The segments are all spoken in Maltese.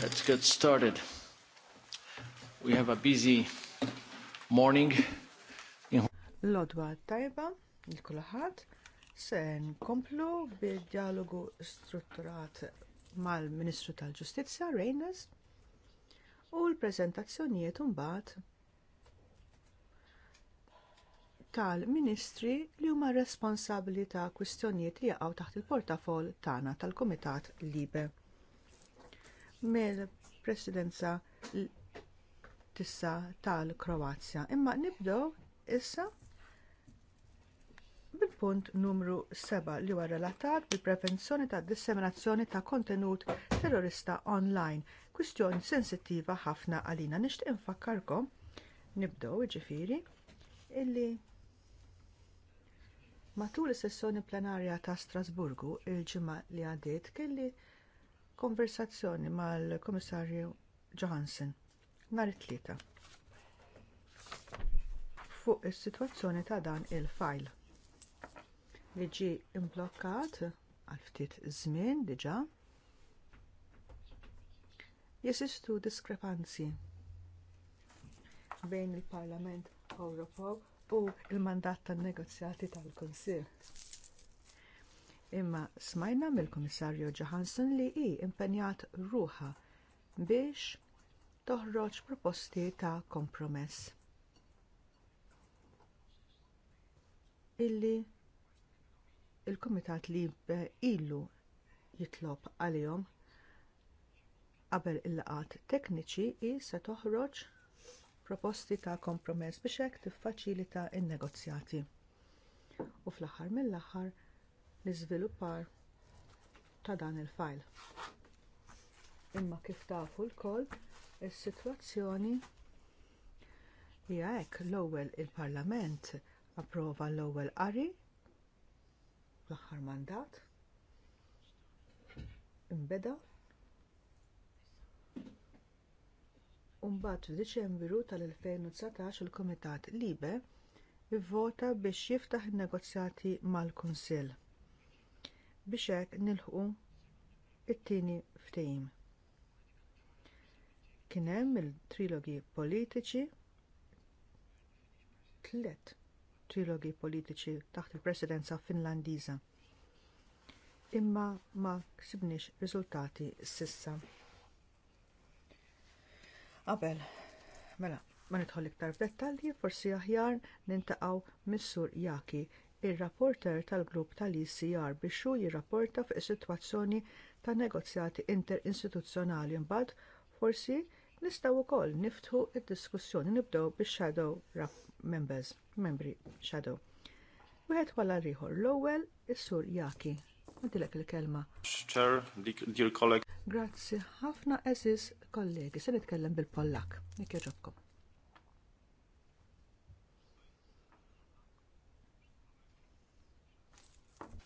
Let's get started. We have a busy morning. Lodwa tajba, il-kulħat, se nkomplu bil-dialogu strutturat mal-Ministru tal-Ġustizja, Reynes, u l-prezentazzjonijiet mbagħad tal-ministri li huma responsabbli ta' kwistjonijiet li jaqgħu taħt il-portafol tagħna tal-Kumitat Libe mill-presidenza tissa tal-Kroazja. Imma nibdew issa bil-punt numru 7 li huwa relatat bil-prevenzjoni tad disseminazzjoni ta' kontenut terrorista online. Kwistjoni sensittiva ħafna għalina. Nixtieq infakkarkom nibdew ġifiri illi matul is-sessjoni plenarja ta' Strasburgu il-ġimgħa li għaddiet kelli konversazzjoni mal-Komissarju Johansen nhar it-tlieta fuq is-sitwazzjoni ta' dan il-fajl li ġie imblokkat għal ftit żmien diġà jesistu diskrepanzi bejn il-Parlament Ewropew u l mandat tan-negozjati tal-Kunsill Imma smajna mill-Komissarju Johansson li hi impenjat ruħa biex toħroġ proposti ta' kompromess. Illi il kumitat li ilu jitlob għalihom qabel il-laqat tekniċi i se toħroġ proposti ta' kompromess biex hekk tiffaċilita n negozjati U fl-aħħar mill-aħħar l-iżviluppar ta' dan il-fajl. Imma kif tafu lkoll is-sitwazzjoni hija hekk l-ewwel il-Parlament approva l-ewwel qari l-aħħar mandat imbeda Umbat f'Diċembru tal-2019 il-Kumitat Libe ivvota biex jiftaħ in negozjati mal-Kunsill biex hekk nilħqu it-tieni ftehim. Kien hemm il-trilogi politiċi tliet trilogi politiċi taħt il-presidenza Finlandiża. Imma ma ksibniex riżultati sissa. Qabel, mela, ma nidħol iktar f'dettalji, forsi aħjar nintaqgħu mis-sur Jaki ir-rapporter tal-grupp tal-ICR biex hu jirrapporta fuq is-sitwazzjoni tan negozjati interinstituzzjonali imbagħad forsi nistgħu wkoll niftħu d diskussjoni nibdew bix-shadow members, membri shadow. Wieħed wara ieħor l-ewwel is-sur Jaki. Għadilek il-kelma. Grazzi ħafna eżis kollegi, se nitkellem bil-Pollak. Jekk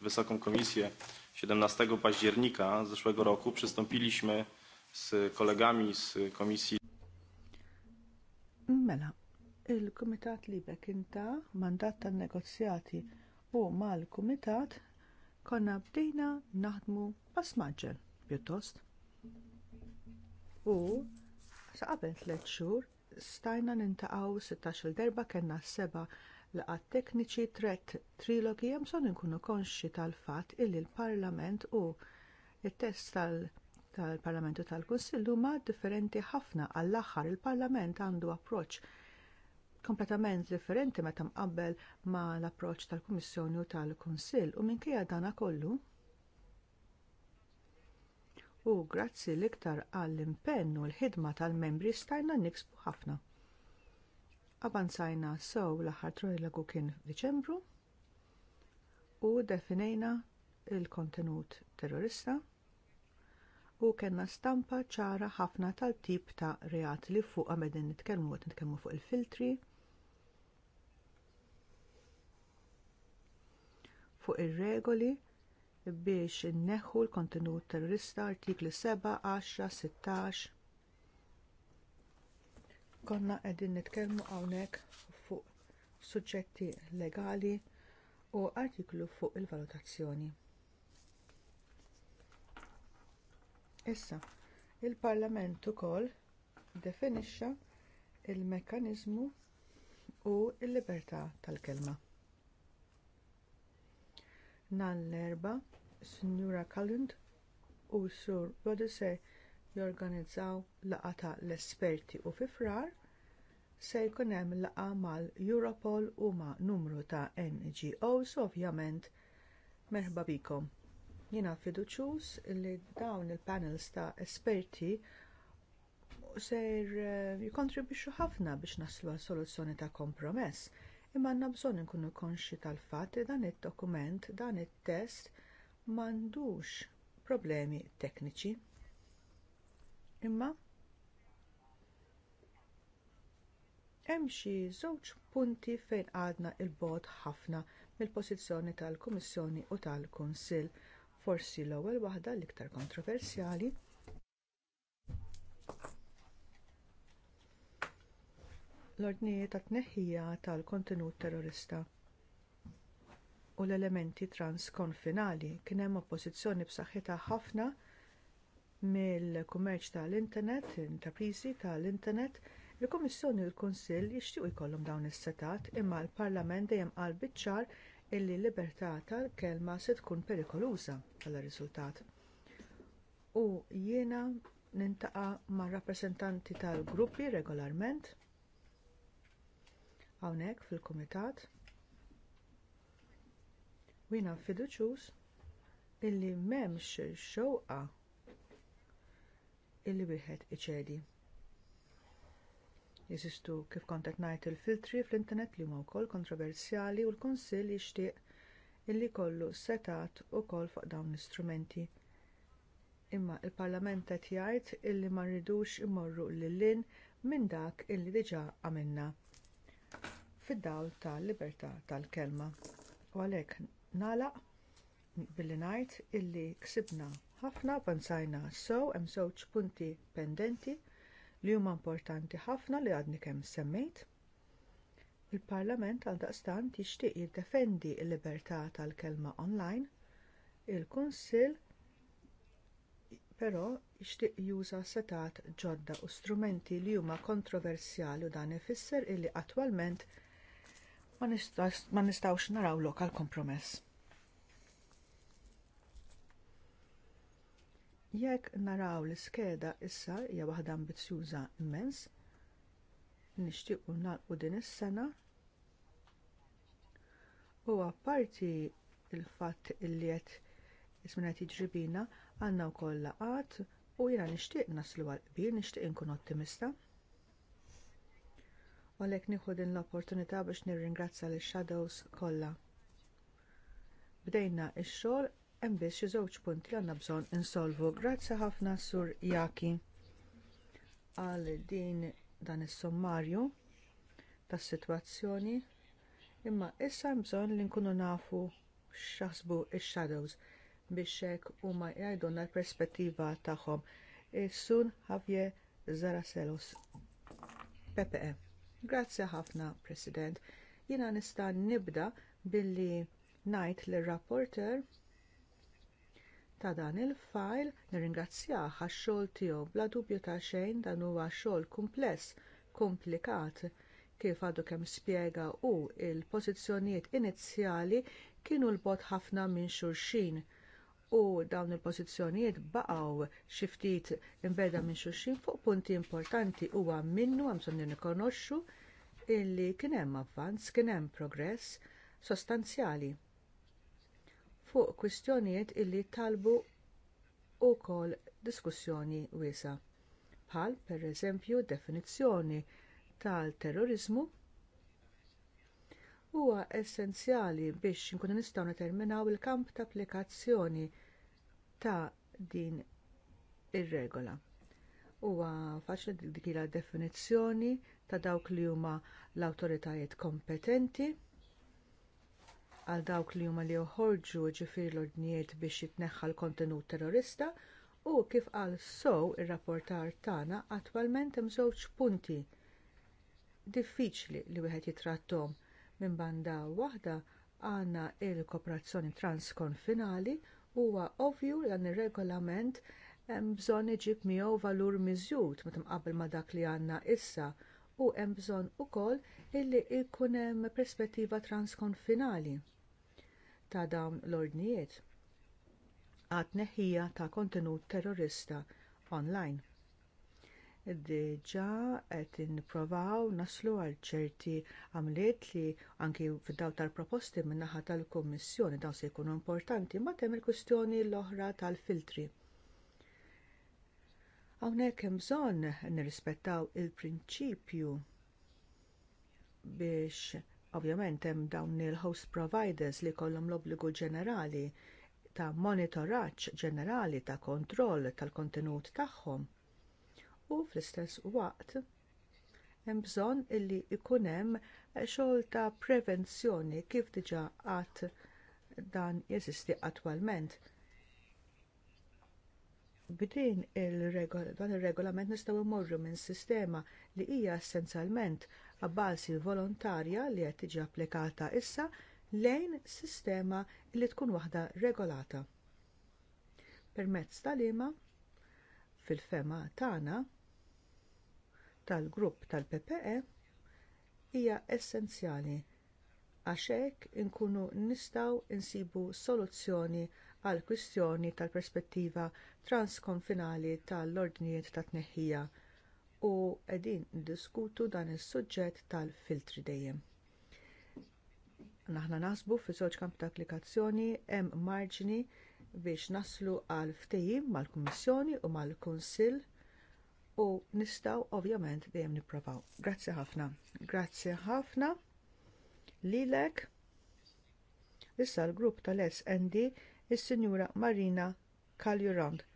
Wysoką Komisję 17 października zeszłego roku przystąpiliśmy z kolegami z Komisji. Mela, il komitat Libek inta mandat tan negozjati u mal komitat konna bdejna naħdmu pasmaġġel pjuttost. U saqabent qabel stajna nintaqaw 16 darba kena seba' laqat tekniċi tret trilogi hemm bżonn inkunu konxi tal-fatt illi l-Parlament u t test tal- parlamentu tal-Kunsill huma differenti ħafna għall-aħħar il-Parlament għandu approċċ kompletament differenti meta mqabbel ma l-approċċ tal-Kummissjoni u tal-Kunsill u minkejja dana kollu. U grazzi l-iktar għall-impenn u l-ħidma tal-membri stajna niksbu ħafna avanzajna sew l-aħħar trilogu kien f'Diċembru u definejna l kontenut terrorista u kellna stampa ċara ħafna tal-tip ta' reat li fuq għamedin nitkellmu għet nitkellmu fuq il-filtri fuq ir regoli biex inneħħu l-kontenut terrorista artikli 7, 10, 16 konna qegħdin nitkellmu hawnhekk fuq suġġetti legali u artiklu fuq il-valutazzjoni. Issa, il-Parlament ukoll definixxa il-mekkaniżmu u l libertà tal-kelma. Nhar l-erba, Sinjura Calland u Sur Rodise jorganizzaw laqgħa ta' l-esperti u fi frar se jkun hemm laqgħa mal-Europol u ma' numru ta' NGOs ovvjament merħba bikom. Jiena fiduċjuż li dawn il-panels ta' esperti ser eh, jikkontribwixxu ħafna biex naslu għal soluzzjoni ta' kompromess imma għandna bżonn inkunu konxi tal-fatt li dan id-dokument, dan it-test m'għandux problemi tekniċi Imma hemm xi żewġ punti fejn għadna il-bod ħafna mill-pożizzjoni tal-Kummissjoni u tal-Kunsill. Forsi l-ewwel waħda l-iktar kontroversjali l-ordnijiet tat tneħħija tal-kontenut terrorista u l-elementi transkonfinali kien hemm oppożizzjoni b'saħħitha ħafna mill-kummerċ tal-internet, intrapriżi tal-internet, il-Kummissjoni u l-Kunsill jixtiequ jkollhom dawn is-setat imma l-Parlament dejjem qal biċ-ċar illi libertà tal-kelma se tkun perikoluża bħala riżultat. U jiena nintaqa' mar rappreżentanti tal-gruppi regolarment hawnhekk fil-Kumitat. U jiena f'iduċus illi m'hemmx xewqa illi wieħed iċedi. Jeżistu kif kont qed ngħid il-filtri fl-internet li huma wkoll kontroversjali u l-Kunsill jixtieq illi jkollu setat ukoll fuq dawn l-istrumenti. Imma l parlament qed jgħid illi ma rridux imorru lil-lin minn dak illi diġà għamilna fid-dawl tal-libertà tal-kelma. U għalhekk nagħlaq billi ngħid illi ksibna ħafna pansajna so hemm żewġ punti pendenti li huma importanti ħafna li għadni kemm semmejt. Il-Parlament għaldaqstant jixtieq jiddefendi l-libertà tal-kelma online, il-Kunsill però jixtieq juża setat ġodda u strumenti li huma kontroversjali u dan ifisser illi attwalment ma nistgħux narawlok għal kompromess. Jekk naraw l-iskeda issa hija waħda ambizzjuża immens, nixtiequ nagħlqu din is-sena u apparti l fatt li qed isminat jiġribina għandna wkoll laqat u jiena nixtieq naslu għall qbir, nixtieq inkun ottimista. U għalhekk nieħu din l-opportunità biex nirringrazzja lill shadows kollha. Bdejna x-xogħol hemm biss xi żewġ punti li għandna bżonn insolvu. Grazzi ħafna sur Jaki għal din dan is-sommarju tas-sitwazzjoni. Imma issa hemm bżonn li nkunu nafu x'jaħsbu x-shadows biex hekk huma jgħidulna l-perspettiva tagħhom. Is-sun Javier Zaraselos. PPE. Grazzi ħafna, President. Jiena nista' nibda billi ngħid lir rapporter ta' dan il-fajl nirringrazzjah għax-xogħol tiegħu bla dubju ta' xejn dan huwa xogħol kumpless, komplikat kif għadu kemm spjega u l pożizzjonijiet inizjali kienu l-bot ħafna minn xulxin u dawn il-pożizzjonijiet baqgħu xi ftit imbeda minn xulxin fuq punti importanti huwa minnu hemm bżonn nikonoxxu illi kien hemm avvanz, kien hemm progress sostanzjali fuq kwistjonijiet illi talbu wkoll diskussjoni wiesa, bħal pereżempju d definizzjoni tal-terrorizmu huwa essenzjali biex inkunu nistgħu niterminaw il-kamp ta' applikazzjoni ta' din ir-regola. Huwa faċli dik definizzjoni ta' dawk li huma l-awtoritajiet kompetenti għal dawk li huma li joħorġu ġifir l-ordnijiet biex jitneħħa l-kontenut terrorista u kif qal sow ir-rapportar tagħna attwalment hemm żewġ punti diffiċli li wieħed jitrattom minn banda waħda għandna l kooperazzjoni transkonfinali huwa ovvju li dan ir-regolament hemm bżonn iġib miegħu valur miżjud meta mqabbel ma' dak li għandna issa u hemm bżonn ukoll illi jkun hemm perspettiva transkonfinali ta' dawn l-ordnijiet għad neħija ta' kontenut terrorista online. Diġà qed nipprovaw naslu għal ċerti għamliet li anki fid tal-proposti min-naħa tal-Kummissjoni dawn se jkunu importanti ma' temm il-kwistjoni l-oħra tal-filtri. Hawnhekk hemm bżonn nirrispettaw il-prinċipju biex Ovvjament hemm dawn il-host providers li jkollhom l-obbligu ġenerali ta' monitoraġġ ġenerali ta' kontroll tal-kontenut tagħhom. U fl-istess waqt hemm bżonn illi ikun hemm xogħol ta' prevenzjoni kif diġà qatt dan jeżisti attwalment. B'din il dan ir-regolament nistgħu mmorru minn sistema li hija essenzjalment għabbażi volontarja li qed tiġi applikata issa lejn sistema li tkun waħda regolata. Permezz tal-ima fil-fema tagħna tal-grupp tal-PPE hija essenzjali għax hekk inkunu nistgħu insibu soluzzjoni għall kwistjoni tal-perspettiva transkonfinali tal-ordnijiet tat tneħħija u qegħdin ndiskutu dan is-suġġett tal-filtri dejjem. Naħna nasbu fi żewġ kamp ta' applikazzjoni hemm marġni biex naslu għal ftehim mal-Kummissjoni u mal-Kunsill u nistgħu ovvjament dejjem nipprovaw. Grazzi ħafna. Grazzi ħafna lilek. Issa l-grupp tal-SND is-Sinjura Marina Kaljurand.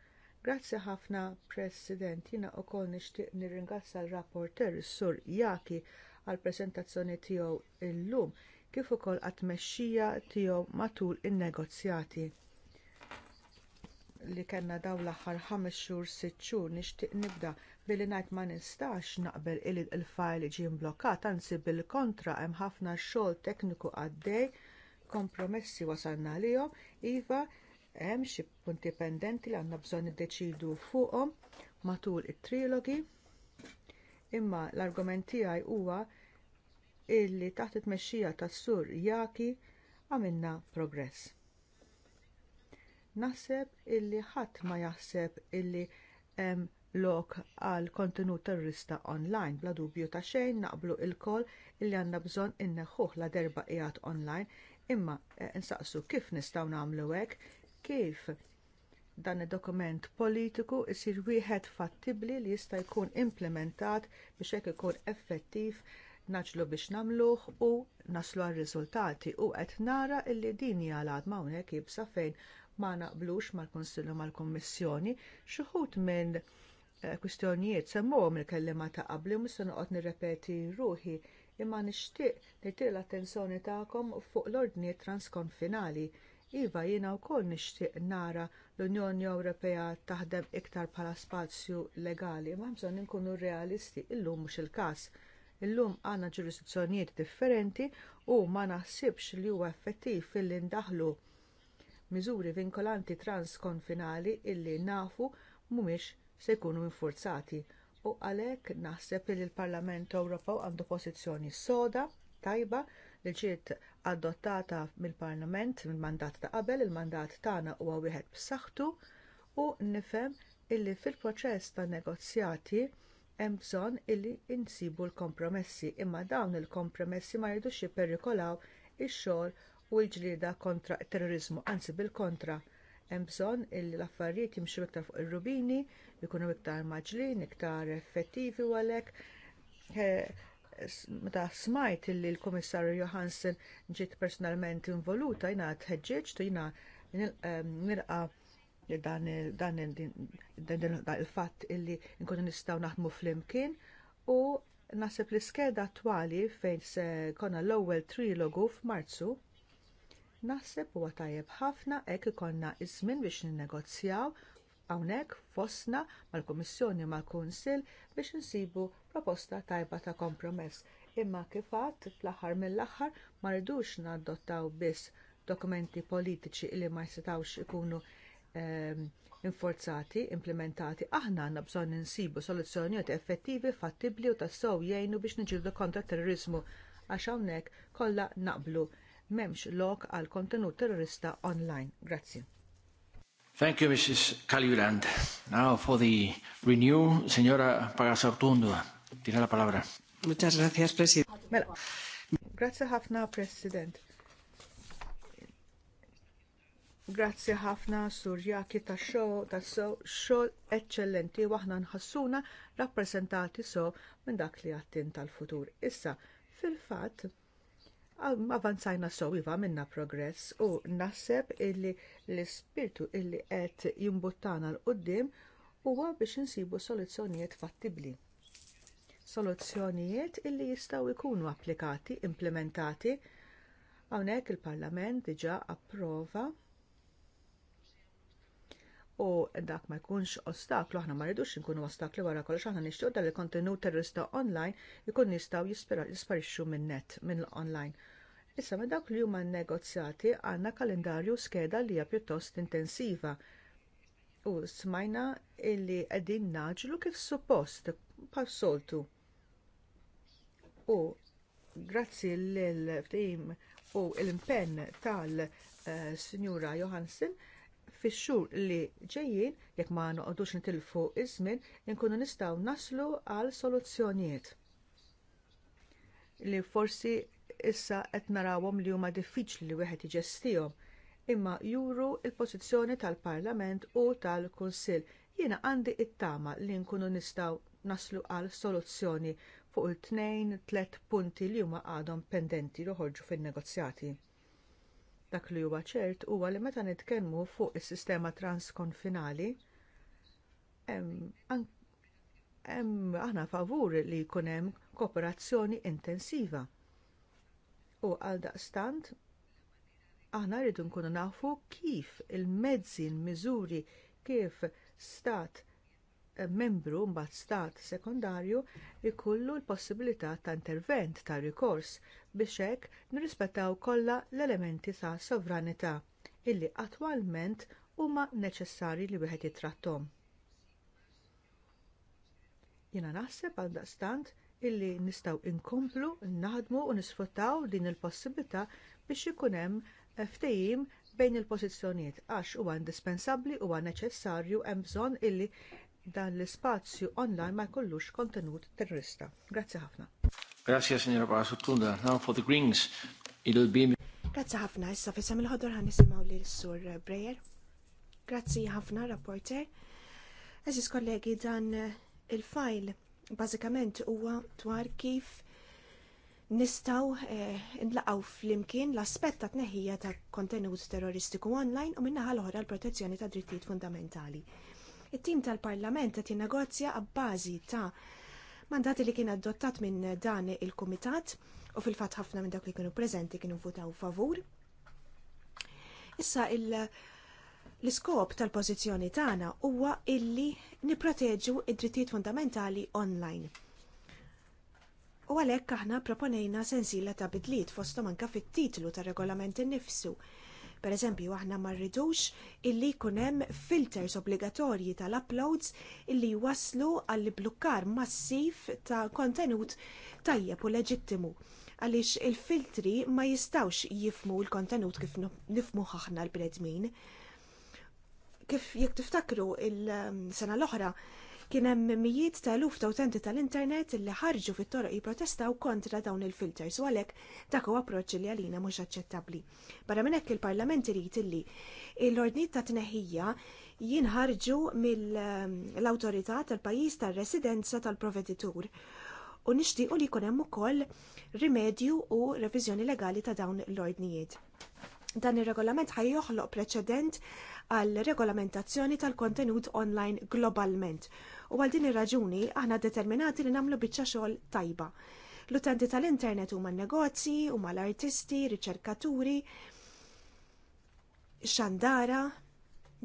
Grazzi ħafna, President. Jiena wkoll nixtieq nirringrazza l-rapporter, sur Jaki, għall preżentazzjoni tiegħu illum kif ukoll għat-tmexxija tiegħu matul in-negozjati li kellna dawn l-aħħar ħames xhur sitt xhur nixtieq nibda billi ngħid ma nistax naqbel il il-fajl ġie mblokkat, anzi bil-kontra hemm ħafna xogħol tekniku għaddej, kompromessi wasalna lihom, iva hemm xi punti pendenti li għandna bżonn iddeċidu fuqhom matul it-trilogi. Imma l-argument tiegħi huwa illi taħt it-mexxija tas-sur Jaki għamilna progress. Naħseb illi ħadd ma jaħseb illi hemm lok għal kontenut terrorista online bla dubju ta' xejn naqblu lkoll illi għandna bżonn inneħħuh la darba qiegħed online imma eh, nsaqsu kif nistgħu nagħmlu hekk kif dan id-dokument politiku jsir wieħed fattibbli li jista' jkun implementat biex hekk ikun effettiv naġlu biex nagħmluh u naslu għal riżultati u qed nara illi din hija l-għadma hawnhekk jibsa fejn ma naqblux mal-Konsillu mal-Kommissjoni xi wħud minn eh, kwistjonijiet semmuhom il-kellima ta' qabli u se noqgħod nirrepeti ruħi imma nixtieq li l attenzjoni tagħkom fuq l-ordnijiet transkonfinali Iva, jiena wkoll nixtieq nara l-Unjoni Ewropea taħdem iktar bħala spazju legali, ma bżonn inkunu realisti, illum mhux il-każ. Illum għandna ġurisdizzjonijiet differenti u ma naħsibx li huwa effettiv fil ndaħlu miżuri vinkolanti transkonfinali illi nafu mhumiex se jkunu infurzati. U għalhekk naħseb li l-Parlament Ewropew għandu pożizzjoni soda, tajba, li ġiet adottata mill-Parlament mill-mandat ta' qabel, il-mandat tagħna huwa wieħed b'saħħtu u nifhem illi fil-proċess tan negozjati hemm bżonn illi insibu l-kompromessi imma dawn il-kompromessi ma jridux jipperikolaw ix-xogħol u l-ġlieda kontra t terrorizmu, anzi bil-kontra. Hemm bżonn illi l-affarijiet jimxu iktar fuq ir-rubini, jkunu iktar maġlin, iktar effettivi u għalhekk eh, meta smajt illi l-Komissarju Johansen ġiet personalment involuta jina tħeġġeġ tu jina nilqa dan il-fatt illi nkunu nistgħu naħdmu flimkien u naħseb li skeda attwali fejn se konna l-ewwel trilogu f'Marzu naħseb huwa tajjeb ħafna hekk ikollna iż-żmien biex ninnegozjaw hawnhekk fosna mal-Kummissjoni mal-Kunsill biex insibu proposta tajba ta' kompromess. Imma kif għadd fl-aħħar mill-aħħar ma rridux nadottaw biss dokumenti politiċi li ma jistgħux ikunu eh, inforzati, implementati, aħna għandna bżonn insibu soluzzjonijiet effettivi, fattibbli u tassew jgħinu biex niġildu kontra terrorizmu għax hawnhekk kollha naqblu m'hemmx lok għal kontenut terrorista online. Grazzi. Thank you, Mrs. Caliuland. Now for the renew, señora Pagasartundua. Tiene la palabra. Muchas gracias, Presidente. Mela. Grazie ħafna, President. Grazie ħafna surjaki ta' show ta' so xogħol eċċellenti waħna nħassuna rappresentati so minn dak li għattin tal-futur. Issa, fil-fatt, avanzajna sew iva minna progress u naħseb illi l-ispirtu illi qed jimbuttana l qudiem huwa biex insibu soluzzjonijiet fattibbli. Soluzzjonijiet illi jistgħu jkunu applikati, implementati, hawnhekk il-Parlament diġà approva u dak ma jkunx ostaklu, aħna ma rridux nkunu ostaklu wara kollox, aħna nixtieq dal kontenut terrorista online ikun jistgħu jisparixxu minn net minn online. Issa minn dawk li huma negozjati għandna kalendarju skeda li hija pjuttost intensiva. U smajna illi qegħdin naġlu kif suppost bħal soltu. U grazzi l-ftim u l-impenn tal-Sinjura eh, Johansen fix-xhur li ġejjin, jekk ma noqogħdux nitilfu iż-żmien, inkunu nistgħu naslu għal soluzzjonijiet li forsi issa qed narawhom li huma diffiċli li wieħed iġestihom imma juru l pożizzjoni tal-Parlament u tal-Kunsill. Jiena għandi t tama li nkunu nistgħu naslu għal soluzzjoni fuq il-tnejn tliet punti li huma għadhom pendenti li ħorġu fin-negozjati. Dak li huwa ċert huwa li meta nitkellmu fuq is-sistema transkonfinali, hemm aħna favur li jkun hemm kooperazzjoni intensiva. U għaldaqstant aħna rridu nkunu nafu kif il-mezzi, l miżuri kif stat eh, membru mbagħad stat sekondarju jkollu l-possibilità ta' intervent ta' rikors biex hekk nirrispettaw kollha l-elementi ta' sovranità illi attwalment huma neċessarji li wieħed jitrattom. Jiena naħseb għaldaqstant illi nistgħu inkomplu, naħdmu u nisfruttaw din il-possibilità biex ikun hemm ftehim bejn il-pożizzjonijiet għax huwa indispensabbli huwa neċessarju hemm bżonn illi dan l-ispazju online ma jkollux kontenut terrorista. Grazzi ħafna. Grazzi signora Parasutunda. Now for the Greens, it'll be... Grazzi ħafna, issa fissam il-ħodur ħan nisimaw li l-sur Breyer. Grazzi ħafna, rapporter. Eżis kollegi dan il-fajl Bażikament huwa dwar kif nistaw eh, nlaqaw fl-imkien l-aspett ta' tneħħija ta' kontenut terroristiku online u minnaħal l-oħra l-protezzjoni ta' drittijiet fundamentali. It-tim tal-Parlament qed jinnegozja għabbażi ta' mandati li kien adottat minn dan il-Kumitat u fil-fatt ħafna minn dak li kienu preżenti kienu votaw favur. Issa il- L-iskop tal-pożizzjoni tagħna huwa illi nipproteġu id-drittijiet fundamentali online. U għalhekk aħna proponejna sensiela ta' bidliet fosthom anke fit-titlu tar-regolament innifsu. Per eżempju, aħna ma rridux illi jkun hemm filters obbligatorji tal-uploads illi waslu għall blukkar massiv ta' kontenut tajjeb u leġittimu għaliex il-filtri ma jistawx jifmu l-kontenut kif nifmu ħaħna l-bredmin kif jekk tiftakru il-sena l-oħra kien hemm mijiet ta' luf ta' utenti tal-internet li ħarġu fit-toroq jipprotestaw kontra dawn il-filters u għalhekk dak huwa approċċ li għalina mhux aċċettabbli. Barra minn hekk il-Parlament irid illi l-ordnijiet ta' tneħħija jinħarġu mill-awtorità tal-pajjiż tar-residenza tal-proveditur u nixtiequ li jkun hemm ukoll rimedju u reviżjoni legali ta' dawn l-ordnijiet dan ir-regolament ħaj joħloq preċedent għal regolamentazzjoni tal-kontenut online globalment. U għal din ir-raġuni aħna determinati li nagħmlu biċċa xogħol tajba. L-utenti tal-internet huma negozji, huma l-artisti, riċerkaturi, xandara,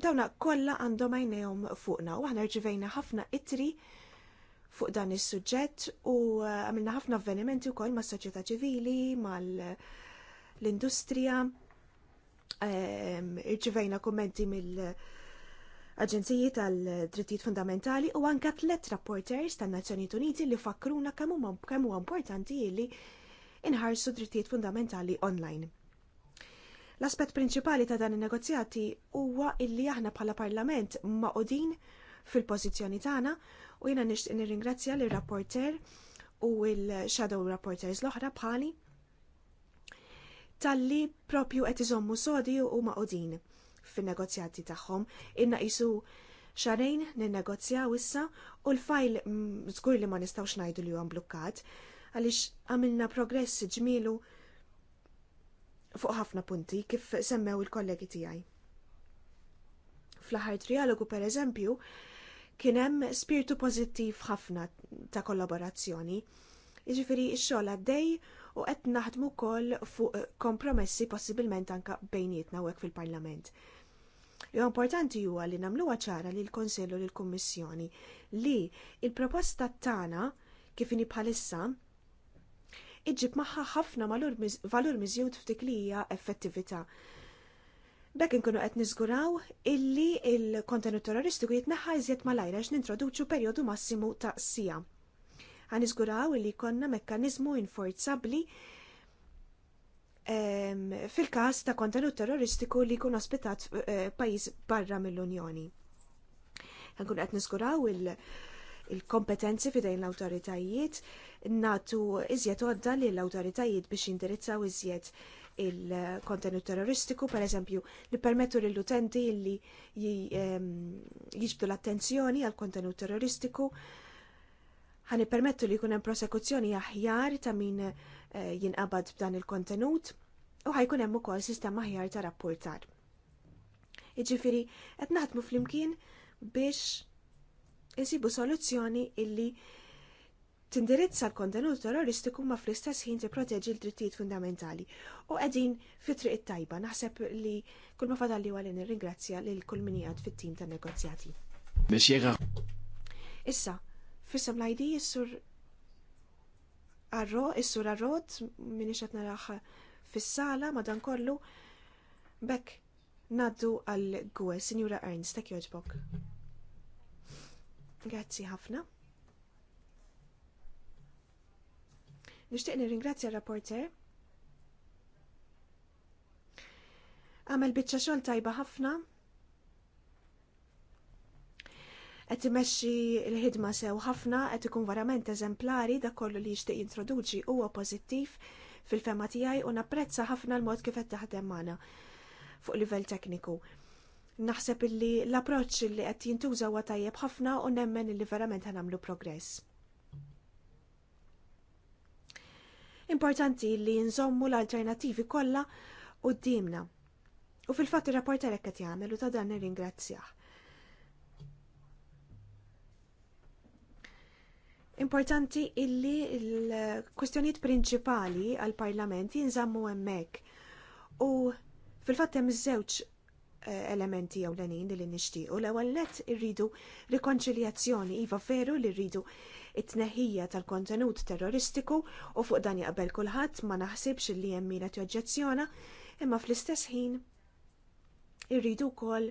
dawna kollha għandhom għajnejhom fuqna u aħna rġivejna ħafna itri fuq dan is-suġġett u eh, għamilna ħafna avvenimenti wkoll mas-soċjetà ċivili, mal-industrija. mal l mal industrija Ehm, irċivejna kommenti mill- Aġenziji tal-Drittijiet Fundamentali u anka tlet rapporters tan-Nazzjonijiet Uniti li fakkruna kemm huwa importanti li inħarsu drittijiet fundamentali online. L-aspett prinċipali ta' dan in-negozjati huwa illi aħna bħala Parlament maqudin fil-pożizzjoni tagħna u jiena nixtieq nirringrazzja lir rapporter u l-shadow rapporters l-oħra bħali tal-li propju qed iżommu sodi u maqodin fin-negozjati tagħhom inna qisu xarejn ninnegozjaw issa u l-fajl mm, żgur li ma nistgħux ngħidu li huwa blukkat għaliex għamilna progress ġmielu fuq ħafna punti kif semmew il-kollegi tiegħi. Fl-aħħar trialogu pereżempju kien hemm spiritu pożittiv ħafna ta' kollaborazzjoni. Jiġifieri x-xogħol għaddej u qed naħdmu wkoll fuq kompromessi possibilment anke bejnietna u fil-Parlament. Jo importanti huwa li nagħmluha ċara lil konsillu l kummissjoni li il-proposta tagħna kif inhi bħalissa iġib magħha ħafna valur miżjud f'tik li hija effettività. Bekk inkunu qed niżguraw illi il-kontenut terroristiku jitneħħa iżjed malajra x nintroduċu perjodu massimu ta' sija għan iżguraw li konna mekkanizmu inforzabli fil-kas ta' kontenut terroristiku li kun ospitat eh, pajis barra mill-Unjoni. Għankun għet nizguraw il-kompetenzi fidejn l-autoritajiet, natu iżjed għodda li l-autoritajiet biex jindirizzaw iżjed il-kontenut terroristiku, per eżempju, li permettu l-utenti li jiġbdu l-attenzjoni għal kontenut terroristiku, ħani permettu li kunem prosekuzzjoni aħjar ta' min eh, jinqabad b'dan il-kontenut u ħajkun hemm ukoll sistema aħjar ta' rapportar. Iġifiri, qed naħdmu flimkien biex insibu soluzzjoni illi tindirizza l-kontenut terroristiku ma fl-istess ħin tipproteġi l-drittijiet fundamentali. U qegħdin fitri triq it-tajba naħseb li kull ma fadalli għalli nirringrazzja lil kull min fit-tim tan-negozjati. Issa, Fissam l-ID jissur arro, jissur arrot, minni xat narax fissala, madan kollu, bekk naddu għal-gwe, Signora Ernst, tek joġbok. Grazzi ħafna. Nishtiq nirringrazzja rapporter. Għamel bitċa xogħol tajba ħafna qed imexxi l-ħidma sew ħafna qed ikun verament eżemplari dak kollu li jixtieq jintroduċi huwa pożittiv fil-fema tiegħi u napprezza ħafna l-mod kif qed taħdem magħna fuq livell tekniku. Naħseb illi l-approċċ li qed jintuża huwa tajjeb ħafna u nemmen illi verament ħanamlu progress. Importanti li nżommu l-alternativi kollha d-dimna. U fil-fatt ir-rapport għalhekk qed jagħmel u ta' dan nirringrazzjah. Importanti illi l-kwestjonijiet prinċipali għal-Parlament jinżammu hemmhekk. U fil-fatt hemm żewġ eh, elementi jew ewlenin li nixtiequ. L-ewwel lett irridu rikonċiljazzjoni iva veru li rridu it tneħija tal-kontenut terroristiku u fuq dan jaqbel kulħadd ma naħsibx li hemm min qed joġġezzjona, imma fl-istess ħin irridu wkoll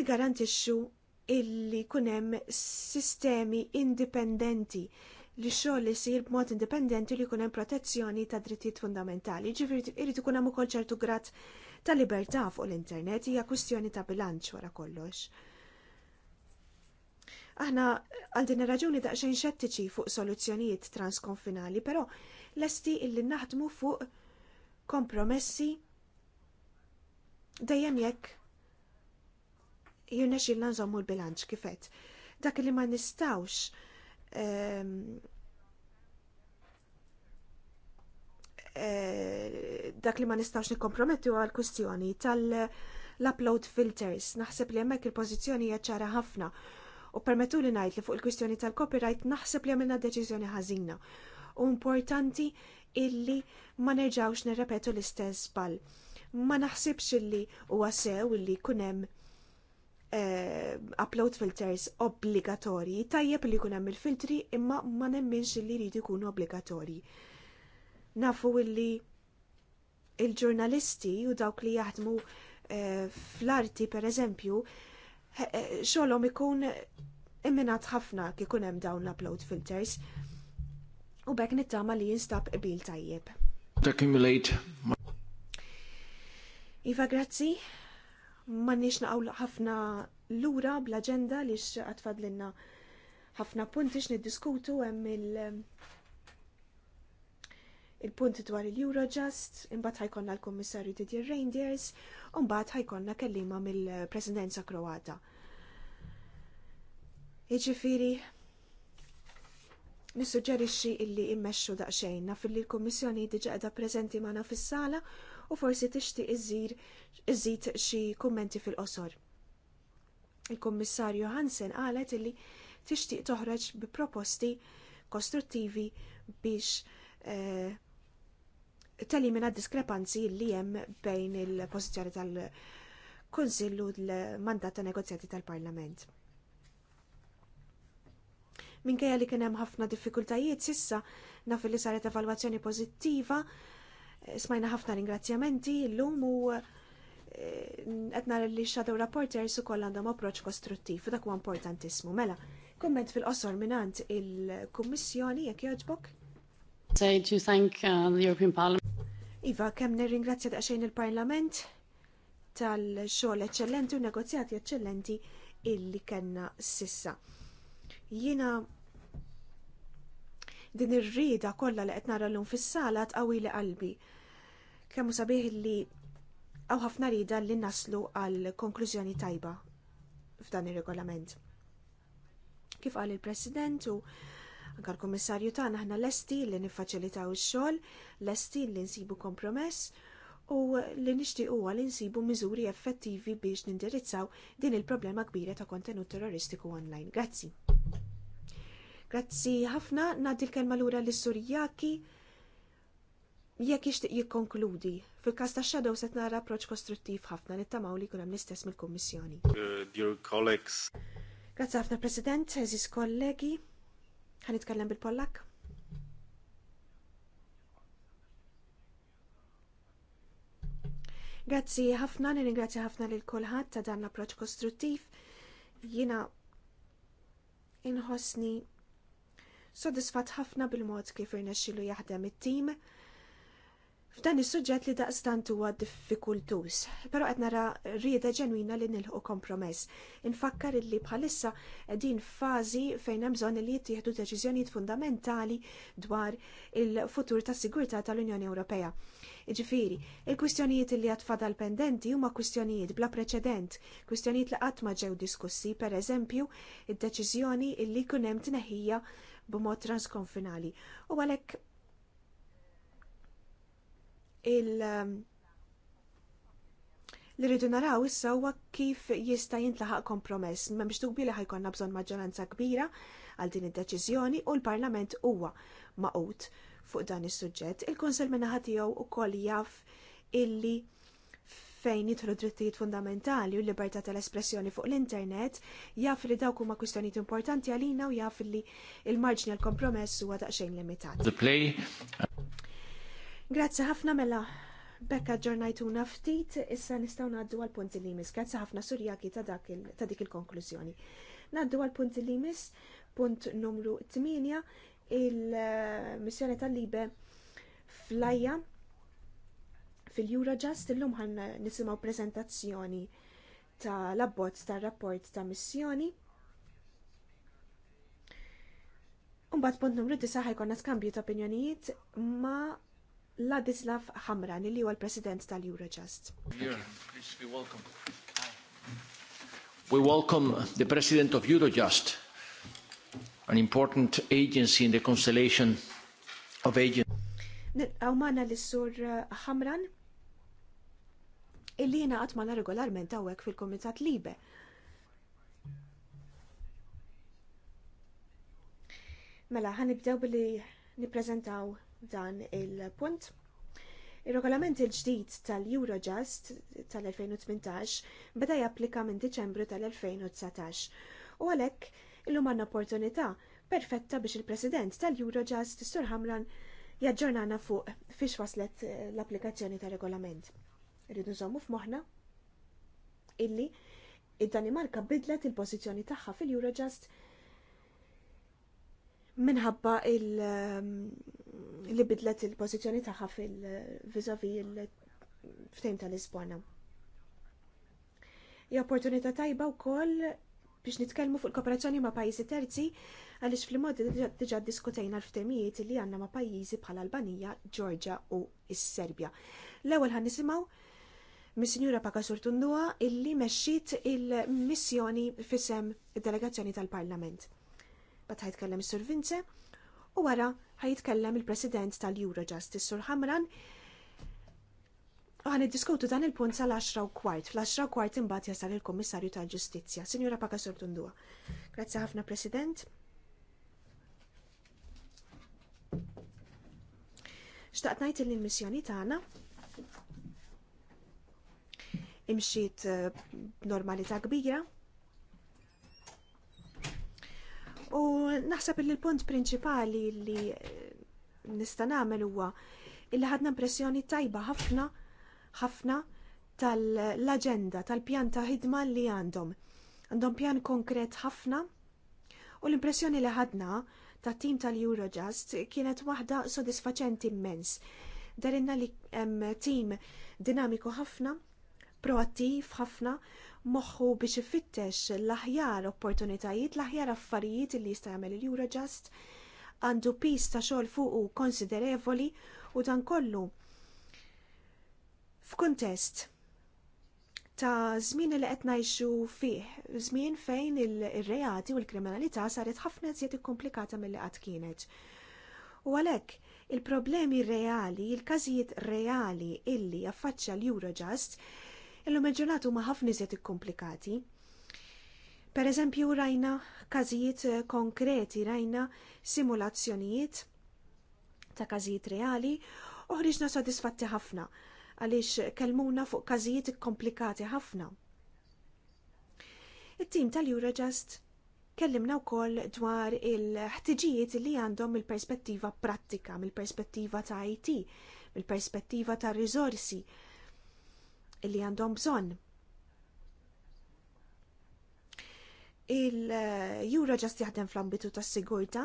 nigarantixxu illi kunem sistemi indipendenti li xogħol li jsir b'mod indipendenti li jkun hemm protezzjoni ta' drittijiet fundamentali. Ġifieri irid ikun hemm ukoll ċertu grad ta' libertà fuq l-internet hija kwistjoni ta' bilanċ wara kollox. Aħna għal din ir-raġuni daqsxejn xettiċi fuq soluzzjonijiet transkonfinali, però lesti illi naħdmu fuq kompromessi dejjem jekk jirna xilna nanżommu l-bilanċ kifet. Dak li ma nistawx ehm, eh, dak li ma nistawx nikompromettu għal kustjoni tal-upload filters. Naħseb li hemmhekk il-pożizzjoni hija ċara ħafna u permettu li najt li fuq il kustjoni tal-copyright naħseb li għamilna deċiżjoni ħażina. U importanti illi ma nerġawx nirrepetu l-istess bal. Ma naħsibx illi huwa sew illi kunem hemm Eh, upload filters obbligatorji, tajjeb li jkun hemm il-filtri imma ma nemminx li jridu jkunu obbligatorji. Nafu illi il-ġurnalisti u dawk li jaħdmu eh, fl-arti pereżempju, eh, xogħolhom ikun imminat ħafna kikun hemm dawn l-upload filters u bekk nittama li jinstab qbil tajjeb. Iva, grazzi. Mannix naqaw ħafna lura bl-agenda li x-għatfad l ħafna punti niddiskutu hemm il- il-punti dwar il-Eurojust, imbagħad ħajkonna l-Kummissarju Didier Reindeers, u mbagħad ħajkonna kellima mill-Presidenza Kroata. Jiġifieri nissuġġerixxi illi immexxu daqsxejn naf li l-Kummissjoni diġa qiegħda preżenti magħna fis-sala u forsi tixtieq iżżir iżid xi kummenti fil-qosor. Il-Kummissarju Hansen qalet illi tixtieq toħroġ bi proposti kostruttivi biex eh, telimina diskrepanzi li hemm bejn il-pożizzjoni tal kunsillu u l-mandat ta' negozjati tal-Parlament. Minkejja li kien hemm ħafna diffikultajiet sissa naf li saret evalwazzjoni pożittiva Smajna ħafna ringrazzjamenti l-lum u għetna eh, li shadow rapporters u koll għandhom approċ kostruttiv, dak huwa importantissimu. Mela, komment fil-qosor minant il-Kummissjoni jekk joġbok? Say to thank uh, the European Parliament. Iva, kemm nirringrazzja daqsxejn il-Parlament tal-xogħol eċċellenti u negozjati eċċellenti illi kellna sissa. Jiena din ir-rieda kollha li qed nara llum fis-sala tqawwi li qalbi kemmu sabiħ li għaw ħafna rida li naslu għal konklużjoni tajba f'dan ir-regolament. Kif qal il-President u anka l-Kummissarju tagħna aħna lesti li niffaċilitaw ix-xogħol, lesti li nsibu kompromess u li nixtieq huwa li nsibu miżuri effettivi biex nindirizzaw din il-problema kbira ta' kontenut terroristiku online. Grazzi. Grazzi ħafna, nagħti l-kelma lura lis-Surjaki Jekk ixtieq jikkonkludi, fil-każ ta' Shadow set nara approċċ kostruttiv ħafna nittamaw li jkun hemm l-istess mill-Kummissjoni. Uh, dear colleagues. Grazzi ħafna President, eżis kollegi. Ħanitkellem bil-Pollak. Grazzi ħafna, nirringrazzja ħafna lil kulħadd ta' dan l-approċċ kostruttiv. Jiena inħossni sodisfat ħafna bil-mod kif irnexxilu jaħdem it-tim f'dan is-suġġett li daqstant huwa diffikultus, però qed nara rieda ġenwina li nilħu kompromess. Infakkar illi bħalissa din fażi fejn hemm bżonn li jittieħdu deċiżjonijiet fundamentali dwar il-futur tas-sigurtà tal-Unjoni Ewropea. Iġifieri, il-kwistjonijiet li għad fadal pendenti huma kwistjonijiet bla preċedent, kwistjonijiet li qatt ma ġew diskussi, per eżempju, id-deċiżjoni li kunem tneħħija b'mod transkonfinali. U għalhekk il- um, li rridu naraw issa huwa kif jista' jintlaħaq kompromess. M'hemmx tubi li ħajkonna bżonn maġġoranza kbira għal din id-deċiżjoni u l-Parlament huwa maqut fuq dan is-suġġett. Il-Konsell minnaħa tiegħu wkoll jaf illi fejn jidħlu drittijiet fundamentali u l-libertà tal-espressjoni fuq l-internet, jaf li dawk huma kwistjonijiet importanti għalina u jaf li l marġni għal kompromess huwa daqsxejn limitat. Grazzi ħafna mela. Bekka ġornajtuna ftit, issa nistaw naddu għal punti li mis. Grazzi ħafna surjaki ta' dik il-konklużjoni. Naddu għal punti li mis, punt numru 8, il-missjoni tal-libe flajja fil-Eurojust illum ħan nisimaw prezentazzjoni ta' labbot ta' rapport ta' missjoni. bat punt numru 9 ħajkonna skambju ta' opinjonijiet ma' Ladislav Hamran, li huwa l-President tal-Eurojust. We welcome the President of Eurojust, an important agency in the constellation of agents. Għawmana l-sur uh, Hamran, illi jena għatmana regolarment għawek fil-Komitat Libe. Mela, ħanibdew billi niprezentaw dan il-punt. Ir-regolament il-ġdid tal-Eurojust tal-2018 beda japplika minn Diċembru tal-2019 u għalhekk illum għandna opportunità perfetta biex il-President tal-Eurojust Sur Hamran jaġġornana fuq fiex waslet eh, l-applikazzjoni tal-regolament. Rridu nżommu f'moħħna illi id-Danimarka bidlet il-pożizzjoni tagħha fil-Eurojust minħabba um, li bidlet il-pozizjoni tagħha fil-vizavi il-ftejm tal-Lisbona. Ja opportunità tajba wkoll biex nitkellmu fuq kooperazzjoni ma' pajjiżi terzi għaliex fil-modi diġa' diskutejna l-ftemijiet li għandna ma' pajjiżi bħal Albanija, Georgia u s-Serbja. L-ewwel ħan nisimgħu mis-Sinjura Pakasur Tundua illi mexxiet il-missjoni fisem id-delegazzjoni tal-Parlament bat ħajtkellem Sir Vince, u wara ħajtkellem il-President tal Justice Sur Hamran, u ħan diskutu dan il-punt sal-10 u kwart, fl-10 u kwart imbat jasal il-Kommissarju tal-Ġustizja, Signora Paka Sortundua. Grazzi ħafna, President. Xtaqt najt il-missjoni tagħna imxiet eh, b'normalità kbira U naħseb li l-punt prinċipali li eh, nista' nagħmel huwa illi ħadna impressjoni tajba ħafna ħafna tal-aġenda, tal-pjan ta' ħidma li għandhom. Għandhom pjan konkret ħafna u l-impressjoni li ħadna ta' tim tal-Eurojust kienet waħda sodisfaċenti immens. Darinna li hemm tim dinamiku ħafna, proattiv ħafna moħħu biex ifittex l-aħjar opportunitajiet, l-aħjar affarijiet li jista' jagħmel il-Eurojust għandu pis ta' xogħol fuqu konsiderevoli u dan kollu f'kuntest ta' żmien li qed ngħixu fih, żmien fejn ir-reati u l-kriminalità saret ħafna iżjed ikkomplikata milli qatt kienet. U għalhekk il-problemi reali, il-każijiet reali illi affaċċja l-Eurojust Illum il-ġurnat huma ħafna iżjed ikkomplikati. Per eżempju rajna każijiet eh, konkreti, rajna simulazzjonijiet ta' każijiet reali uħriġna sodisfatti ħafna għaliex kelmuna fuq każijiet komplikati ħafna. It-tim tal-Eurojust kellimna wkoll dwar il-ħtiġijiet li għandhom il perspettiva prattika, mill-perspettiva ta' IT, mill-perspettiva ta' risorsi, li għandhom bżonn. Il-jura ġast jaħdem fl-ambitu tas sigurta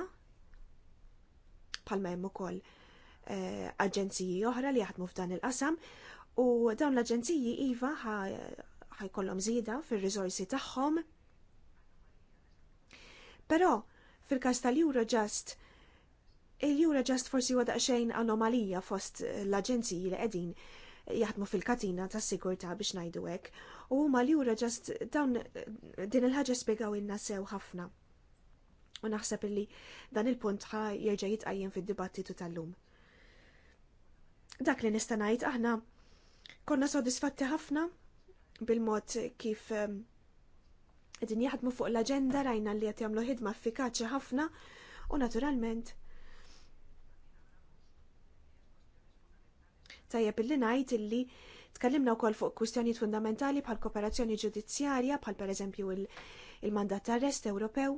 palma hemm ukoll eh, aġenziji oħra li jaħdmu f'dan il-qasam u dawn l-aġenziji iva ħajkollhom żieda fir rizorsi tagħhom. Però fil-każ tal-Eurojust il ġast forsi huwa daqsxejn anomalija fost l-aġenziji li qegħdin jaħdmu fil-katina ta' sigurtà biex ngħidu hekk. U huma li ura ġast dawn din il-ħaġa spiegaw inna sew ħafna. U naħseb illi dan il-punt ħa jerġa' jitqajjem fid-dibattitu tal-lum. Dak li nista' ngħid aħna konna sodisfatti ħafna bil-mod kif ehm, din jaħdmu fuq l-aġenda rajna li qed jagħmlu ħidma effikaċi ħafna u naturalment tajjeb illi ngħid illi tkellimna wkoll fuq kwistjonijiet fundamentali bħal kooperazzjoni ġudizzjarja bħal pereżempju il-mandat arrest Ewropew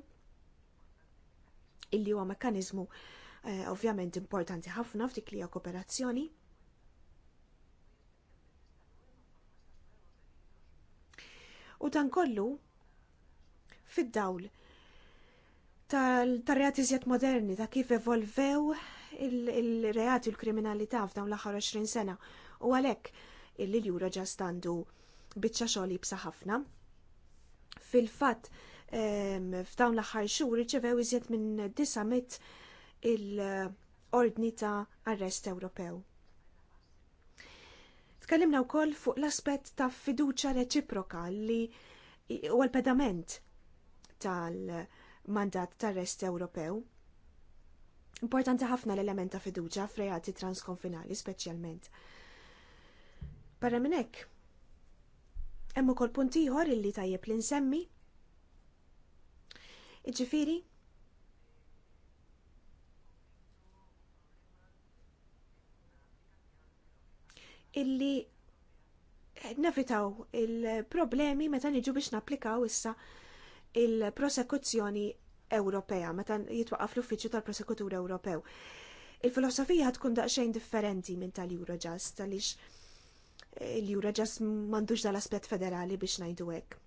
illi huwa mekkaniżmu eh, ovvjament importanti ħafna f'dik li hija kooperazzjoni. U dan kollu fid-dawl tal-reati moderni ta' kif evolvew il-reati u l-kriminalità f'dawn l-aħħar 20 sena u għalhekk illi l-jura ġa standu biċċa xogħol jibsa ħafna. Fil-fatt ehm, f'dawn l-aħħar xhur riċevew iżjed minn 900 il-ordni ta' arrest Ewropew. Tkellimna wkoll fuq l-aspett ta' fiduċa reċiproka li huwa l-pedament tal-mandat tal rest Ewropew Importanti ħafna l-element ta' fiduċa frejati transkonfinali speċjalment. Barra minn hekk, hemm ukoll punt ieħor illi tajjeb li nsemmi. Iġifieri, illi nafitaw il-problemi meta niġu biex napplikaw issa il-prosekuzzjoni Ewropea, meta jitwaqaf l-Uffiċċju tal-Prosekutur Ewropew. Il-filosofija tkun daqsxejn differenti minn tal-Eurojust, għaliex eh, l-Eurojust m'għandux dal-aspett federali biex ngħidu hekk.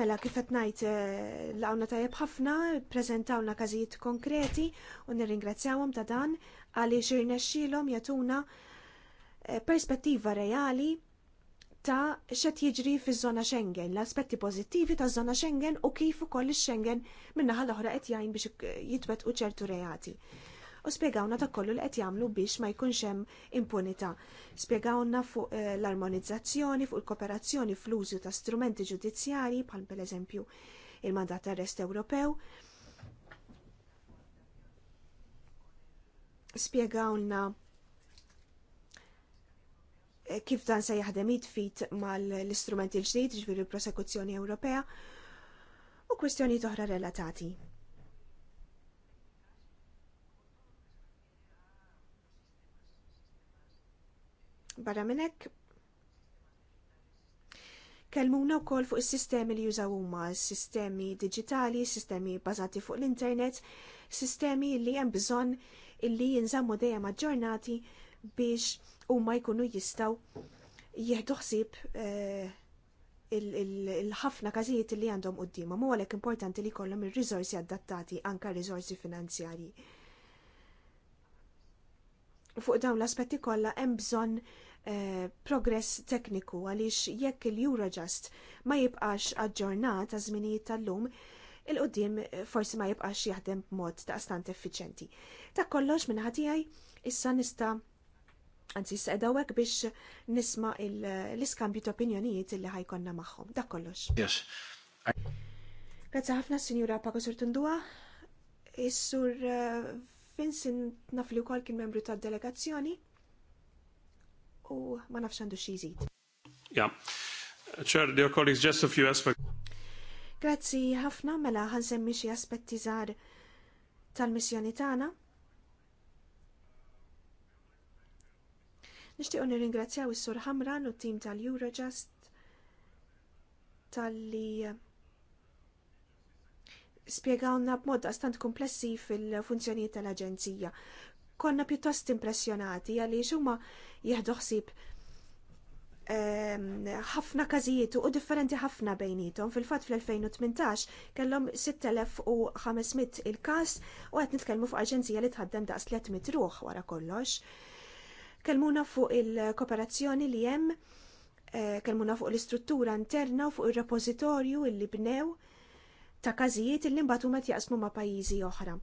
Mela kif qed ngħid eh, l-għawna tajjeb ħafna, ppreżentawna każijiet konkreti u nirringrazzjawhom ta' dan għaliex irnexxielhom jagħtuna eh, perspettiva reali ta' xed jiġri fiż-żona Schengen, l-aspetti pożittivi ta' żona Schengen u kif ukoll ix-Schengen min-naħa l-oħra qed jgħin biex jitwet u ċertu reati. U spjegawna ta' kollu li qed jagħmlu biex ma jkunx hemm impunità. Spjegawna fuq eh, l-armonizzazzjoni, fuq il-kooperazzjoni fl-użu ta' strumenti ġudizzjarji bħal pereżempju il-mandat arrest Ewropew. Spjegawna kif dan se jaħdem jitfit mal istrumenti l ġdid ġviri prosekuzzjoni Ewropea, u kwestjoni toħra relatati. Barra minnek, Kelmuna wkoll fuq is-sistemi li jużaw huma, sistemi digitali, sistemi bbażati fuq l-internet, sistemi li hemm bżonn illi jinżammu dejjem aġġornati biex u ma jkunu jistaw jieħdu ħsieb eh, il-ħafna każijiet li għandhom qudiemhom u għalhekk importanti li jkollhom ir-riżorsi adattati anke riżorsi finanzjarji. Fuq dawn l-aspetti kollha hemm bżonn eh, progress tekniku għaliex jekk il-Eurojust ma jibqax aġġornat ta' żminijiet tal-lum, il-qoddim eh, forsi ma jibqax jaħdem b'mod ta' stant effiċenti. Ta' kollox minn ħatijaj issa nista' Anzi, s biex nisma l-iskambju ta' opinjonijiet li ħajkonna maħħom. Da' kollox. Yes. Grazie ħafna, Signora Paco Tundua. Is-sur eh, Vincent nafli u kien membru ta' delegazzjoni u ma nafx għandu xizit. Ja, ċer, dear colleagues, just a few aspects. Grazzi ħafna mela ħansemmi xi aspetti żgħar tal-missjoni tagħna. Nixtiequ nirringrazzjaw is-Sur Hamran u t-tim tal-Eurojust tal-li eh, spiegawna b'mod stant komplessi fil-funzjonijiet tal-Aġenzija. Konna pjuttost impressjonati għaliex huma jieħdu ħsieb eh, ħafna każijiet u differenti ħafna bejnietom. Fil-fatt fl-2018 kellhom 6500 il-każ u qed nitkellmu fuq aġenzija li tħaddem daqs 300 ruħ wara kollox. Kelmuna fuq il-kooperazzjoni li hemm, eh, kelmuna fuq l-istruttura interna u fuq il-repozitorju li bnew ta' każijiet li mbagħad huma jaqsmu ma' pajjiżi oħra.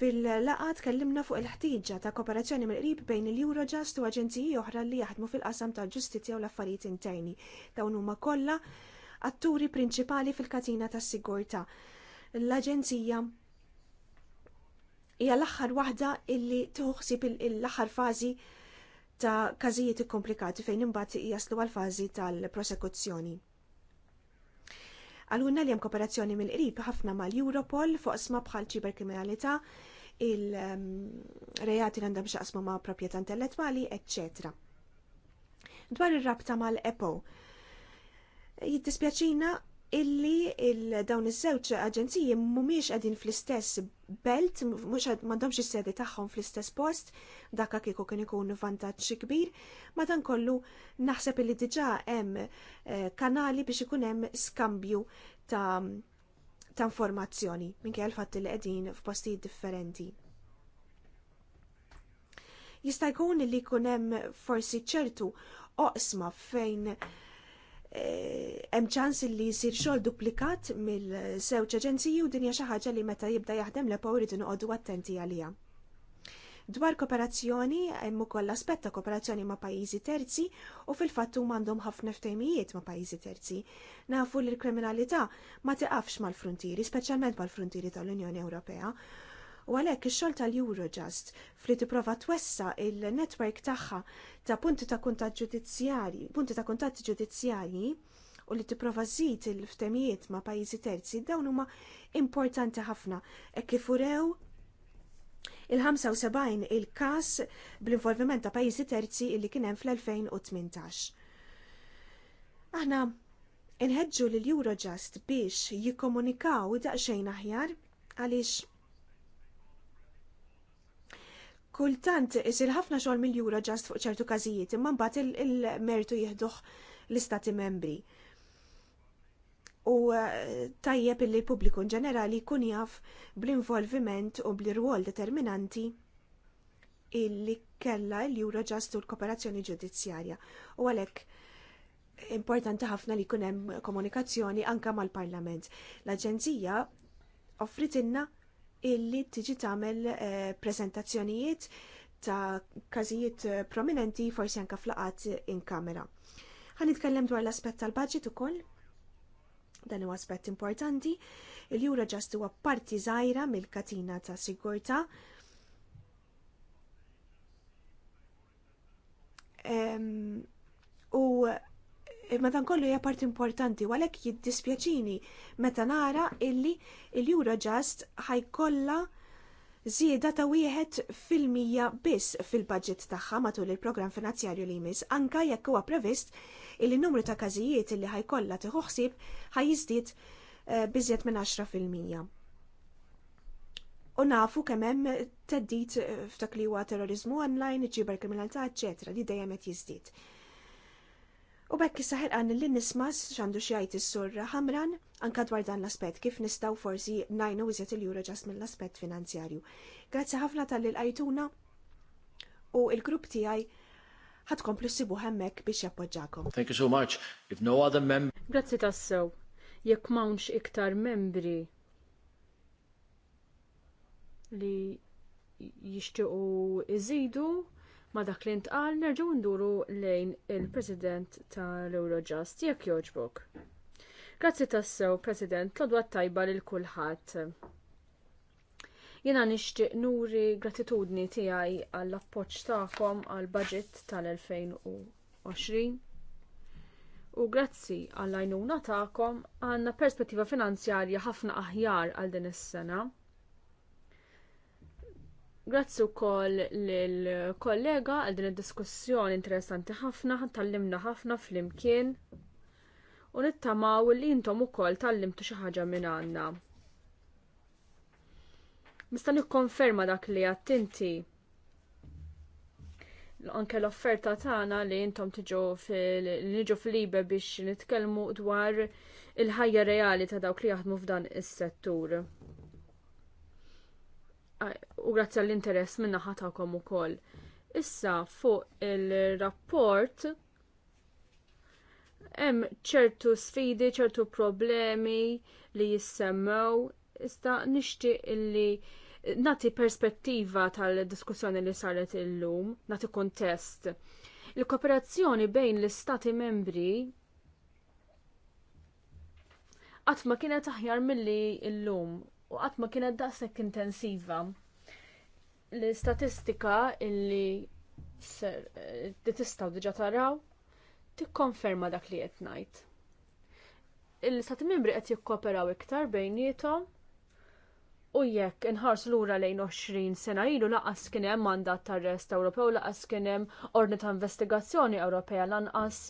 Fil-laqa tkellimna fuq il-ħtiġa ta' kooperazzjoni mill-qrib bejn il-Eurojust u aġenziji oħra li jaħdmu fil-qasam tal ġustizzja u l-affarijiet interni. Dawn huma kollha atturi prinċipali fil-katina tas sigurtà L-aġenzija hija l-aħħar waħda illi tħuħsib l-aħħar fażi ta' każijiet komplikati fejn imbagħad jaslu għal fażi tal-prosekuzzjoni. Għalunna li hemm kooperazzjoni mill-qrib ħafna mal-Europol fuq isma bħal ċiberkriminalità, il-rejati ehm, għandhom xaqsmu ma' proprjetà intellettwali, etc. Dwar ir-rabta mal-EPO, jiddispjaċina illi il dawn iż-żewġ aġenziji mhumiex qegħdin fl-istess belt, mhux m'għandhomx is-sedi tagħhom fl-istess post, dak kieku kien ikun vantaġġ kbir, madankollu naħseb illi diġà hemm eh, kanali biex ikun hemm skambju ta' ta' informazzjoni minkejja l-fatt li qegħdin f'postijiet differenti. Jista' jkun li jkun hemm forsi ċertu oqsma fejn Eh, hemm ċans li jsir xogħol duplikat mill-żewġ aġenziji u dinja xi ħaġa li meta jibda jaħdem l power irid noqogħdu attenti għaliha. Dwar kooperazzjoni hemm ukoll aspett ta' kooperazzjoni ma' pajjiżi terzi u fil-fatt huma għandhom ħafna ftehmijiet ma' pajjiżi terzi. Nafu li l-kriminalità ma tiqafx mal-frontieri, speċjalment mal-frontieri tal-Unjoni Ewropea, U għalhekk ix-xogħol tal-Eurojust fli tipprova twessa il-netwerk tagħha ta' punti ta' kuntatt ġudizzjarji, punti ta' kuntatt ġudizzjarji u li tipprova żid il-ftemijiet ma' pajjiżi terzi dawn huma importanti ħafna e kif urew il-75 il-każ bl-involviment ta' pajjiżi terzi illi kien hemm fl-2018. Aħna inħeġġu l Eurojust biex jikkomunikaw daqsxejn aħjar għaliex kultant isir ħafna xogħol mill-jura ġast fuq ċertu każijiet, imma mbagħad il-mertu jieħduh l-istati membri. U eh, tajjeb illi l-pubbliku ġenerali jkun jaf bl-involviment u bl-irwol determinanti illi kella l-jura ġast u l-kooperazzjoni ġudizzjarja. U għalhekk importanti ħafna li jkun hemm komunikazzjoni anke mal-Parlament. L-Aġenzija offritinna illi tiġi tagħmel eh, prezentazzjonijiet ta' każijiet eh, prominenti forsi anke flaqat in kamera. Ħan nitkellem dwar l-aspett tal-budget ukoll dan huwa aspett importanti, il-jura ġast huwa parti żgħira mill-katina ta' sigurtà. Um, u imma eh, kollu hija part importanti u għalhekk jiddispjaċini meta nara illi l eurojust ħajkollha żieda ta' wieħed fil-mija biss fil-budget tagħha matul il-programm finanzjarju li jmiss anka jekk huwa previst illi numru ta' każijiet illi ħajkollha tieħu ħsieb ħajjiżdied eh, biżjed minn 10 fil-mija. U nafu kemm hemm teddit eh, f'dak li huwa terrorizmu online, ċiberkriminalità, eċċetera, li dejjem qed jiżdied. U bekk issa ħerqan li nismas x'għandu xjajt is-surra ħamran anka dwar dan l-aspett kif nistgħu forsi najnu iżjed il-jura ġas mill-aspett finanzjarju. Grazzi ħafna tal ajtuna u il-grupp tiegħi ħatkomplu sibu hemmhekk biex jappoġġakom. Thank you so much. If no other member. Grazzi tassew. Jekk mawnx iktar membri li jixtiequ iżidu Ma dak li ntqal nerġgħu nduru lejn il-President tal-Eurojust jekk jogħġbok. Grazzi tassew, President, l-odwa tajba lil kulħadd. Jiena nixtieq nuri gratitudni tiegħi għall appoġġ tagħkom għall budget tal-2020 u grazzi għall għajnuna tagħkom għandna perspettiva finanzjarja ħafna aħjar għal din is-sena. Grazzi wkoll lill-kollega għal din id-diskussjoni interessanti ħafna, tallimna ħafna flimkien u nittamaw li intom ukoll tallimtu xi ħaġa minn għandna. Nista' nikkonferma dak li għattinti anke l-offerta tagħna li intom tiġu niġu fil-libe biex nitkellmu dwar il-ħajja reali ta' dawk li jaħdmu f'dan is-settur u grazzi għall-interess minna ħatakom u koll. Issa fuq il-rapport hemm ċertu sfidi, ċertu problemi li jissemmew, issa nixtieq illi nati perspettiva tal-diskussjoni li saret illum, nati kontest. Il-kooperazzjoni bejn l-istati membri qatt ma kienet aħjar milli llum u qatt ma kienet daqshekk intensiva. L-istatistika illi eh, tistgħu diġà taraw tikkonferma dak li qed ngħid. il istati Membri qed jikkoperaw iktar bejniethom u jekk inħars lura lejn 20 sena ilu laqas kien hemm mandat tar-rest Ewropew laqas kien hemm ordni ta' investigazzjoni Ewropea lanqas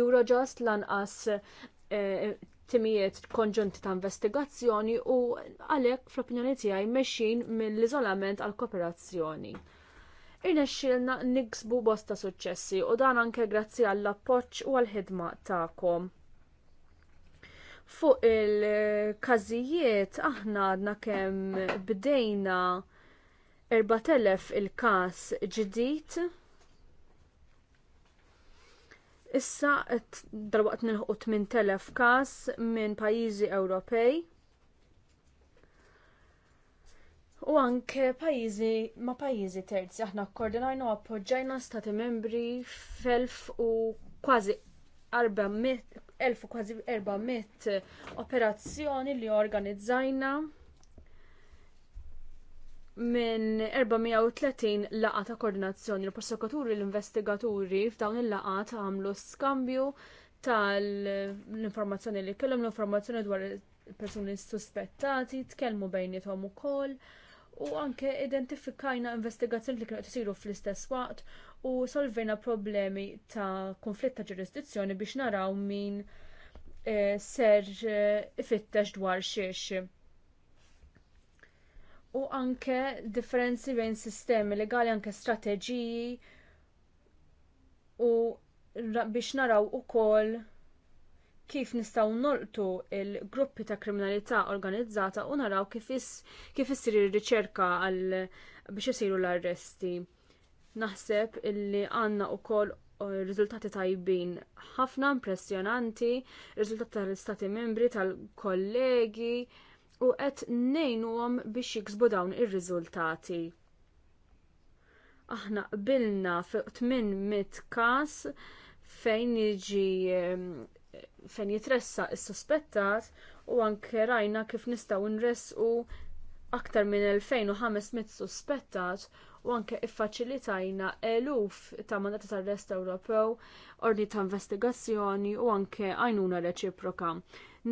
Eurojust lanqas eh, timijiet konġunti ta' investigazzjoni u għalhekk fl-opinjoni tiegħi mexxin mill-iżolament għal kooperazzjoni. Irnexxielna niksbu bosta suċċessi u dan anke grazzi għall appoġġ u għall-ħidma ta'kom. Fuq il-każijiet aħna għadna kemm bdejna 4000 il-każ ġdid Issa dal-waqt nilħuqt minn telef każ minn pajjiżi Ewropej. U anke pajjiżi ma pajizi terzi aħna koordinajna u appoġġajna stati membri f'elf u kważi kważi 400 operazzjoni li organizzajna minn 430 laqa ta' koordinazzjoni. Il-prosekuturi l-investigaturi f'dawn il ta' għamlu skambju tal-informazzjoni li kellhom l-informazzjoni dwar persuni suspettati, tkellmu bejnietom ukoll u anke identifikajna investigazzjoni li kienu isiru fl-istess waqt u solvejna problemi ta' konflitt ta' ġurisdizzjoni biex naraw min eh, ser eh, ifittex dwar xiex u anke differenzi bejn sistemi legali anke strateġiji u biex naraw ukoll kif nistgħu nolqtu l gruppi ta' kriminalità organizzata u naraw kif issir ir-riċerka biex isiru l-arresti. Naħseb illi għandna wkoll uh, riżultati tajbin ħafna impressjonanti, riżultati tal-istati membri, tal-kollegi, u qed ngħinuhom biex jiksbu dawn ir-riżultati. Aħna qbilna fuq 800 każ fejn jiġi fejn jitressa is-suspettat u anke rajna kif nistgħu nresqu aktar minn 2500 suspettat u anke iffaċilitajna eluf ta' mandati tal-Rest Ewropew, ordni ta' investigazzjoni u anke għajnuna reċiproka.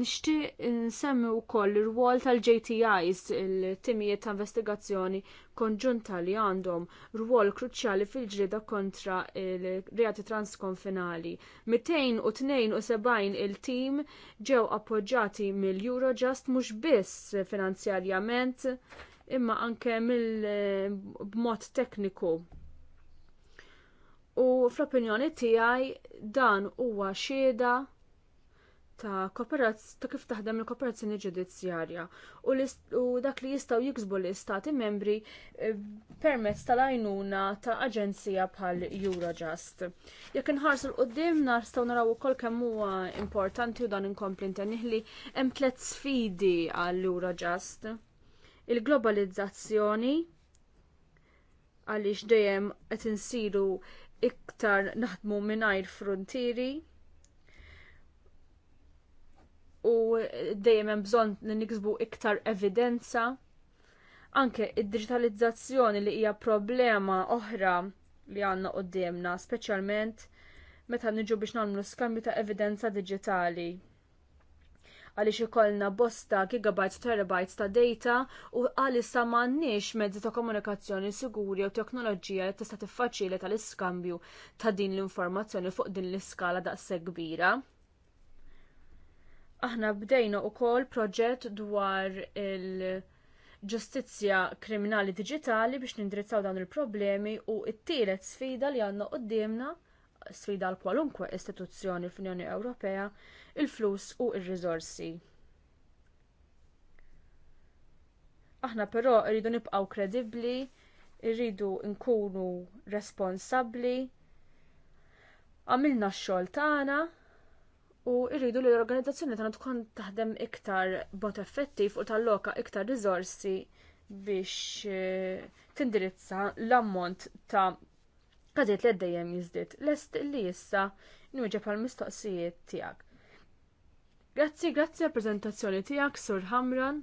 Nixtieq nsemmi wkoll ir-rwol tal-JTIs, il-timijiet ta' investigazzjoni konġunta li għandhom rwol kruċjali fil-ġrieda kontra il-reati transkonfinali. 272 il-tim ġew appoġġati mill-Eurojust mhux biss finanzjarjament imma anke mill-mod tekniku. U fl-opinjoni tiegħi dan huwa xieda ta' ta' kif taħdem il-kooperazzjoni ġudizzjarja u dak li jistgħu jiksbu l-istati membri eh, permezz tal-għajnuna ta' aġenzija bħal Eurojust. Jekk inħarsu l-qoddim nistgħu naraw ukoll kemm huwa importanti u dan inkompli ntenniħli hemm tliet sfidi għall Eurojust. Il-globalizzazzjoni għaliex dejjem qed insiru iktar naħdmu mingħajr frontieri u dejjem hemm bżonn li niksbu iktar evidenza. Anke id-digitalizzazzjoni li hija problema oħra li għandna qudiemna, speċjalment meta niġu biex nagħmlu skambju ta' evidenza diġitali għaliex ikollna bosta gigabytes terabytes ta' data u għalissa m'għandniex mezzi ta' komunikazzjoni siguri u teknoloġija li tista' tiffaċili tal-iskambju ta' din l-informazzjoni fuq din l-iskala daqshekk kbira. Aħna bdejna wkoll proġett dwar il-ġustizzja kriminali diġitali biex nindrizzaw dawn il-problemi u t-tielet sfida li għandna qudiemna sfida għal kwalunkwe istituzzjoni fl-Unjoni Ewropea, il-flus u r il riżorsi Aħna però rridu nibqgħu kredibbli, rridu nkunu responsabbli. Għamilna x-xogħol tagħna, u rridu li l-organizzazzjoni tagħna tkun taħdem iktar bot effettiv u talloka iktar riżorsi biex eh, tindirizza l-ammont ta' għadiet li għaddejjem jiżdied lest li issa nwieġeb għal mistoqsijiet tiegħek. Grazzi, grazzi għal prezentazzjoni tiegħek, Sur Hamran.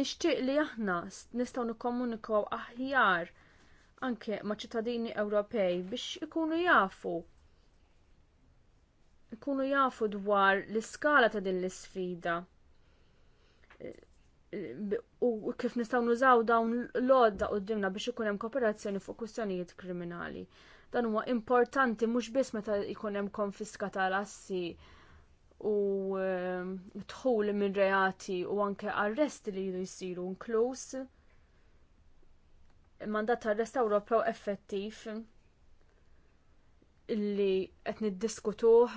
Nixtieq li aħna nistgħu nikkomunikaw aħjar anke ma' ċittadini Ewropej biex ikunu jafu ikunu jafu dwar l-iskala ta' din l-isfida u kif nistgħu nużaw dawn l-odda qudiemna biex ikun hemm kooperazzjoni fuq kwistjonijiet kriminali. Dan huwa importanti mhux biss meta jkun hemm konfiska tal-assi u ehm, dħul minn reati u anke arresti li jridu jsiru inkluż mandat tal-arrest Ewropew effettiv li qed niddiskutuh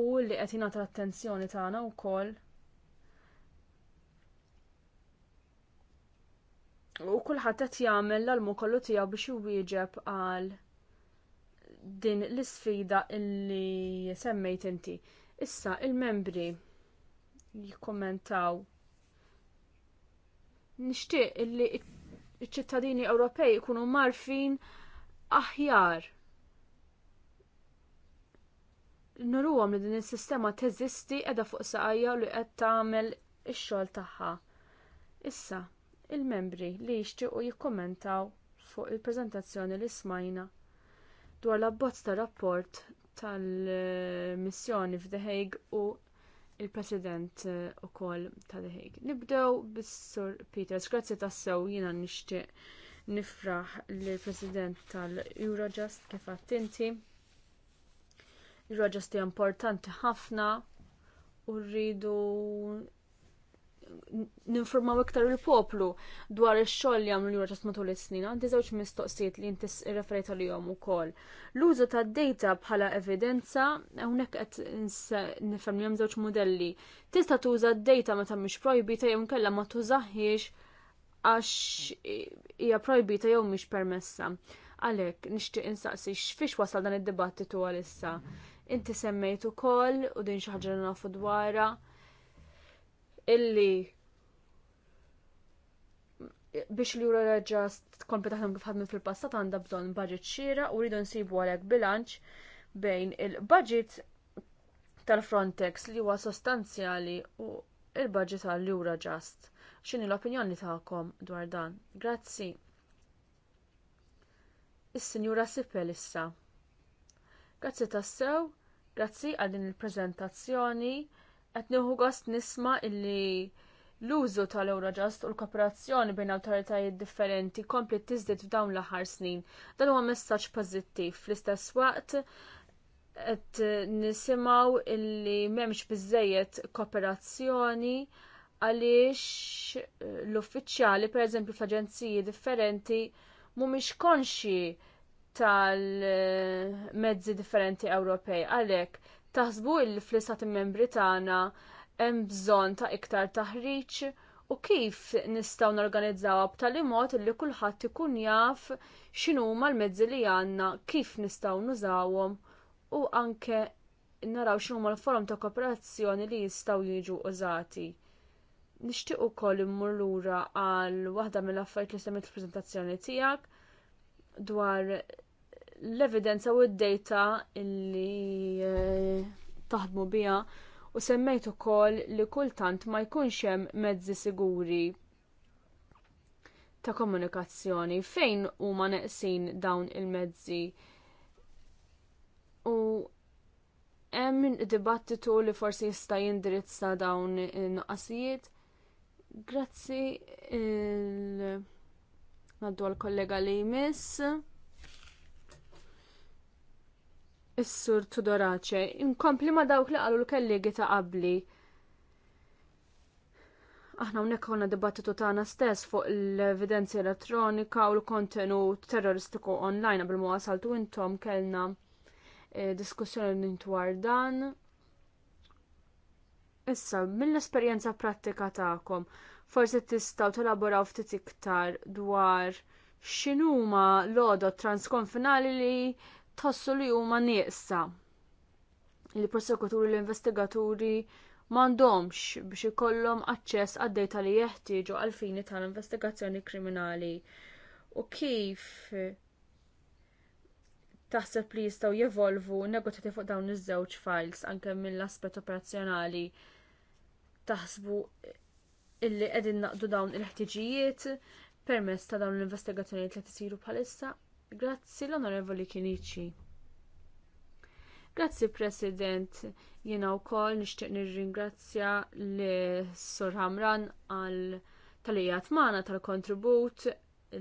u li qed jingħata l-attenzjoni tagħna wkoll. U kulħadd qed jagħmel l-almu kollu tiegħu biex iwieġeb għal din l-isfida illi semmejt inti. Issa il-membri jikkommentaw nixtieq illi iċ-ċittadini Ewropej ikunu marfin aħjar nuruhom li din is-sistema teżisti qiegħda fuq saqajja li qed tagħmel ix-xogħol tagħha. Issa, il-membri li jixtiequ jikkommentaw fuq il-preżentazzjoni li smajna dwar l-abbozz tar rapport tal-missjoni f'The Hague u l president eh, ukoll ta' The Hague. Nibdew bis-Sur Peters, grazzi tassew jiena nixtieq nifraħ lill president tal-Eurojust kif inti il importanti ħafna u rridu ninformaw iktar il-poplu dwar ix-xogħol li għamlu l-raġas matul is-snin, għandi żewġ mistoqsijiet li inti referejt għalihom ukoll. L-użu tad-data bħala evidenza hawnhekk qed nifhem li hemm żewġ modelli. Tista' tuża d-data meta mhix projbita jew inkella ma tużaħiex għax hija projbita jew mhix permessa. Għalhekk nixtieq insaqsi x'fiex wasal dan id-dibattitu għalissa. issa Inti semmejt ukoll u din xi ħaġa li nafu dwarha illi biex li jura reġa tkompli taħdem kif ħadmu fil-passat għandha bżonn budget xira u rridu nsibu għalhekk bilanċ bejn il-budget tal-Frontex li huwa sostanzjali u il-budget tal jura ġast. X'inhi l-opinjoni tagħkom dwar dan? Grazzi. Is-Sinjura Sipel issa. Grazzi tassew. Grazzi għal din il-prezentazzjoni. Qed nieħu gost nisma illi l-użu tal-Eurojust u l-kooperazzjoni bejn awtoritajiet differenti kompli tiżdied f'dawn l-aħħar snin. Dan huwa messaġġ pożittiv. Fl-istess waqt qed nisimgħu illi m'hemmx biżżejjed kooperazzjoni għaliex l-uffiċjali pereżempju fl-aġenziji differenti mhumiex konxi tal-mezzi differenti Ewropej. Għalhekk taħsbu li fl-istati membri tagħna hemm bżonn ta' iktar taħriġ u kif nistgħu norganizzawha b'tali mod li kulħadd ikun jaf x'inhuma l-mezzi li għandna, kif nistgħu nużawhom u anke naraw x'inhuma l forom ta' kooperazzjoni li jistgħu jiġu użati. Nixtieq ukoll immur lura għal waħda mill-affarijiet li semmit il-preżentazzjoni tiegħek dwar l-evidenza u d-data li eh, taħdmu biha u semmejt ukoll li kultant ma jkunx hemm mezzi siguri ta' komunikazzjoni fejn huma neqsin dawn il-mezzi u hemm dibattitu li forsi jista' jindirizza dawn in-nuqqasijiet. Grazzi il... Naddu għal kollega li jmiss. Is-sur Tudorace, inkompli ma dawk li qalu l-kellegi ta' qabli. Aħna hawnhekk għonna dibattitu tagħna stess fuq l-evidenza elettronika u l-kontenut terroristiku online għabil wasaltu intom kellna e, diskussjoni dwar dan. Issa, mill-esperjenza prattika tagħkom, forsi tistgħu elaboraw ftit iktar dwar x'inhuma l odot transkonfinali li tħossu li huma nieqsa. Il-prosekuturi l-investigaturi m'għandhomx biex ikollhom aċċess għad-dejta li jeħtieġu għal fini tal-investigazzjoni kriminali. U kif taħseb li jistgħu jevolvu negozjati fuq dawn iż-żewġ files anke mill-aspett operazzjonali taħsbu illi qegħdin naqdu dawn il-ħtiġijiet permezz ta' dawn l-investigazzjonijiet li qed isiru bħalissa Grazzi l-Onorevoli Kinici. Grazzi President, jiena wkoll nixtieq nirringrazzja li Sur Hamran għal tal-ijat maħna tal-kontribut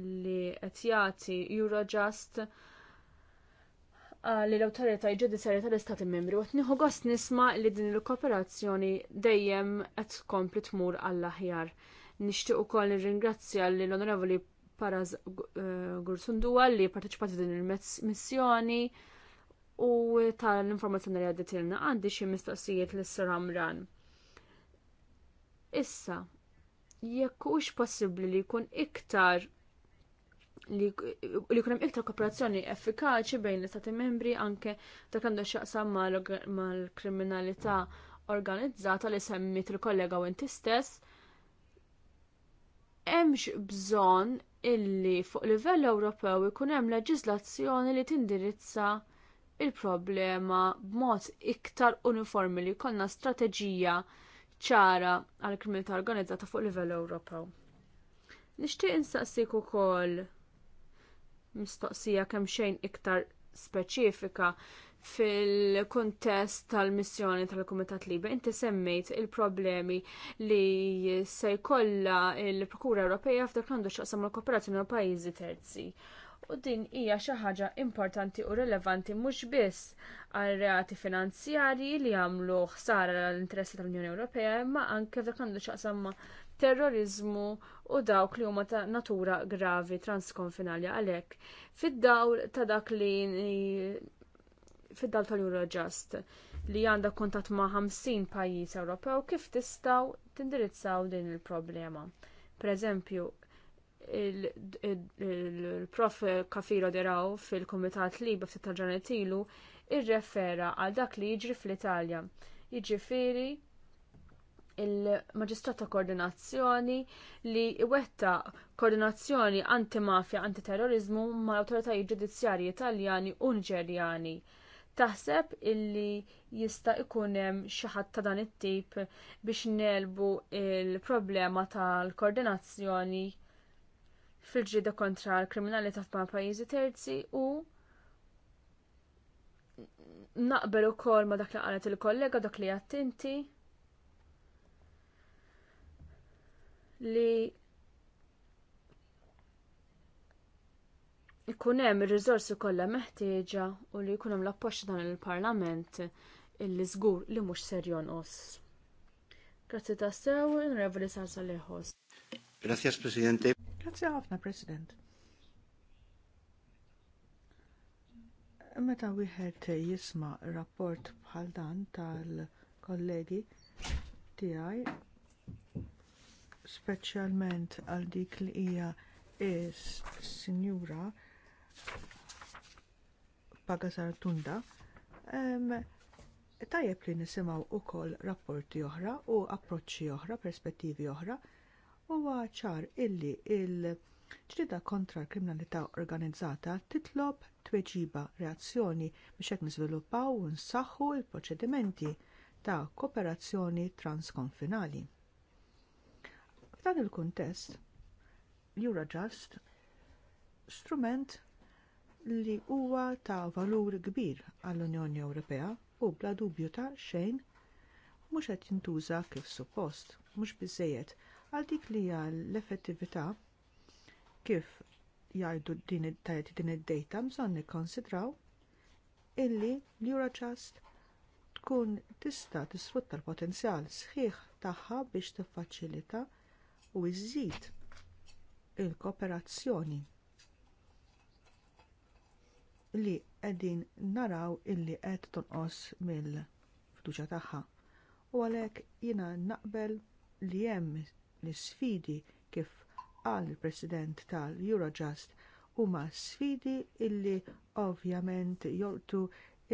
li qed jagħti Eurojust għal l-autorita ġudizzjarja tal-Istati membri u tniħu gost nisma li din il-kooperazzjoni dejjem qed tkompli tmur għall-aħjar. Nixtieq ukoll nirringrazzja lill onorevoli Paraz eh, Gursunduwa li parteċipati din il-missjoni u tal-informazzjoni li għaddit għandi xi mistoqsijiet l sir Ran. Issa, jekk hux possibbli li jkun iktar li jkun hemm iktar kooperazzjoni effikaċi bejn l-istati membri anke dak għandu x'jaqsam mal-kriminalità organizzata li semmit il-kollega u inti stess hemmx bżonn illi fuq livell Ewropew ikun hemm leġiżlazzjoni li tindirizza l problema b'mod iktar uniformi li jkollna strateġija ċara għall kriminalità organizzata fuq livell Ewropew. Nixtieq instaqsik ukoll mistoqsija kemm xejn iktar speċifika fil-kontest tal-missjoni tal-Kumitat Libe, inti semmejt il-problemi li se jkollha l prokura Ewropea f'dak għandu xaqsam l-kooperazzjoni ma' pajjiżi terzi. U din hija xi ħaġa importanti u rilevanti mhux biss għal reati finanzjarji li għamlu ħsara l-interessi tal-Unjoni Ewropea, imma anke f'dak għandu xaqsam terrorizmu u dawk li huma ta' natura gravi transkonfinalja għalhekk. Fid-dawl ta' dak li fid-dal tal-Eurojust li għandha kuntatt ma' 50 pajjiż Ewropew kif tistgħu tindirizzaw din il-problema. Pereżempju, il-prof Kafiro Deraw fil-Kumitat Liba ftit ġranet ilu irrefera għal dak li jiġri fl-Italja. Jiġifieri il-Maġistrat ta' Koordinazzjoni li iwetta koordinazzjoni antimafja, antiterrorizmu mal awtoritajiet ġudizzjarji Italjani u Niġerjani Taħseb illi jista' ikun hemm xi ħadd ta' dan it-tip biex nelbu l problema tal-koordinazzjoni fil ġrieda kontra l-kriminalità f'ma' pajjiżi terzi u naqbel ukoll ma' dak li qalet il-kollega dak li attenti li ikun hemm ir-riżorsi kollha meħtieġa u li jkun hemm l-appoġġ dan il-Parlament illi żgur li mhux ser jonqos. Grazzi ta' sew, Reveli Sarsa Leħos. Grazie, Presidente. Grazzi ħafna, President. Meta wieħed jisma' rapport bħal dan tal-kollegi tiegħi speċjalment għal dik li hija is-sinjura Pagasar Tunda, um, tajjeb li nisimgħu wkoll rapporti oħra u approċċi oħra, perspettivi oħra, huwa ċar illi il-ġrida kontra l kriminalità organizzata titlob tweġiba reazzjoni biex hekk niżviluppaw u nsaħħu l-proċedimenti ta' kooperazzjoni transkonfinali. F'dan il-kuntest, Eurojust strument li huwa ta' valur kbir għall-Unjoni Ewropea u bla dubju ta' xejn mhux qed jintuża kif suppost, mhux biżżejjed għal dik li hija l-effettività kif jgħidu din id-tajt din id-dejta bżonn nikkonsidraw illi l-Eurojust tkun tista' tisfrutta l-potenzjal sħiħ tagħha biex tiffaċilita u iżżid il-kooperazzjoni li qegħdin naraw illi qed tonqos mill-fiduċja tagħha. U għalhekk jiena naqbel li hemm l-sfidi kif qal il-President tal-Eurojust huma sfidi illi ovvjament jolqtu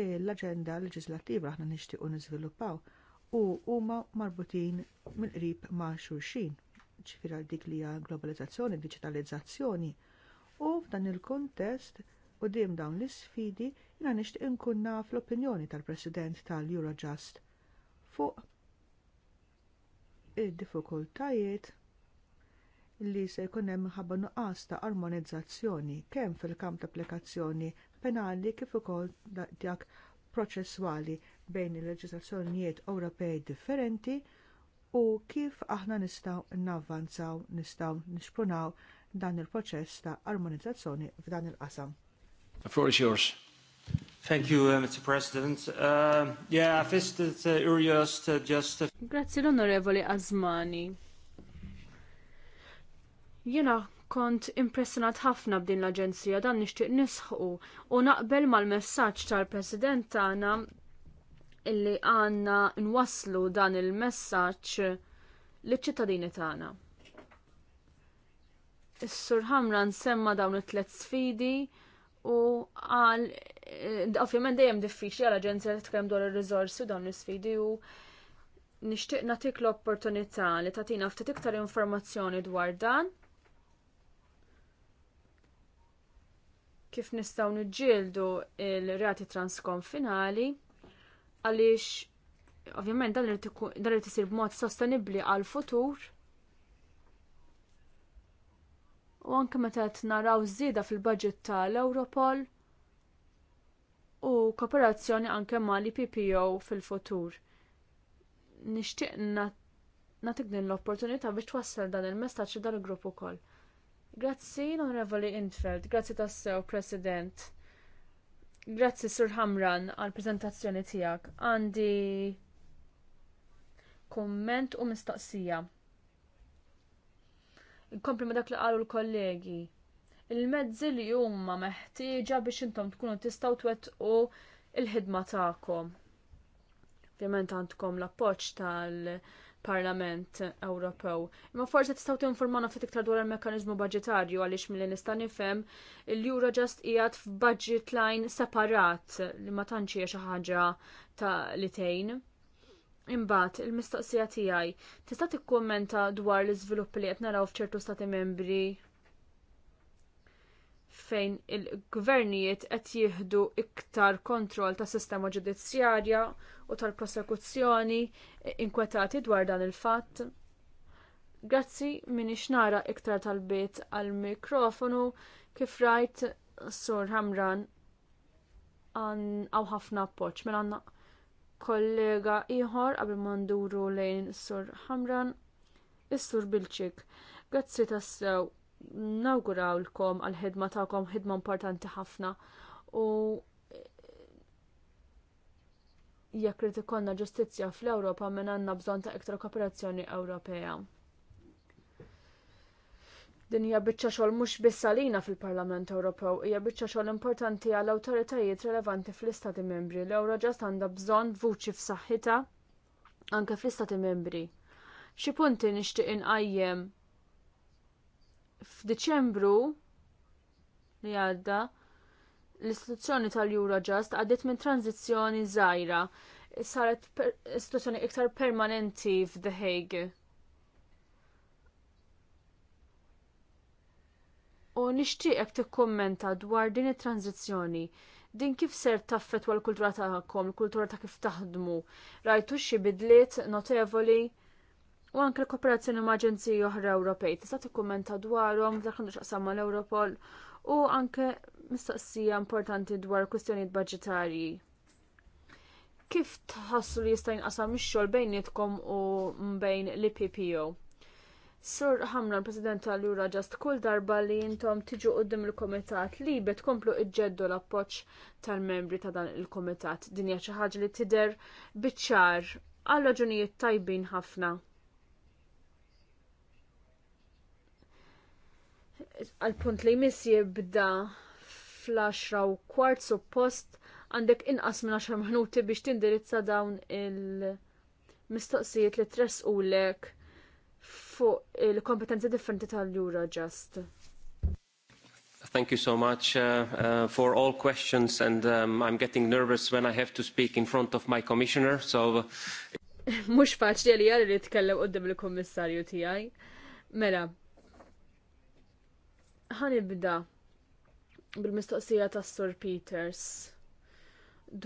l-aġenda leġislattiva aħna nixtiequ niżviluppaw u huma marbutin mill-qrib ma' xulxin, ċifira dik li hija globalizzazzjoni, diġitalizzazzjoni. U f'dan il-kontest U dim dawn l-isfidi jina nixtieq inkun naf l-opinjoni tal-President tal-Eurojust fuq id-diffikultajiet li se jkun hemm ħabba nuqqas ta' armonizzazzjoni kemm fil-kamp ta' applikazzjoni penali kif ukoll dak proċesswali bejn il-leġiżlazzjonijiet Ewropej differenti u kif aħna nistgħu navvanzaw, nistgħu nixprunaw dan il-proċess ta' armonizzazzjoni f'dan il-qasam. The floor is yours. Thank you, uh, Mr. President. Uh, yeah, I visited uh, uh, just... Uh... Grazie l-Onorevoli Azmani. Jena kont impressionat ħafna b'din l-Aġenzija dan nixtieq nisħu u naqbel mal-messaġġ tal-President tagħna illi għandna nwasslu dan il-messaġġ liċ-ċittadini tagħna. Is-Sur Hamran semma dawn it-tliet sfidi u għal eh, ovvjament dejjem diffiċli għal aġenzja li tkellem dwar ir-riżorsi u dawn l-isfidi u nixtieq nagħtik l-opportunità li tagħtina ftit iktar informazzjoni dwar dan. Kif nistgħu niġġieldu l reati transkonfinali għaliex ovvjament dan li tisir b'mod sostenibbli għal futur u anke meta qed naraw żieda fil-budget tal-Europol u kooperazzjoni anke mal-IPPO fil-futur. Nixtieq nagħtik din l-opportunità biex twassal dan il-messaġġ dan il-grupp ukoll. Grazzi, Onorevoli Intfeld, grazzi tassew, President. Grazzi Sur Hamran għall prezentazzjoni tiegħek. Għandi komment u mistoqsija nkompli ma dak li qalu l-kollegi. Il-mezzi li huma meħtieġa biex intom tkunu tistgħu twettqu il-ħidma tagħkom. Ovvjament għandkom l-appoġġ tal-Parlament Ewropew. Imma forsi tistgħu tinformana ftit iktar dwar il-mekkaniżmu budġetarju għaliex milli nista' nifhem il-Eurojust qiegħed f'budget line separat li ma tantx hija xi ħaġa ta' litejn. Imbagħad il-mistoqsija tiegħi tista' tikkummenta dwar l-iżvilupp li qed naraw f'ċertu stati membri fejn il-gvernijiet qed jieħdu iktar kontroll tas sistema ġudizzjarja u tal-prosekuzzjoni inkwetati dwar dan il-fatt. Grazzi minix nara iktar talbiet għall mikrofonu kif rajt Sur Hamran għaw ħafna appoġġ minn mela għandna kollega ieħor qabel ma nduru lejn is-sur Hamran, is-sur Bilċik. Grazzi tassew nawgurawlkom għall ħidma tagħkom ħidma importanti ħafna u eh, jekk irid ikollna ġustizzja fl-Ewropa minn għandna bżonn ta' iktar kooperazzjoni Ewropea. Din hija biċċa xogħol mhux biss għalina fil-Parlament Ewropew, hija biċċa xogħol importanti għall awtoritajiet relevanti fl-Istati Membri li Eurojust għandha bżonn vuċi f'saħħitha anke fl-Istati Membri. Xi punti nixtieq inqajjem f'Diċembru li għadda l-istituzzjoni tal-Eurojust għaddiet minn tranzizzjoni żgħira saret istituzzjoni iktar permanenti f'The Hague u nixtieqek tikkummenta dwar din it-tranzizzjoni din kif ser taffet l kultura tagħkom, il-kultura ta' kif taħdmu, rajtu xi bidliet notevoli u anke l-kooperazzjoni ma' aġenziji oħra Ewropej. Tista' tikkummenta dwarhom dak għandu x'aqsam mal ewropol u anke mistaqsija importanti dwar kwistjonijiet budġetarji. Kif tħassu li jista' jinqasam ix-xogħol bejnietkom u bejn l-PPO? Sur ħamra l-President tal-Jura ġast kull darba li jintom tiġu qoddim il-Komitat li bet komplu iġġeddu l-appoċ tal-membri ta' dan il-Komitat. Dinja xi ħaġa li tider bitċar għal raġunijiet tajbin ħafna. Għal-punt li jmiss jibda fl-10 u kwart suppost għandek inqas minn 10 minuti biex tindirizza dawn il-mistoqsijiet li tressqulek fuq il-kompetenzi differenti tal ġast. Thank you so much uh, uh, for all questions and um, I'm getting nervous when I have to speak in front of my commissioner, so... Uh, Mux faċli li għalli li tkellem qoddim il-kommissarju tijaj. Mela, ibda bil-mistoqsija ta' Sir Peters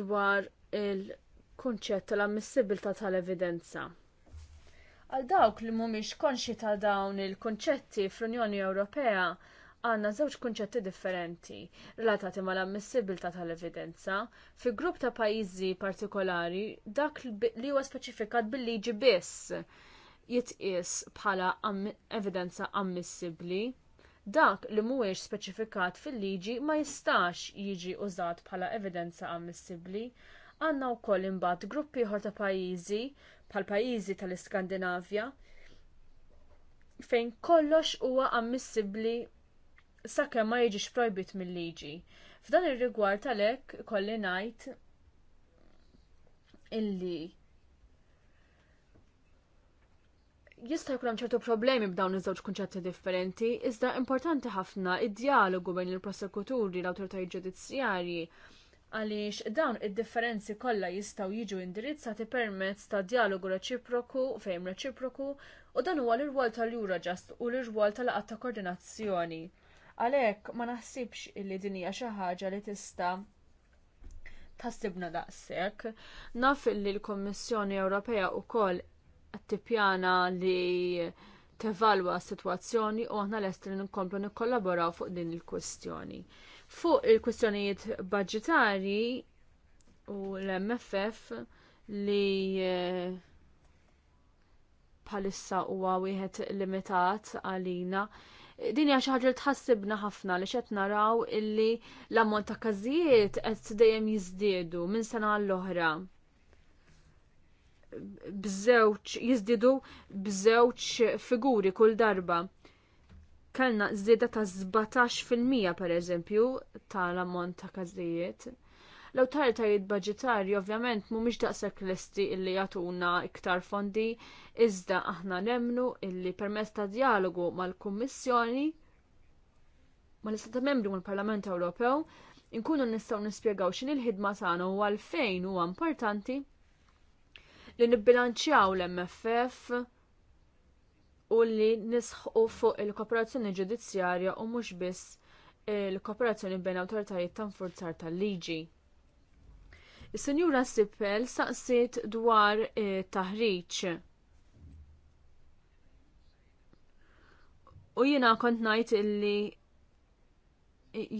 dwar il-konċett tal-ammissibilta tal-evidenza. tal ammissibilta tal evidenza Għal dawk li mhumiex konxi ta' dawn il-kunċetti fl-Unjoni Ewropea għandna żewġ kunċetti differenti relatati mal ammissibilta tal-evidenza. Fi grupp ta' pajjiżi partikolari dak li huwa speċifikat bil-liġi biss jitqies bħala am evidenza ammissibbli dak li mhuwiex speċifikat fil-liġi ma jistax jiġi użat bħala evidenza ammissibbli. Għandna wkoll imbagħad gruppi ħor ta' pajjiżi bħal pajjiżi tal-Iskandinavja fejn kollox huwa ammissibbli sakemm ma jiġix projbit mill-liġi. F'dan ir-rigward għalhekk kolli ngħid illi jista' jkun hemm ċertu problemi b'dawn iż-żewġ kunċetti differenti, iżda importanti ħafna id-dialogu bejn il-prosekuturi l-awtoritajiet ġudizzjarji għaliex dawn id-differenzi kollha jistgħu jiġu indirizzati permezz ta' dialogu reċiproku fejn reċiproku u dan huwa l-irwol tal-Eurojust u l-irwol tal laqgħat ta' koordinazzjoni. Għalhekk ma naħsibx li din hija xi ħaġa li tista' tassibna daqshekk. Naf li l kummissjoni Ewropea wkoll qed tippjana li tevalwa s-sitwazzjoni u aħna lest li nkomplu nikkollaboraw fuq din il-kwestjoni. Fuq il-kwistjonijiet budgetari u l-MFF li eh, bħalissa huwa wieħed limitat għalina. Din hija xi ħaġa tħassibna ħafna li qed naraw illi l-ammont ta' każijiet qed dejjem jiżdiedu minn sena għall-oħra. Bżewġ jiżdiedu bżewġ figuri kull darba kellna żieda ta' 17% pereżempju tal-ammont ta' każijiet. L-awtoritajiet budġetarji ovvjament mhumiex daqshekk lesti illi jagħtuna iktar fondi, iżda aħna nemnu illi permezz ta' dialogu mal-Kummissjoni mal-Istat Membri mal-Parlament Ewropew inkunu nistgħu nispjegaw x'in il-ħidma tagħna u għalfejn huwa importanti li nibbilanċjaw l-MFF u li nisħu fuq il-kooperazzjoni ġudizzjarja u mhux biss il-kooperazzjoni bejn awtoritajiet ta' nfurzar tal-liġi. Is-Sinjura Sippel saqsiet dwar eh, taħriġ. U jiena kont ngħid illi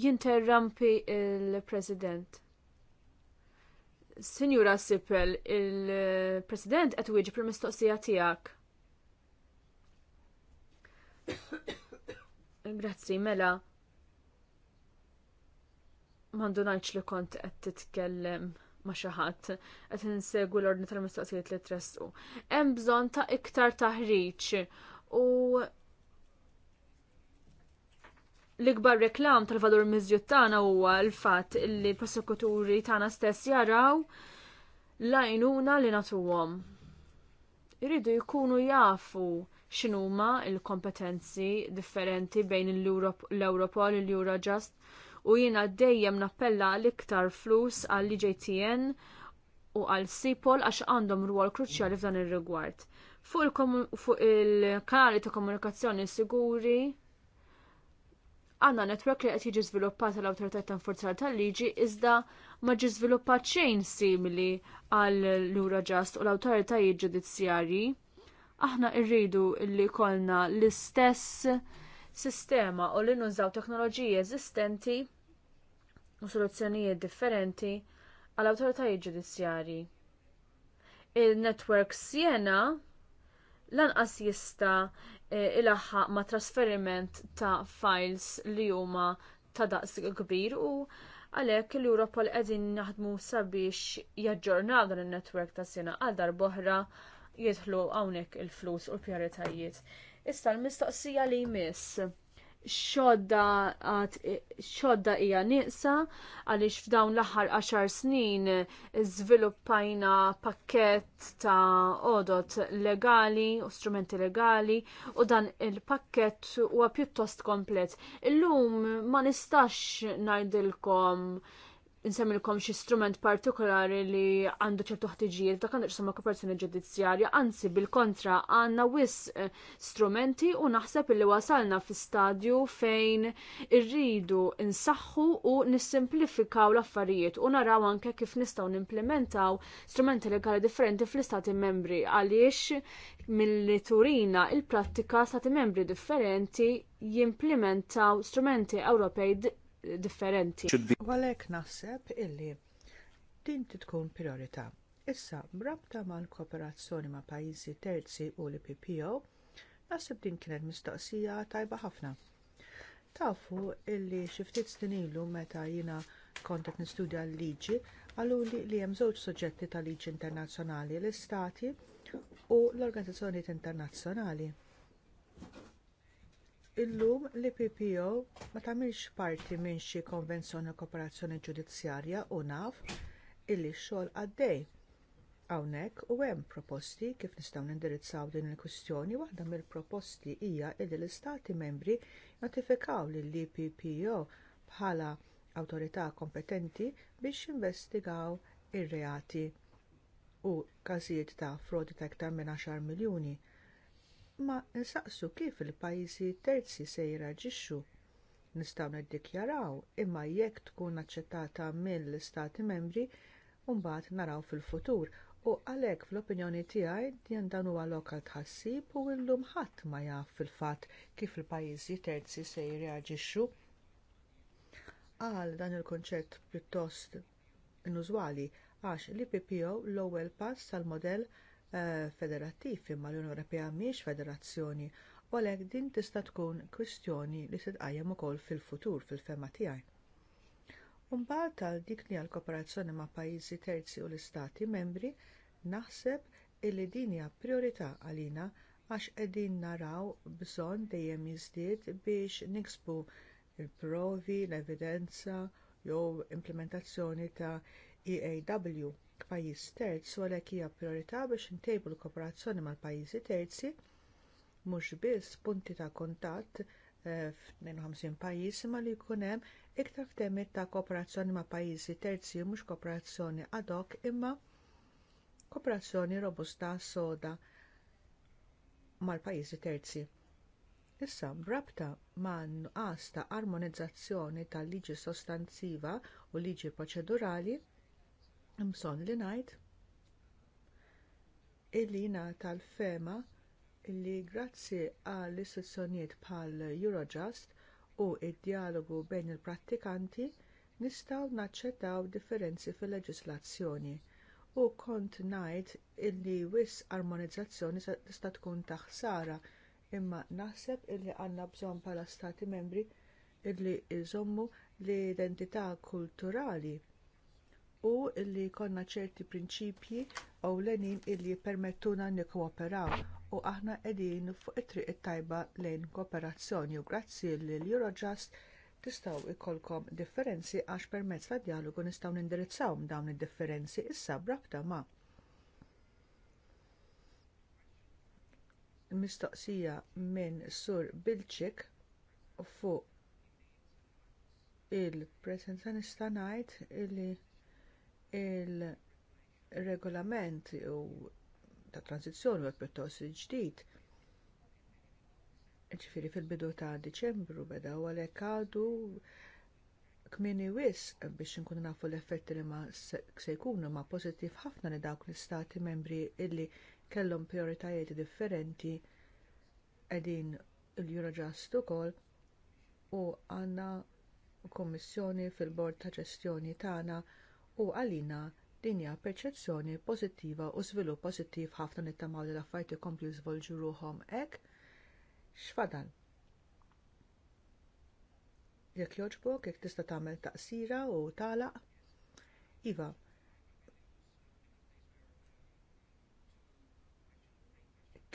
jinterrampi l president Sinjura Sippel, il-President qed wieġi per mistoqsija tiegħek. Grazzi, mela. Mandu najċ li kont qed titkellem ma xi ħadd qed insegwu l-ordni tal-mistoqsijiet li tressqu. Hemm bżonn ta' iktar taħriġ u l-ikbar reklam tal-valur miżjut tagħna huwa l-fatt li l-prosekuturi tagħna stess jaraw l-għajnuna li nagħtuhom. Iridu jkunu jafu x'inhuma l-kompetenzi differenti bejn l-Europol, l-Eurojust u jiena dejjem nappella l-iktar flus għall ijtn u għall Sipol għax għandhom rwol kruċjali f'dan ir-rigward. Fuq il-kanali ta' komunikazzjoni siguri għanna netwerk li qed jiġi żviluppat l awtorità ta' Forzar tal-liġi iżda ma ġi żviluppat xejn simili għall eurojust u l-awtoritajiet ġudizzjarji. Aħna rridu li kolna l-istess sistema u li nużaw teknoloġiji eżistenti u soluzzjonijiet differenti għal awtoritajiet ġudizzjarji. Il-network Siena lanqas jista eh, ilaħħaq ma' trasferiment ta' files li huma ta' daqs kbir u għalhekk l-Europol qegħdin naħdmu sabiex jaġġornaw dan in netwerk ta' sena għal darboħra jidħlu hawnhekk il-flus u l-prijoritajiet. Issa l-mistoqsija li jmiss xodda hija nieqsa għaliex f'dawn l-aħħar 10 snin żviluppajna pakkett ta' odot legali u strumenti legali u dan il-pakkett huwa pjuttost komplet. Illum ma nistax ngħidilkom insemmilkom xi strument partikolari li għandu ċertu ħtiġijiet ta' kandu xsamma kooperazzjoni ġudizzjarja, anzi bil-kontra għandna wis eh, strumenti u naħseb li wasalna fi stadju fejn irridu insaħħu u nissimplifikaw l-affarijiet u naraw anke kif nistgħu nimplementaw strumenti legali differenti fl-istati membri għaliex milli turina il-prattika stati membri differenti jimplementaw strumenti Ewropej differenti. Għalek naħseb illi din tkun priorità. Issa, brabta mal-kooperazzjoni ma' pajjiżi terzi u l-PPO, naħseb din kienet mistoqsija tajba ħafna. Tafu illi xiftit ilu meta jina kontet nistudja l-liġi, għallu li hemm żewġ soġġetti tal-liġi internazzjonali, l-istati u l organizzazzjoni internazzjonali Illum l-PPO ma tagħmilx parti minn xi konvenzjoni kooperazzjoni ġudizzjarja u naf illi xogħol għaddej. Hawnhekk u hemm proposti kif nistgħu nindirizzaw din il-kwistjoni waħda mill-proposti hija li l-istati membri notifikaw lill ippo bħala awtorità kompetenti biex jinvestigaw ir-reati u każijiet ta' frodi ta' iktar minn 10 miljuni ma nsaqsu kif il-pajjiżi terzi se jiraġixxu. Nistgħu niddikjaraw imma jekk tkun aċċettata mill-Istati membri mbagħad naraw fil-futur u għalhekk fl-opinjoni tiegħi din dan huwa lokal tħassib u llum ħadd ma jaf fil-fatt kif il-pajjiżi terzi se jiraġixxu. Għal dan il-konċett pjuttost inużwali għax li PPO l-ewwel pass tal-modell Eh, federattiv imma l-Unjoni Ewropea mhijiex federazzjoni u għalhekk din tista' tkun kwistjoni li se tqajjem ukoll fil-futur fil-fema tiegħi. Mbagħad tal dik li kooperazzjoni ma' pajjiżi terzi u l-istati membri naħseb illi din hija priorità għalina għax qegħdin naraw bżonn dejjem jiżdied biex niksbu l provi l-evidenza jew implementazzjoni ta' EAW pajjiż terz u għalhekk hija priorità biex intejbu l-kooperazzjoni mal-pajjiżi terzi mhux biss punti ta' kuntatt eh, f'52 pajjiż imma li jkun hemm iktar ftehmiet ta' kooperazzjoni ma' pajjiżi terzi mhux kooperazzjoni ad hoc imma kooperazzjoni robusta soda mal-pajjiżi terzi. Issa, brabta ma' nuqqas ta' armonizzazzjoni tal-liġi sostanziva u liġi proċedurali, Mson li ngħid illina tal-fema illi grazzi għall istituzzjonijiet bħal Eurojust u d dialogu bejn il-prattikanti nistgħu naċċettaw differenzi fil-leġislazzjoni u kont ngħid illi wisq armonizzazzjoni tista' tkun ta' ħsara imma naħseb illi għandna bżonn bħala stati membri illi jżommu l-identità kulturali u li jkollna ċerti prinċipji ewlenin illi jippermettuna nikkooperaw u aħna qegħdin fuq it-triq it-tajba lejn kooperazzjoni u grazzi lill Eurojust tistgħu jkollkom differenzi għax permezz tad dialogu nistgħu nindirizzaw dawn id-differenzi issa b'rabta ma' mistoqsija minn Sur Bilċik fuq il-prezenza nista' ngħid illi il-regolament u ta' transizzjoni u pjuttost ġdid. Ġifiri fil-bidu ta' Diċembru beda u għalhekk għadu kmieni wisq biex inkunu nafu l-effetti li ma se jkunu ma pożittiv ħafna li dawk l-istati membri illi kellhom prioritajiet differenti qegħdin l-Eurojust ukoll u għandna kummissjoni fil-bord ta' ġestjoni tagħna ta u għalina din hija perċezzjoni pożittiva u żvilupp pożittiv ħafna nittamaw li l-affarijiet ikomplu jżvolġu ruhom hekk x'fadal. Jekk jogħġbok, jekk tista' tagħmel taqsira u tagħlaq. Iva,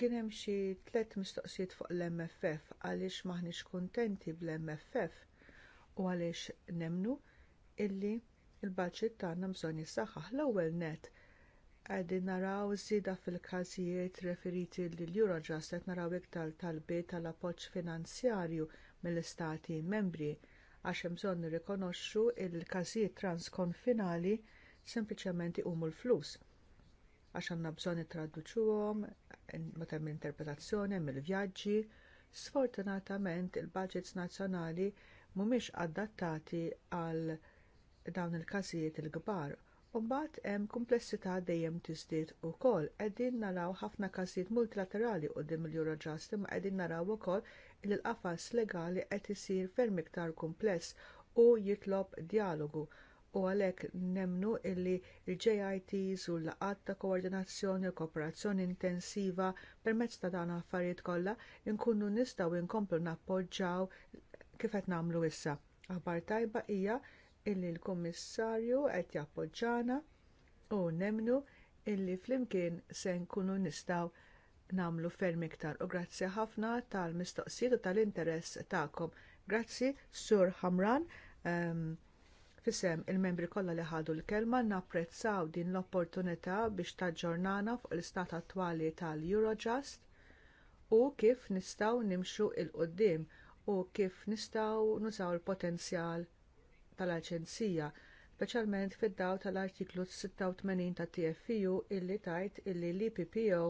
kien hemm xi tliet mistoqsijiet fuq l-MFF għaliex maħniex kuntenti bl-MFF u għaliex nemnu illi il-budget tagħna bżonn jissaħħaħ l-ewwel nett qegħdin naraw żieda fil-każijiet referiti lill eurojust qed naraw iktar talbiet tal-appoġġ finanzjarju mill-istati membri għax hemm bżonn nirrikonoxxu l każijiet transkonfinali sempliċement iqumu l-flus għax għandna bżonn nittraduċuhom meta hemm interpretazzjoni hemm il-vjaġġi. Sfortunatament il-budgets nazzjonali mhumiex adattati għal dawn il-każijiet il-kbar u mbagħad hemm kumplessità dejjem tiżdied ukoll qegħdin naraw ħafna każijiet multilaterali quddiem il-Eurojust imma qegħdin naraw ukoll li l-qafas legali qed isir ferm iktar kumpless u jitlob dijalogu u għalhekk nemnu li l-JITs u l-laqat ta' koordinazzjoni u kooperazzjoni intensiva permezz ta' dawn affarijiet kollha nkunu nistgħu nkomplu nappoġġjaw kif qed nagħmlu issa. Aħbar tajba hija illi l-Kummissarju qed jappoġġana u nemnu illi flimkien se nkunu nistgħu nagħmlu ferm iktar u grazzi ħafna tal-mistoqsijiet u tal-interess tagħkom. Grazzi Sur Hamran um, fisem il-membri kollha li ħadu l-kelma napprezzaw din l-opportunità biex taġġornana fuq l-istat attwali tal-Eurojust u kif nistgħu nimxu il-qoddim u kif nistgħu nużaw il-potenzjal tal-Aġenzija, speċjalment fid-daw tal-artiklu 86 tat TFU illi tgħid illi l-IPPO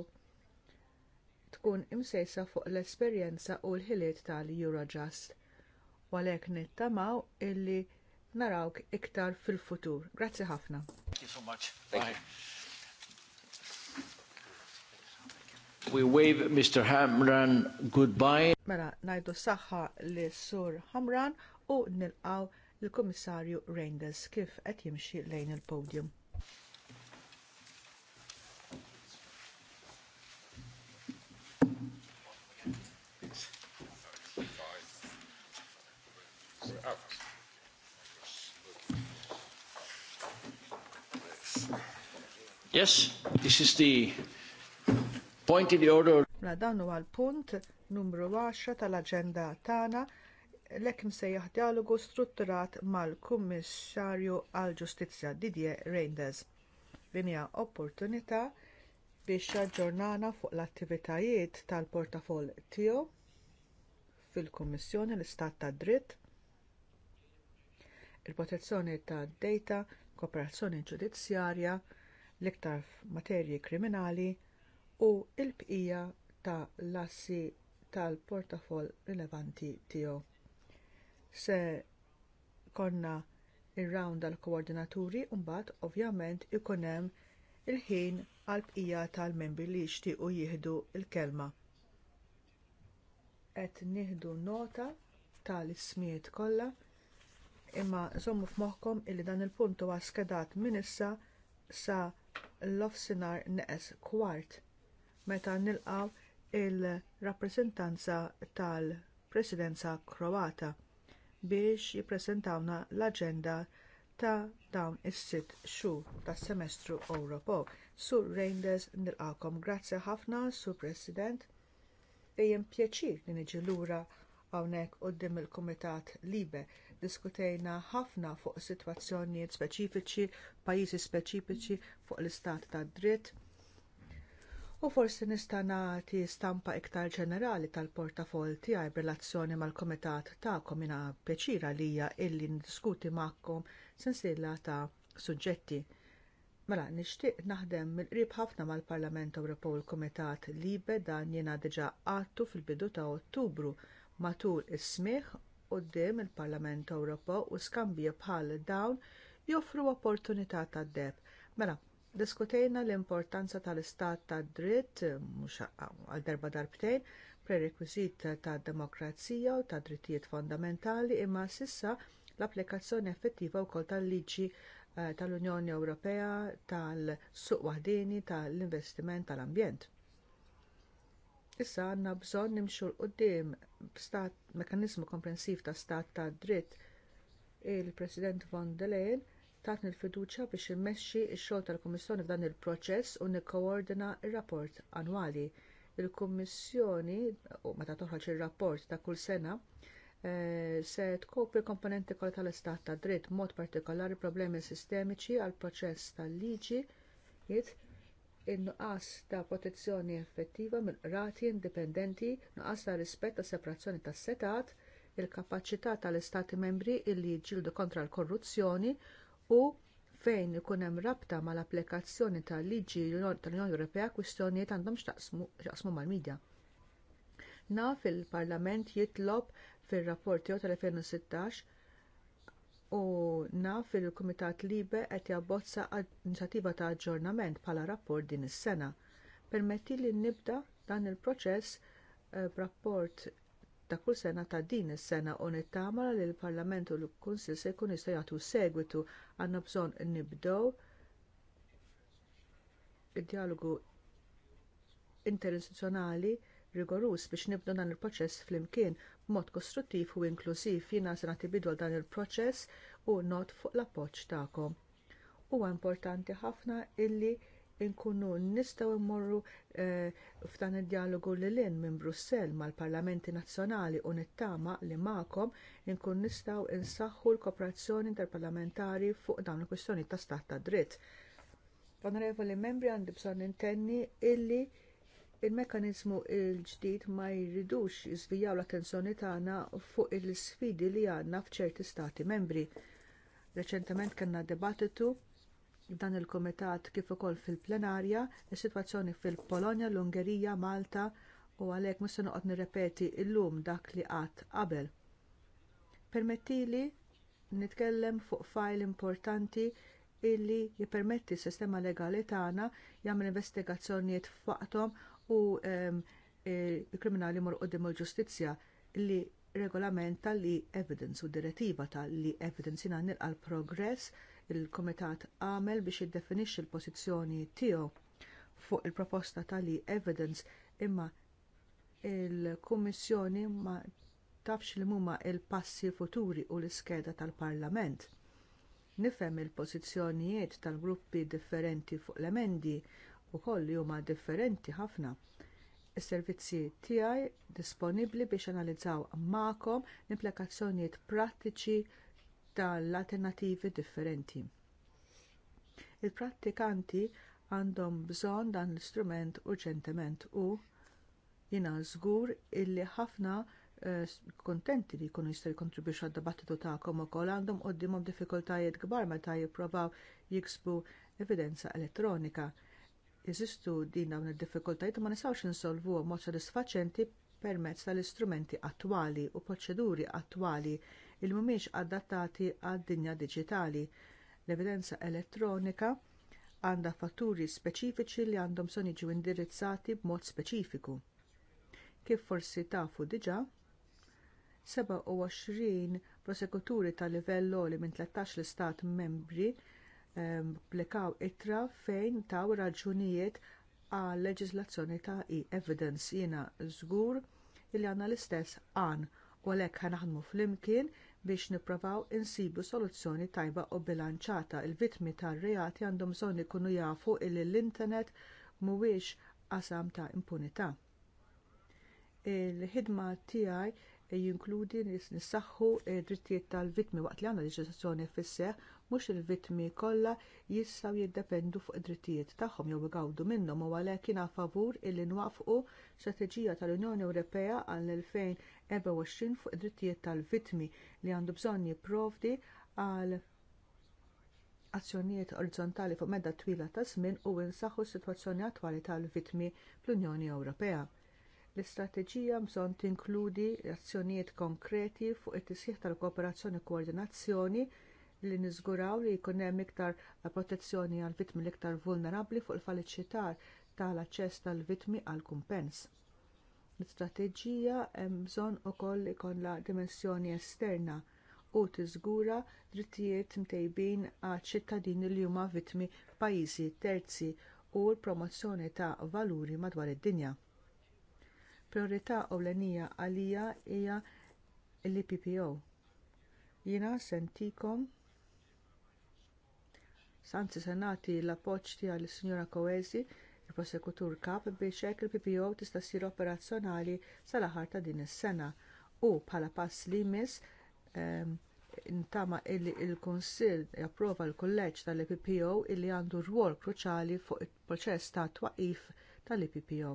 tkun imsejsa fuq l-esperjenza u l-ħiliet tal-Eurojust. U għalhekk nittamaw illi narawk iktar fil-futur. Grazzi ħafna. We wave Mr. Hamran goodbye. Mela, ngħidu saħħa li sur Hamran u nilqaw l-Kummissarju Reinders kif qed jimxi lejn il-podium. Yes, this is the point in the order. Mela, punt numru 10 tal l-ek msejjaħ dialogu strutturat mal-Kummissarju għall ġustizzja Didier Reinders. Din hija opportunità biex jaġġornana fuq l-attivitajiet tal-portafol tiegħu fil-Kummissjoni l-Istat tad Dritt, il-protezzjoni tad dejta kooperazzjoni ġudizzjarja, l-iktar materji kriminali u l bqija ta' lassi tal portafoll rilevanti tiegħu se konna ir-round tal-koordinaturi u mbagħad ovvjament ikun hemm il-ħin għall bqija tal-membri li jixtiequ jieħdu l kelma Qed nieħdu nota tal-ismijiet kollha imma żommu f'moħħkom li dan il-punt huwa skedat minn issa sa l-ofsinar neqes kwart meta nilqgħu il-rappreżentanza tal-Presidenza Kroata biex jippreżentawna l-aġenda ta' dawn is-sitt xhur tas-semestru Ewropew. Sur Reinders nilqakom. Grazzi ħafna, Sur President. Ejjem pjaċir li niġi lura hawnhekk quddiem il-Kumitat Libe diskutejna ħafna fuq sitwazzjonijiet speċifiċi, pajjiżi speċifiċi fuq l-istat tad dritt u forsi nista' nagħti stampa iktar ġenerali tal-portafol tiegħi b'relazzjoni mal-Kumitat tagħkom peċira li hija illi ndiskuti magħkom sensiela ta' suġġetti. Mela nixtieq naħdem mill-qrib ħafna mal-Parlament Ewropew il-Kumitat Libe dan jiena diġà għattu fil-bidu ta' Ottubru matul is-smigħ quddiem il-Parlament Ewropew u skambji bħal dawn joffru opportunità tad-deb. Mela, Diskutejna l-importanza tal-istat tad dritt, mhux għal darba darbtejn, prerekwiżit tad demokrazija u tad drittijiet fondamentali imma sissa l-applikazzjoni effettiva wkoll tal-liġi eh, tal-Unjoni Ewropea tal-suq waħdini tal-investiment tal-ambjent. Issa għandna bżonn nimxu l-qoddim b'stat komprensiv ta' stat tad dritt il-President von der Leyen tatni l-fiduċja biex immexxi x-xogħol tal-Kummissjoni f'dan il-proċess u nikkoordina r rapport annwali. Il-Kummissjoni, u meta toħroġ ir-rapport ta' kull sena, eh, se tkopri komponenti kollha tal-istat ta' dritt mod partikolari problemi sistemiċi għall proċess tal-liġi in-nuqqas ta' protezzjoni effettiva mill qrati indipendenti, nuqqas ta' rispett tas separazzjoni tas setat, il-kapaċità tal-Istati membri illi jġildu kontra l-korruzzjoni u fejn ikun hemm rabta mal-applikazzjoni tal-liġi tal-Unjoni Ewropea kwistjonijiet għandhom x'taqsmu mal-midja. Naf il-Parlament jitlob fir-rapport tiegħu tal-2016 u naf il-Kumitat Libe qed jabbozza inizjattiva ta' aġġornament bħala rapport din is-sena. Permetti li nibda dan il-proċess eh, b'rapport ta' kull sena ta' din is-sena u nittamara li l-Parlament u l-Kunsil se jkun jistgħu jagħtu segwitu għandna bżonn nibdew id-dialogu interinstituzzjonali rigorus biex nibdu dan il-proċess flimkien b'mod kostruttiv u inklużiv jiena se nagħti bidu għal dan il-proċess u not fuq l appoġġ tagħkom. Huwa importanti ħafna illi inkunu nistgħu mmorru eh, f'dan id-dialogu li lin minn Brussell mal-Parlamenti Nazzjonali u nittama li magħkom inkun nistgħu insaħħu l-kooperazzjoni interparlamentari fuq dawn il-kwistjoni ta' stat ta' dritt. Onorevoli membri għandi bżonn intenni illi il mekkaniżmu l ġdid ma jridux jiżvijaw l-attenzjoni tagħna fuq il isfidi li għandna f'ċerti stati membri. Reċentement kellna d-debattitu dan il kumitat kif ukoll fil-plenarja is-sitwazzjoni fil-Polonja, l-Ungerija, Malta u għalhekk mhux se noqgħod nirrepeti llum dak li qatt qabel. Permettili nitkellem fuq fajl importanti illi jippermetti s-sistema legali tagħna jagħmel investigazzjonijiet f'waqthom u ehm, l kriminali mor qudiem il-ġustizzja li regolamenta li evidence u direttiva tal li evidence jina nilqa progress il-Kumitat għamel biex jiddefinixxi l-pożizzjoni tiegħu fuq il-proposta tali evidence imma il-Kummissjoni ma tafx li huma l passi futuri u l-iskeda tal-Parlament. Nifhem il-pożizzjonijiet tal-gruppi differenti fuq l-emendi wkoll li huma differenti ħafna. Is-servizzi tiegħi disponibbli biex analizzaw magħkom l-implikazzjonijiet prattiċi tal-alternativi differenti. Il-prattikanti għandhom bżonn dan l-istrument urġentement u jiena żgur illi ħafna eh, kontenti li jkunu jistgħu jkontribwixxu għad-dibattitu tagħkom ukoll għandhom qudiemhom diffikultajiet kbar meta jippruvaw jiksbu evidenza elettronika. Jeżistu din dawn id-diffikultajiet ma nistgħux insolvuhom mod sodisfaċenti permezz tal-istrumenti attwali u proċeduri attwali li mhumiex adattati għad-dinja diġitali. L-evidenza elettronika għandha fatturi speċifiċi li għandhom son jiġu indirizzati b'mod speċifiku. Kif forsi tafu diġà, 27 prosekuturi ta' livell oli minn 13 l-istat membri plekaw ehm, ittra fejn taw raġunijiet għal leġiżlazzjoni ta' e-evidence jiena żgur li għandna l-istess għan u għalhekk ħanaħdmu flimkien biex nippruvaw insibu soluzzjoni tajba u bilanċata. Il-vittmi tar-reati għandhom bżonn ikunu jafu li l-internet mhuwiex qasam ta' impunità. Il-ħidma tiegħi jinkludi nissaħħu d drittijiet tal-vittmi waqt li għandna leġislazzjoni fis-seħħ mhux il-vittmi kollha jistgħu jiddependu fuq id-drittijiet tagħhom jew igawdu minnhom u għalhekk jiena favur illi nwaqfqu strateġija tal-Unjoni Ewropea għal 2024 fuq id-drittijiet tal-vittmi li għandu bżonn jipprovdi għal azzjonijiet orizzontali fuq medda twila ta' żmien u insaħħu s-sitwazzjoni attwali tal-vittmi fl-Unjoni Ewropea. L-istrateġija bżonn tinkludi azzjonijiet konkreti fuq it-tisjih tal-kooperazzjoni u koordinazzjoni li niżguraw li jkun hemm iktar protezzjoni għall vittmi l-iktar vulnerabbli fuq il-faliċitar tal-aċċess tal-vittmi għall kumpens. L-istrateġija hemm bżonn ukoll ikollha dimensjoni esterna u tiżgura drittijiet mtejbin għal ċittadini li huma vittmi f'pajjiżi terzi u l-promozzjoni ta' valuri madwar id-dinja. Priorità ewlenija għalija hija l-PPO. Jiena sentikom sanzi senati l-appoċ tija l sinjora Kowesi, il-prosekutur kap biex hekk il-PPO tista' ssir operazzjonali sal-aħħar ta' din is-sena u bħala pass li jmiss ehm, intama illi l il kunsill japprova l-kulleġġ tal-IPPO illi għandu rwol kruċali fuq il-proċess ta' twaqif tal-IPPO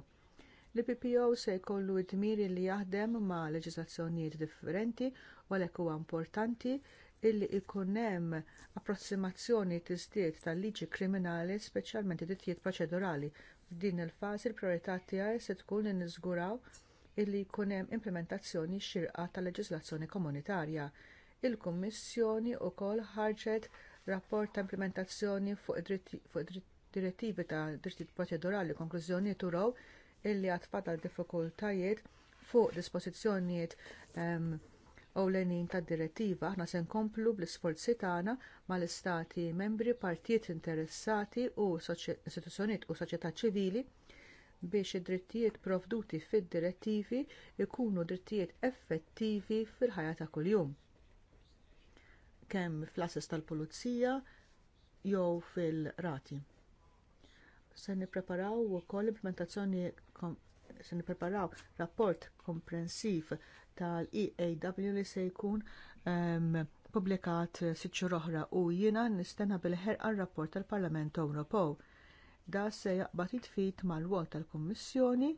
l-PPO se jkollu d dmir li jaħdem ma' leġiżlazzjonijiet differenti u għalhekk huwa importanti illi ikun hemm approssimazzjoni tiżdied tal-liġi kriminali, speċjalment id-dittijiet proċedurali. F'din il-fażi l-priorità tiegħi se tkun li niżguraw illi jkun hemm implementazzjoni xirqa tal-leġiżlazzjoni komunitarja. Il-Kummissjoni wkoll ħarġet rapport ta' implementazzjoni fuq id-direttivi ta' drittijiet proċedurali konklużjoni turaw illi għatfadal diffikultajiet fuq dispożizzjonijiet ehm, ewlenin tad-direttiva aħna se nkomplu bl-isforzi tagħna mal-istati membri, partijiet interessati u istituzzjonijiet u soċjetà ċivili biex id-drittijiet provduti fid-direttivi jkunu drittijiet effettivi fil-ħajja ta' kuljum. Kemm fl-assess tal-pulizija jew fil-rati se nippreparaw ukoll implementazzjoni se nippreparaw rapport komprensiv tal-EAW li se jkun um, publikat sitxur oħra u jiena nistenna bil-ħerqa rapport tal-Parlament Ewropew. Da se jaqbad it-fit mal-wot tal-Kummissjoni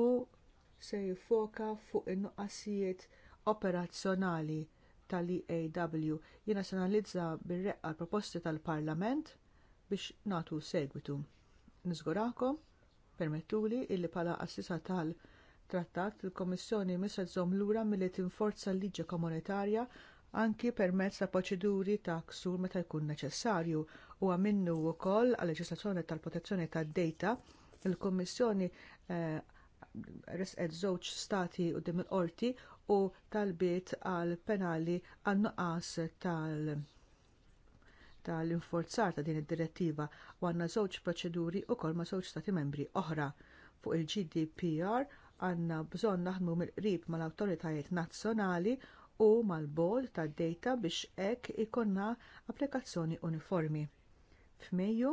u se jifoka fuq in-nuqqasijiet operazzjonali tal-EAW. Jiena se analizza bir-reqqa proposti tal-Parlament biex nagħtu segwitu. Nizgurakom Permettuli illi bħala assisa tal-trattat il kummissjoni misa tżomm lura milli tinforza l-liġi komunitarja anki permezz ta' proċeduri ta' ksur meta jkun neċessarju u għaminnu wkoll għal leġislazzjoni tal-protezzjoni tad-dejta il kummissjoni eh, resqed żewġ stati quddiem il-qorti u talbiet għal penali għan nuqqas tal- tal-infurzar ta' din id-direttiva u għandna żewġ proċeduri wkoll ma' żewġ stati membri oħra fuq il-GDPR għandna bżonn naħdmu mill-qrib mal-awtoritajiet nazzjonali u mal-bod tad dejta biex hekk ikonna applikazzjoni uniformi. F'Mejju,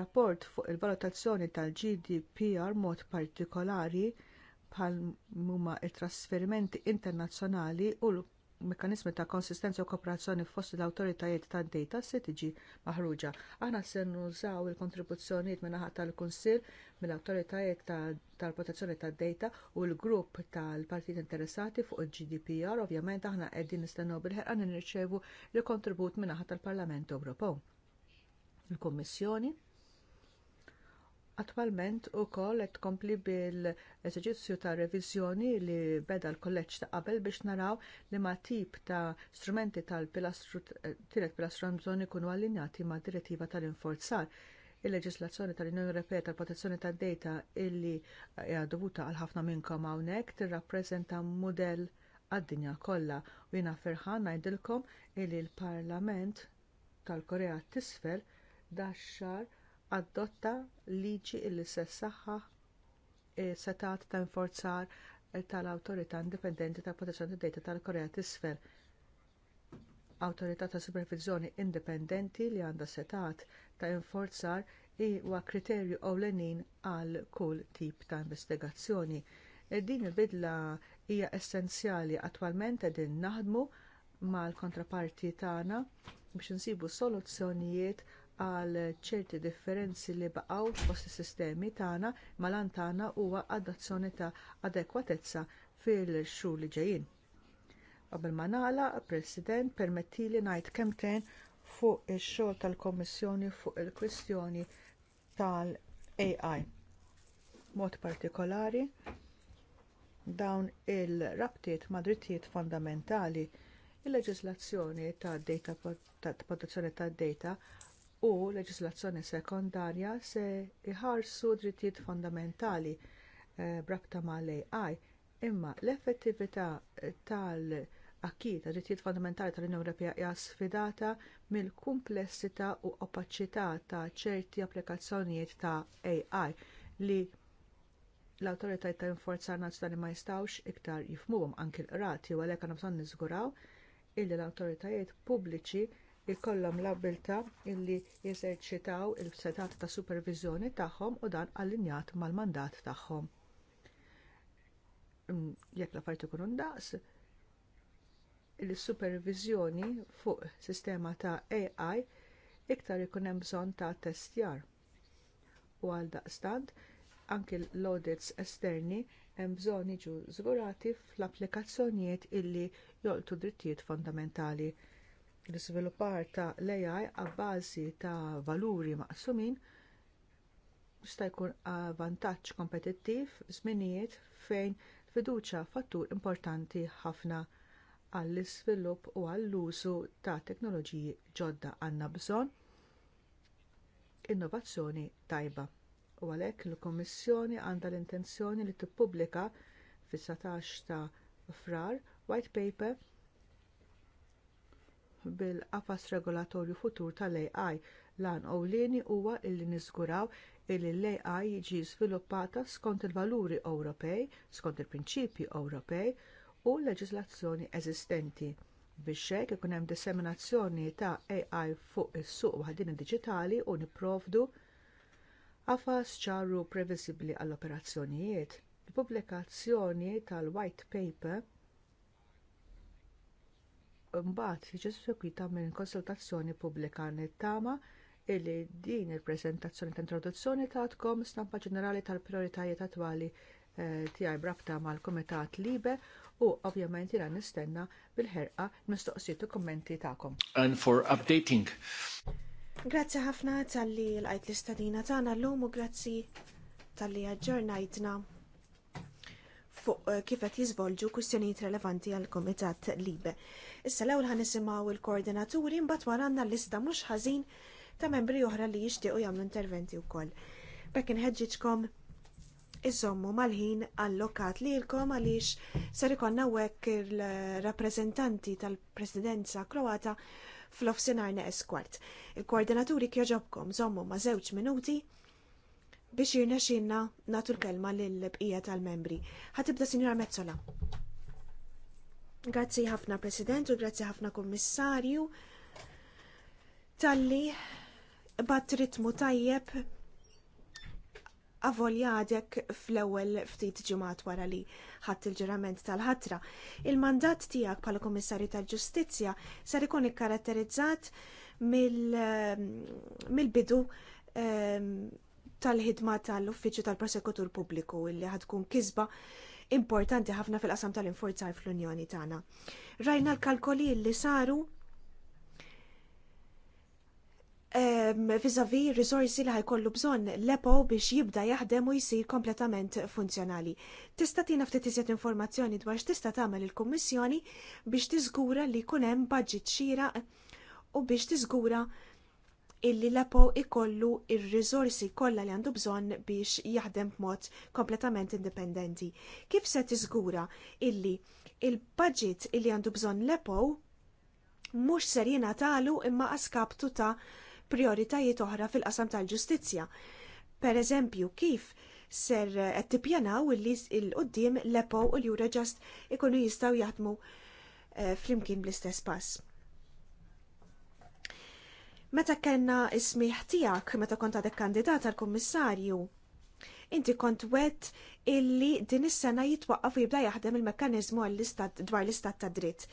rapport fuq il-valutazzjoni tal-GDPR mod partikolari bħal huma t trasferimenti internazzjonali u l mekanizmi ta' konsistenza u kooperazzjoni fost l-autoritajiet ta' data se tiġi maħruġa. Aħna se nużaw il-kontribuzzjonijiet min-naħa tal-Kunsill mill-autoritajiet tal-protezzjoni ta' data u l-grupp tal-partit interessati fuq il-GDPR, ovvjament aħna qegħdin nistennew bil-ħerqa nirċevu l-kontribut min-naħa tal-Parlament Ewropew. Il-Kummissjoni Attwalment ukoll qed tkompli bil-eżerċizzju ta' reviżjoni li beda l-kolleġġ ta' qabel biex naraw li ma' tip ta' strumenti tal-pilastru eh, tielet pilastru hemm bżonn ikunu allinjati mad direttiva tal-inforzar il-leġislazzjoni tal-Unjoni Ewropea tal-protezzjoni tad-data illi eh, hija dovuta għal ħafna minnkom hawnhekk tirrappreżenta mudell għad-dinja kollha u jiena ferħan ngħidilkom illi l-Parlament tal-Korea tisfel daxxar adotta liġi illi se saħħaħ e, setat ta' inforzar e, tal-Awtorità Indipendenti tal Protezzjoni tad Data tal-Korea t'Isfel. Awtorità ta' Supervizjoni Indipendenti li għandha setat ta' inforzar huwa kriterju ewlenin għal kull tip ta' investigazzjoni. E, din il-bidla hija essenzjali attwalment qegħdin naħdmu mal kontraparti tagħna biex insibu soluzzjonijiet għal ċerti differenzi li baqgħu fost is-sistemi tagħna malan tagħna huwa adazzjoni ta' adekwatezza fil-xhur li ġejjin. Qabel ma nagħlaq, President, permettili ngħid kemmtejn fuq ix-xogħol tal-Kommissjoni fuq il-kwistjoni tal-AI. Mod partikolari dawn il-rabtiet ma' drittijiet fondamentali il-leġislazzjoni tad data ta' protezzjoni tad data u leġislazzjoni sekondarja se jħarsu drittijiet fondamentali eh, brabta mal-AI imma l-effettività tal- Akkid, drittijiet fondamentali tal-Unjoni Ewropea hija sfidata mill-kumplessità u opaċità ta' ċerti applikazzjonijiet ta' AI li l-autoritajiet ta' inforzar nazzjonali ma jistgħux iktar jifhmuhom anki l-qrati u għalhekk għandhom bżonn niżguraw illi l-awtoritajiet pubbliċi jkollhom l-abilità illi jeżerċitaw il-setat ta' superviżjoni tagħhom u dan allinjat mal-mandat tagħhom. Mm, jekk l-affarijiet ikunu ndaqs, il-superviżjoni fuq sistema ta' AI iktar ikun hemm bżonn ta' testjar. U għaldaqstant, anki l-audits esterni hemm bżonn jiġu żgurati fl-applikazzjonijiet illi joltu drittijiet fondamentali l-sviluppar ta' l-AI għabbażi ta' valuri maqsumin jista' jkun vantaġġ kompetittiv żminijiet fejn fiduċja fattur importanti ħafna għall iżvilupp u għall-użu ta' teknoloġiji ġodda għandna bżonn innovazzjoni tajba. U għalhekk il kummissjoni għandha l-intenzjoni li tippubblika fis 17 ta' frar white paper bil-qafas regolatorju futur tal-AI lan ewlieni huwa illi niżguraw illi l-AI jiġi żviluppata skont il-valuri Ewropej, skont il-prinċipji Ewropej u l leġiżlazzjoni eżistenti biex hekk ikun hemm disseminazzjoni ta' AI fuq is-suq waħdin diġitali u nipprovdu qafas ċaru previsibbli għall-operazzjonijiet. Il-pubblikazzjoni tal-white paper mbagħad jiġi segwita minn konsultazzjoni pubblika nittama illi din il prezentazzjoni ta' introduzzjoni tagħtkom stampa ġenerali tal-prijoritajiet attwali eh, tiegħi brabta mal-Kumitat Libe u ovvjament jiena nistenna bil-ħerqa mistoqsijiet u kummenti tagħkom. And for updating. Grazzi ħafna tal-li l-għajt l-istadina tagħna llum u grazzi tal-li aġġornajtna fuq eh, kif qed jiżvolġu kwistjonijiet relevanti għal Komitat Libe. Issa l-ewwel ħan nisimgħu l-koordinaturi mbagħad wara għandna lista mhux ħażin ta' membri oħra li jixtiequ jagħmlu interventi wkoll. Bekk inħeġġiġkom iżommu mal-ħin allokat lilkom għaliex ser ikonna hekk il-rappreżentanti tal-Presidenza Kroata fl-ofsinarna eskwart. Il-koordinaturi kjoġobkom żommu ma' żewġ minuti biex jirna xinna natu l-kelma l-bqija tal-membri. Ħatibda Sinjora Mezzola. Grazzi ħafna President u grazzi ħafna Kommissarju tal-li bat ritmu tajjeb avoljatek fl-ewwel ftit ġumat wara li ħadd il-ġurament tal-ħatra. Il-mandat tiegħek bħala Kummissarju tal-Ġustizzja ser ikun ikkaratterizzat mill-bidu mil ehm, tal-ħidma tal-Uffiċċju tal-Prosekutur Pubbliku illi ħadkun kisba importanti ħafna fil-qasam tal-infurzaj fl-Unjoni tagħna. Rajna l-kalkoli li saru vizavi risorsi li ħajkollu bżonn l-EPO biex jibda jaħdem u jisir kompletament funzjonali. Tista' tina ftit iżjed informazzjoni dwar x'tista' tagħmel il-Kummissjoni biex tiżgura li jkun hemm budget xieraq u biex tiżgura illi l'Epo ikollu ir-riżorsi kollha li għandu bżonn biex jaħdem b'mod kompletament indipendenti. Kif se tiżgura illi il-budget illi għandu bżonn lepo mhux ser jingħatalu imma askaptu ta' prioritajiet oħra fil-qasam tal-ġustizzja. Per eżempju, kif ser qed tippjanaw illi l-qudiem LEPO u l ġast ikunu jistgħu jaħdmu eh, flimkien bl-istess pass. Meta kellna ismiħ tiegħek meta kont għadek kandidat għal kummissarju inti kont wet illi din is-sena jitwaqqaf jibda jaħdem il-mekkaniżmu dwar l-istat ta' dritt.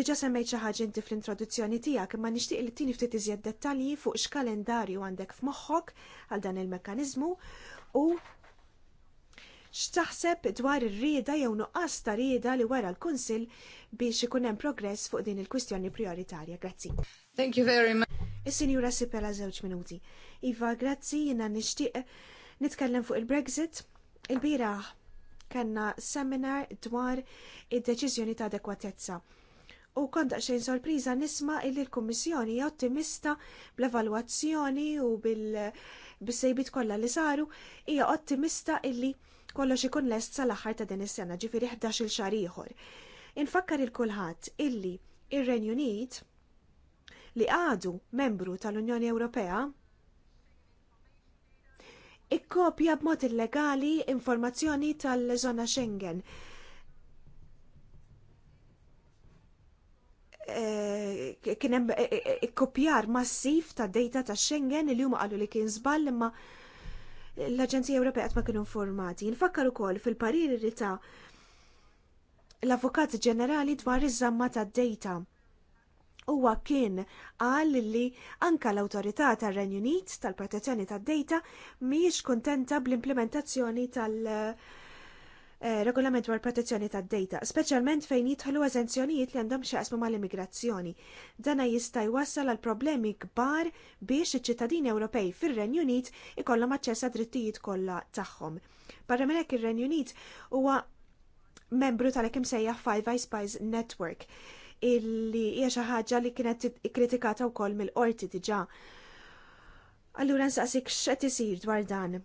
Diġa semmejt xi ħaġa inti fl-introduzzjoni tiegħek imma nixtieq li tieni ftit iżjed dettalji fuq x'kalendarju għandek f'moħħok għal dan il-mekkaniżmu u x'taħseb dwar ir-rieda jew nuqqas ta' rieda li wara l-Kunsill biex ikun hemm progress fuq din il-kwistjoni prioritarja. Grazzi. Thank you very much. Is-Sinjura Sipela żewġ minuti. Iva, grazzi jiena nixtieq nitkellem fuq il-Brexit. Il-biraħ kanna seminar dwar id-deċiżjoni ta' adekwatezza u kont xejn sorpriża nisma illi l-Kummissjoni hija ottimista bl-evalwazzjoni u bil-sejbit kollha li saru hija ottimista illi kollox ikun lest sal-aħħar ta' din is-sena ġifieri 11-il xahar ieħor. Infakkar il kulħadd illi ir-Renju Unit li għadu membru tal-Unjoni Ewropea ikkopja b'mod illegali informazzjoni tal-żona Schengen. Eh, kien hemm eh, eh, ikkopjar massiv ta' data ta' Schengen li huma qalu li kien żball imma l-Aġenzija Ewropea qed ma kienu informati. Nfakkar ukoll fil-pariri ta' l-Avukat Ġenerali dwar iż-żamma tad-dejta. Huwa kien qal li anka l-Awtorità tar-Renju Unit tal-Protezzjoni tad-Dejta mhijiex kuntenta bl-implementazzjoni tal- Eh, regolament dwar protezzjoni tad data speċjalment fejn jidħlu eżenzjonijiet li għandhom xaqsmu mal-immigrazzjoni. Dana jista' jwassal għal problemi kbar biex iċ-ċittadini Ewropej fir-Renju Unit ikollhom aċċess drittijiet kollha tagħhom. Barra minn hekk ir-Renju Unit huwa membru tal-ekim sejja Five Eyes Spies Network illi hija xi ħaġa li kienet ikkritikata wkoll mill-qorti diġà. Allura nsaqsik x'qed isir dwar dan.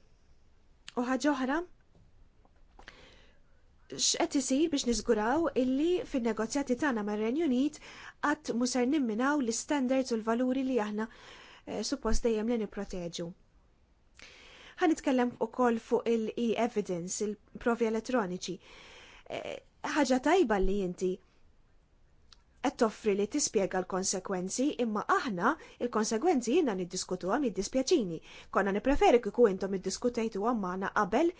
U ħaġa oħra x'qed isir biex niżguraw illi fin-negozjati tagħna mar-Renju Unit qatt musar nimminaw l-standards u l-valuri li aħna eh, suppost dejjem li nipproteġu. Ħa nitkellem ukoll fuq il-e-evidence, il-provi elettroniċi. Eh, ħaġa tajba li inti qed toffri li tispjega l-konsekwenzi imma aħna il-konsekwenzi jiena niddiskutuha niddispjaċini. Konna nippreferi kieku intom għam magħna qabel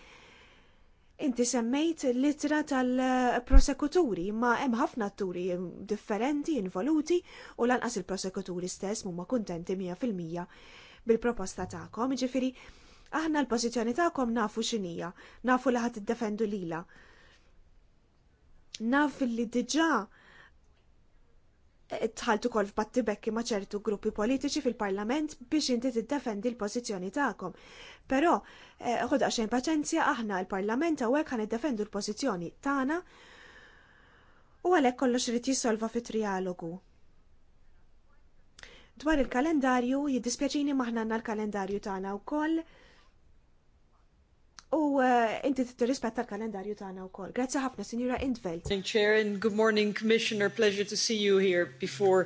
Inti semmejt l-litra tal-prosekuturi, ma hemm ħafna atturi differenti, involuti, u lanqas il-prosekuturi stess mumma kontenti 100% bil-proposta ta'kom, ġifiri, aħna l-pozizjoni ta'kom nafu xinija, nafu li ħat id-defendu lila. Naf li diġa' tħaltu kol f'batti bekki ma' ċertu gruppi politiċi fil-parlament biex inti tiddefendi l-pozizjoni ta'kom. Pero, eh, ħodqa xejn paċenzja, aħna l-parlament għawek għan defendu l-pozizjoni ta'na u għalek kollox rrit jissolva fit trialogu. Dwar il-kalendarju, jiddispjaċini maħna l-kalendarju ta'na u koll, U eh, inti t-rispetta l-kalendarju tagħna wkoll. Grazzi ħafna, Sinjura Indveld. Chair and good morning, Commissioner. Pleasure to see you here before.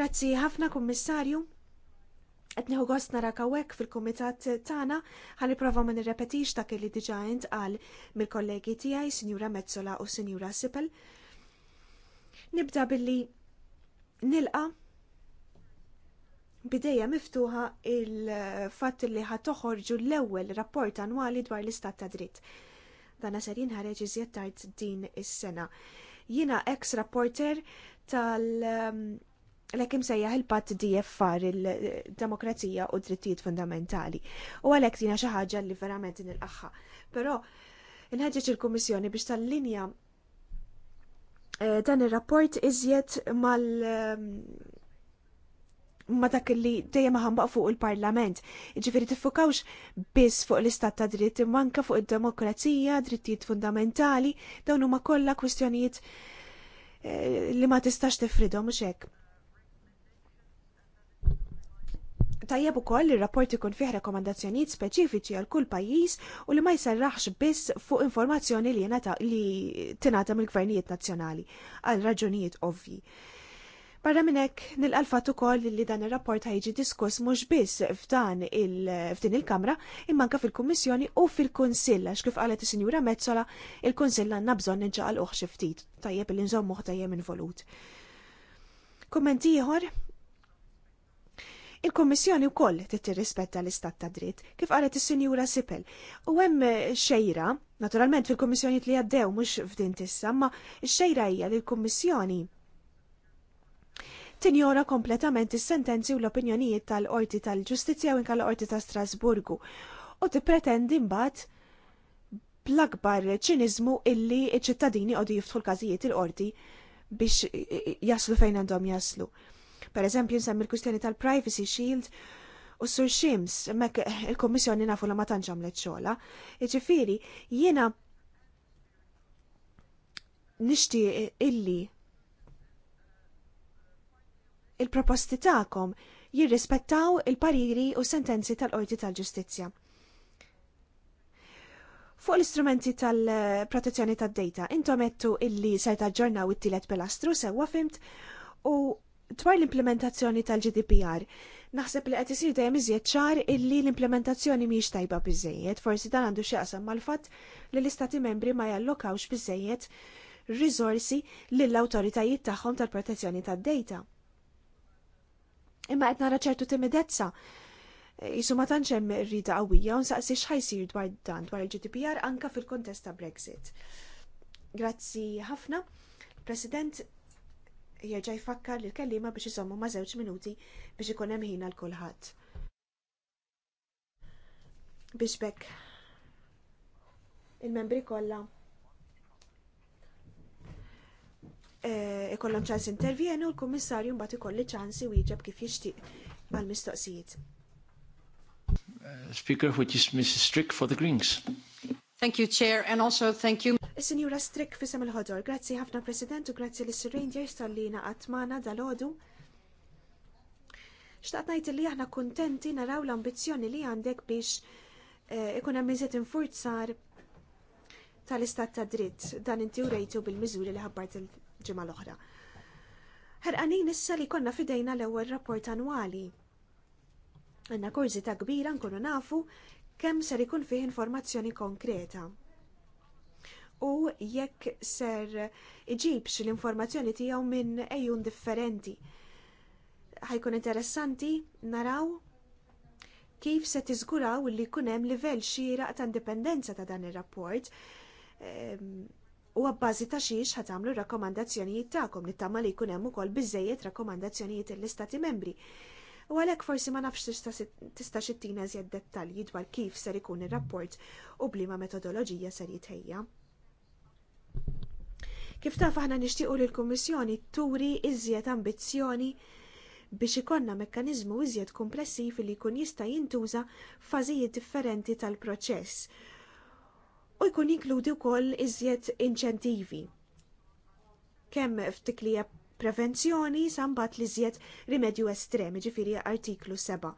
Grazzi ħafna, Kummissarju. Etniħu għost gost narak hawnhekk fil-kumitat tagħna ħalli prova ma nirrepetix ta' kelli diġà intqal mill-kollegi tiegħi Signora Mezzola u Signora Sipel. Nibda billi nilqa' bidejja miftuħa il-fatt li ħatoħorġu l-ewwel rapport annwali dwar l-istat ta' dritt. Dana ser jinħareġ iżjed tard din is-sena. Jiena ex rapporter tal- um, l-ekim sejjaħ il-pat DFR, il-demokrazija u drittijiet fundamentali. U għalek dina xaħġa li verament il axħa Pero, nħedġeċ il-Komissjoni biex tal-linja eh, dan il-rapport iżjed mal- um, ma dak li dejjem ħambaq fuq il-Parlament. Ġifieri tiffukawx biss fuq l-istat ta' dritt manka fuq id-demokrazija, drittijiet fundamentali, dawn huma kollha kwistjonijiet eh, li ma tistax tifridhom mhux hekk. Tajjeb ukoll ir-rapport ikun fih rekomandazzjonijiet speċifiċi għal kull pajjiż u li ma jserraħx biss fuq informazzjoni li tingħata mill-gvernijiet nazzjonali għal raġunijiet ovvji. Barra minnek nil-alfat ukoll li dan ir-rapport ħajġi diskuss mhux biss f'dan f'din il-Kamra imma anke fil-Kummissjoni u fil konsilla għax kif qalet is-Sinjura Mezzola il konsilla għandna bżonn inġaqal xi ftit tajjeb li nżommu tajjeb involut. Kumment ieħor Il-Kommissjoni wkoll trid tirrispetta l-istat ta' dritt, kif qalet is-Sinjura Sipel. U hemm xejra, naturalment fil-Kommissjoni li għaddew mhux f'din tissa, ma x-xejra hija li l-Kummissjoni tinjora kompletament is-sentenzi u l-opinjonijiet tal-Qorti tal-Ġustizzja u inkalla Qorti ta' Strasburgu u tippretendi mbagħad bl-akbar ċiniżmu illi ċ-ċittadini qogħdu jiftħu l-każijiet il-qorti biex jaslu fejn għandhom jaslu. Per eżempju, nsemmi l-kwistjoni tal-Privacy Shield u Sur Shims, mek il-Kommissjoni nafu la ma tantx għamlet xogħla, jiġifieri jiena nixtieq illi il-proposti tagħkom jirrispettaw il-pariri u sentenzi tal-Qorti tal-Ġustizzja. Fuq l-istrumenti tal-protezzjoni tad-data, intom ettu illi se taġġornaw it-tielet pilastru sewwa fimt u dwar l-implementazzjoni tal-GDPR, naħseb li qed isir dejjem iżjed ċar illi l-implementazzjoni mhijiex tajba biżejjed, forsi dan għandu x'jaqsam mal-fatt li l-istati membri ma jallokawx biżejjed riżorsi lill awtoritajiet tagħhom tal-protezzjoni tad-data. Imma qed nara ċertu timidezza. Isu ma tantx hemm rrida qawwija u nsaqsi x'ħajsir dwar dan dwar il-GDPR anka fil-kontest ta' Brexit. Grazzi ħafna. President jerġa' jfakkar li l-kellima biex iżommu ma' żewġ minuti biex ikun hemm ħin għal kulħadd. Biex bekk il-membri kollha Eh, ikollhom ċans intervjenu l-kummissarju mbagħad ikolli ċans wieġeb kif jixtieq għall-mistoqsijiet. Uh, speaker, which is Mrs. Strick for the Greens. Thank you, Chair, and also thank you. Signora Strick fisem il-ħodor, grazzi ħafna President u grazzi li sir Rangers tal-lina għatmana dal-ħodu. Xtaqt najt li aħna kontenti naraw l-ambizjoni li għandek biex eh, ikun hemm iżjed infurzar tal-istat ta' dritt dan inti Rejtu bil-miżuri li ħabbart ġimgħa l-oħra. Ħerqanin issa li konna fidejna l-ewwel rapport annwali. Anna korzi ta' kbira nkunu nafu kemm ser ikun fih informazzjoni konkreta. U jekk ser iġibx l-informazzjoni tiegħu minn ejjun differenti. Ħajkun interessanti naraw kif se tiżguraw li jkun hemm livell xieraq ta' indipendenza ta' dan ir-rapport. Ehm, U għabbażi ta' xiex ħatamlu rakkomandazzjonijiet ta'kom nittama li jkun hemm ukoll bizzejiet rakkomandazzjonijiet l-istati membri. U għalhekk forsi ma nafx tista' xittina zjed dettalji dwar kif ser ikun ir-rapport u bliema metodoloġija ser jitħejja. Kif taf aħna nixtiequ li l-Kummissjoni turi iżjed ambizzjoni biex ikonna mekkaniżmu iżjed fil li kun jista' jintuża f'fażijiet differenti tal-proċess u jkun jinkludi wkoll iżjed inċentivi. Kemm ftik prevenzjoni sambat li iżjed rimedju estremi ġifiri artiklu 7.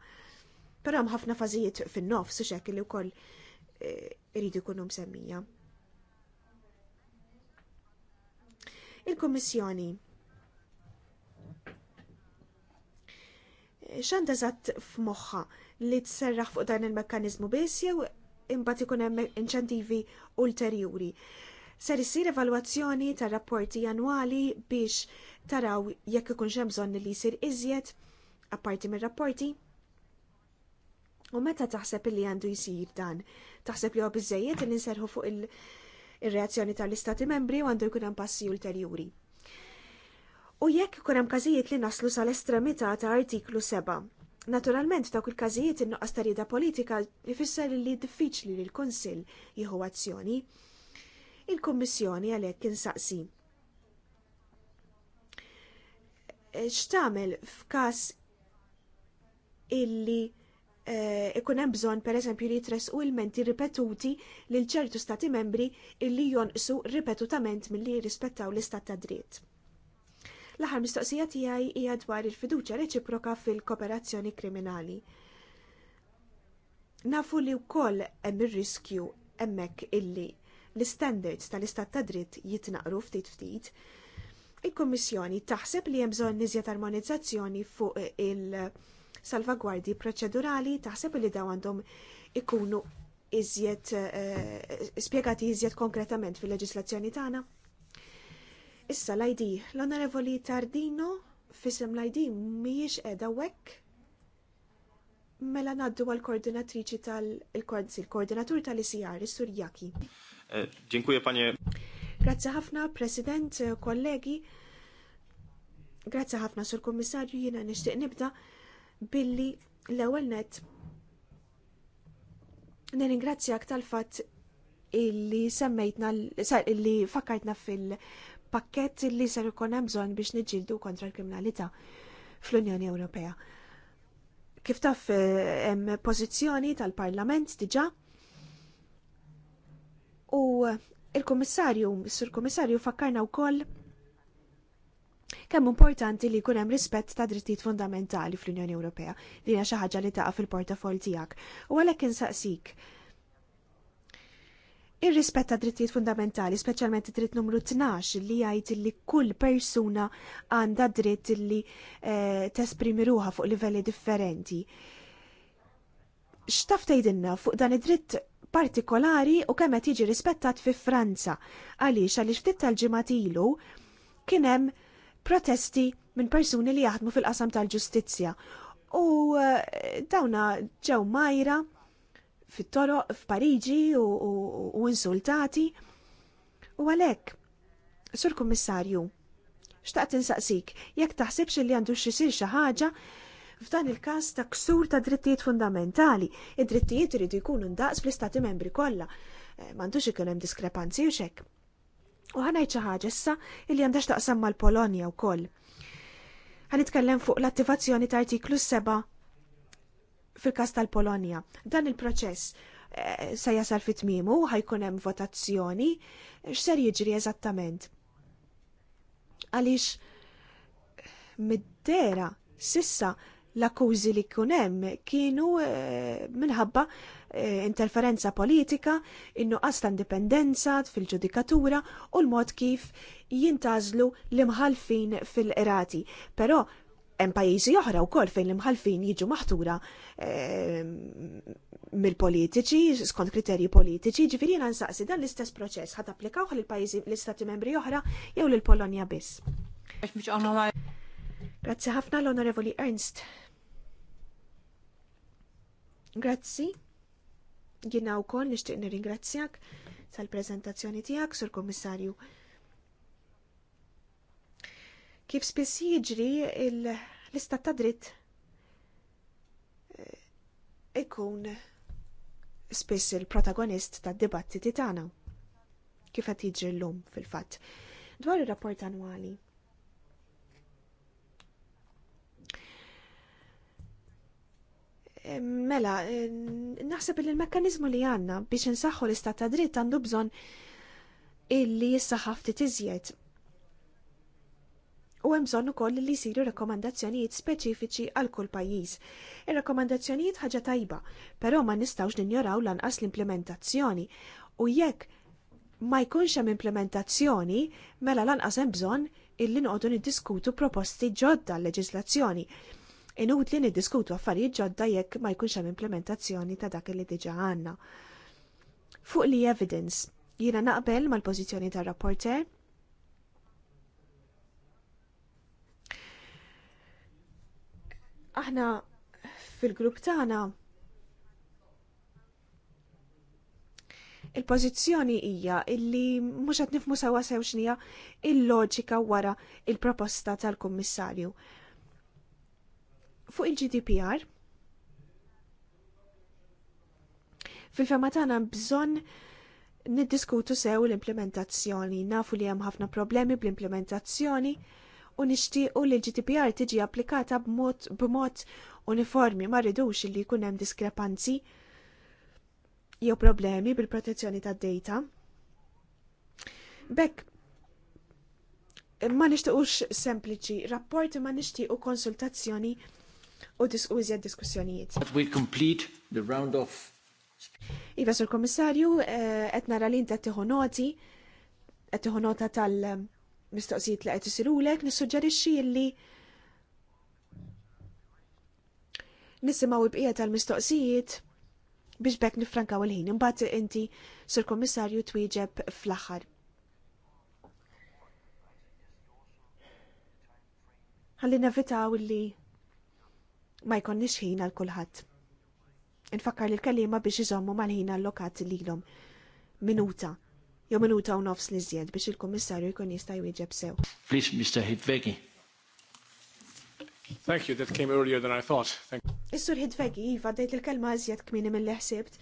Però hemm ħafna fażijiet fin-nofs u xekk li wkoll eh, iridu jkunu msemmija. Il-Kummissjoni eh, xanda f'moħħa li tserraħ fuq dan il-mekkanizmu biss jew imbagħad ikun hemm inċentivi ulterjuri. Ser issir evalwazzjoni tar rapporti annwali biex taraw jekk ikunx hemm bżonn li jsir iżjed apparti mir-rapporti. U meta taħseb li għandu jsir dan? Taħseb li huwa li nserħu fuq il-reazzjoni tal-Istati membri u għandu jkun hemm passi ulterjuri. U jekk ikun hemm każijiet li naslu sal-estremità ta' artiklu 7 Naturalment, dawk il-każijiet in-nuqqas tarida politika jfisser li diffiċli li l-Kunsill jieħu azzjoni. Il-Kummissjoni għalhekk insaqsi. Eh, x'tagħmel f'każ illi eh, ikun hemm bżonn pereżempju li jitresqu ilmenti ripetuti lil ċertu stati membri illi jonqsu ripetutament milli jirrispettaw l-istat ta' dritt. L-aħħar mistoqsija tiegħi hija dwar il-fiduċja reċiproka fil-kooperazzjoni kriminali. Nafu li wkoll hemm ir-riskju hemmhekk illi l-standards tal-istat ta' dritt jitnaqru ftit ftit. Il-Kommissjoni taħseb li hemm bżonn iżjed armonizzazzjoni fuq il-salvagwardji proċedurali, taħseb li daw għandhom ikunu iżjed eh, spjegati iżjed konkretament fil-leġislazzjoni tagħna? Issa l-ID, l-Onorevoli Tardino, fisem l-ID miex edha wek? Mela naddu għal-koordinatriċi tal-koordinatur tal-ICR, Sur Jaki. Eh, dziękuję panie. Grazie ħafna, President, eh, kollegi. Grazie ħafna, Sur komissarju, jina nishtiq nibda billi l ewwel net. Nirringrazzjak tal-fat illi semmejtna, illi fakkajtna fil- pakket li ser ikun hemm bżonn biex niġġieldu kontra l-kriminalità fl-Unjoni Ewropea. Kif taf eh, hemm pożizzjoni tal-Parlament diġà u eh, il-Kummissarju, sur Kummissarju fakkarna wkoll kemm importanti li jkun hemm rispett ta' drittijiet fundamentali fl-Unjoni Ewropea. li hija xi ħaġa li taqa' fil-portafol tiegħek. U għalhekk insaqsik Ir-rispetta drittijiet fundamentali, speċjalment dritt numru 12 li jgħid li kull persuna għandha dritt li eh, tesprimi ruħa fuq livelli differenti. X'taf tgħidilna fuq dan id-dritt partikolari u kemm qed jiġi rispettat fi Franza għaliex għaliex ftit tal-ġimgħat ilu kien hemm protesti minn persuni li jaħdmu fil-qasam tal-ġustizzja. U eh, dawna ġew majra fit-toroq f'Pariġi u insultati. U għalhekk, Sur Kummissarju, xtaqt insaqsik, jekk taħsibx li għandu xisir xi ħaġa f'dan il-każ ta' ksur ta' drittijiet fundamentali. Id-drittijiet iridu jkunu ndaqs fl-istati membri kollha. Eh, m'għandux ikun hemm diskrepanzi u xek. U ħanajt xi ħaġa issa illi għandax taqsam mal-Polonja wkoll. Ħanitkellem fuq l-attivazzjoni ta' artiklu 7 fil-kas tal-Polonja. Dan il-proċess e, se jasal fit-tmimu, ħajkun hemm votazzjoni, x'ser jiġri eżattament. Għaliex mid-dera sissa l-akkużi li kunem kienu eh, minħabba eh, interferenza politika, innu ta' indipendenza fil-ġudikatura u l-mod kif jintazlu l-imħalfin fil-qrati. Però hemm pajjiżi oħra wkoll fejn l-imħalfin jiġu maħtura ehm, mill-politiċi, skont kriterji politiċi, ġifieri jiena nsaqsi dan l-istess proċess ħad applikawh lil pajjiżi l-istati membri oħra jew lil Polonja biss. Grazzi ħafna l-Onorevoli Ernst. Grazzi. Jiena wkoll nixtieq nirringrazzjak tal-preżentazzjoni tiegħek sur Kummissarju. Kif spiss jiġri l-istat ta' dritt eh, ikun spiss il-protagonist tad dibattiti tagħna. Kif qed jiġri llum fil-fatt. Dwar ir-rapport annwali. Eh, mela, eh, naħseb li l-mekkanizmu li għanna biex nsaħħu l-istat ta' dritt għandu bżonn illi jissaħħaf ftit iżjed u hemm bżonn ukoll li jsiru rakkomandazzjonijiet speċifiċi għal kull pajjiż. Ir-rakkomandazzjonijiet ħaġa tajba, però ma nistgħux ninjoraw lanqas l-implementazzjoni u jekk ma jkunx hemm implementazzjoni mela lanqas hemm bżonn illi noqogħdu niddiskutu proposti ġodda l leġiżlazzjoni. Inutli niddiskutu affarijiet ġodda jekk ma jkunx hemm implementazzjoni ta' dak li diġà għandna. Fuq li evidence, jiena naqbel mal-pożizzjoni tar-rapporter Aħna fil-grupp tagħna il-pożizzjoni hija illi mhux qed nifmu sewa sew x'nija il-loġika wara il-proposta tal-Kummissarju. Fuq il-GDPR fil-fema tagħna bżonn niddiskutu sew l-implementazzjoni. Nafu li hemm ħafna problemi bl-implementazzjoni u nixtiequ li l-GDPR tiġi applikata b'mod uniformi ma rridux li jkun hemm diskrepanzi jew problemi bil-protezzjoni tad-data. Bekk ma nixtiequx sempliċi rapporti ma nixtiequ konsultazzjoni u diskużja diskussjonijiet. We'll complete the round Iva sur komissarju, eh, qed nara t-tihonoti, t tieħu noti, qed tal- mistoqsijiet li qed isirulek nissuġġerixxi li nisimgħu l-bqija tal-mistoqsijiet biex bekk nifrankaw il-ħin. Imbagħad inti sur Kommissarju twieġeb fl-aħħar. Ħalli nevitaw li ma jkollniex ħin għal kulħadd. Infakkar li l-kalima biex iżommu mal-ħin allokat lilhom minuta jew minuta u nofs li zjed biex il-Kummissarju jkun jista' jwieġeb sew. Please, Mr. Hidvegi. Thank you, that came earlier than I thought. Is-sur Hidvegi, iva, dejt il-kelma zjed kmini mill ħsibt.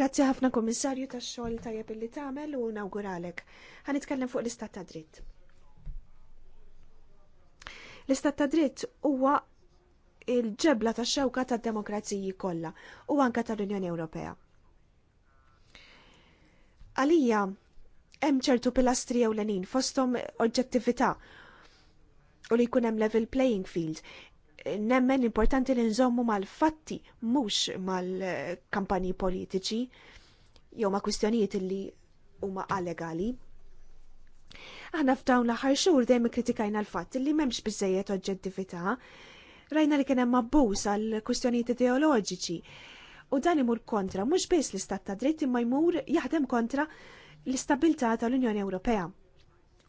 Grazzi ħafna Kummissarju tax-xogħol tajjeb illi tagħmel u nawguralek. Ħanitkellem fuq l-istat ta' dritt. L-istat ta' dritt huwa il-ġebla ta' xewka ta' demokrazija kollha u anka tal-Unjoni Ewropea. Għalija, hemm ċertu pilastri ewlenin fosthom oġġettività u li jkun hemm level playing field. Nemmen importanti li nżommu mal-fatti mhux mal-kampanji politiċi jew ma' kwistjonijiet li huma allegali. Aħna f'dawn l-aħħar xhur dejjem kritikajna l-fatt li m'hemmx biżejjed oġġettività. Rajna li kien hemm abbuż għal kwistjonijiet ideoloġiċi U dan imur kontra, mhux biss l-istat ta' dritt imma jmur jaħdem kontra l-istabilità tal-Unjoni Ewropea.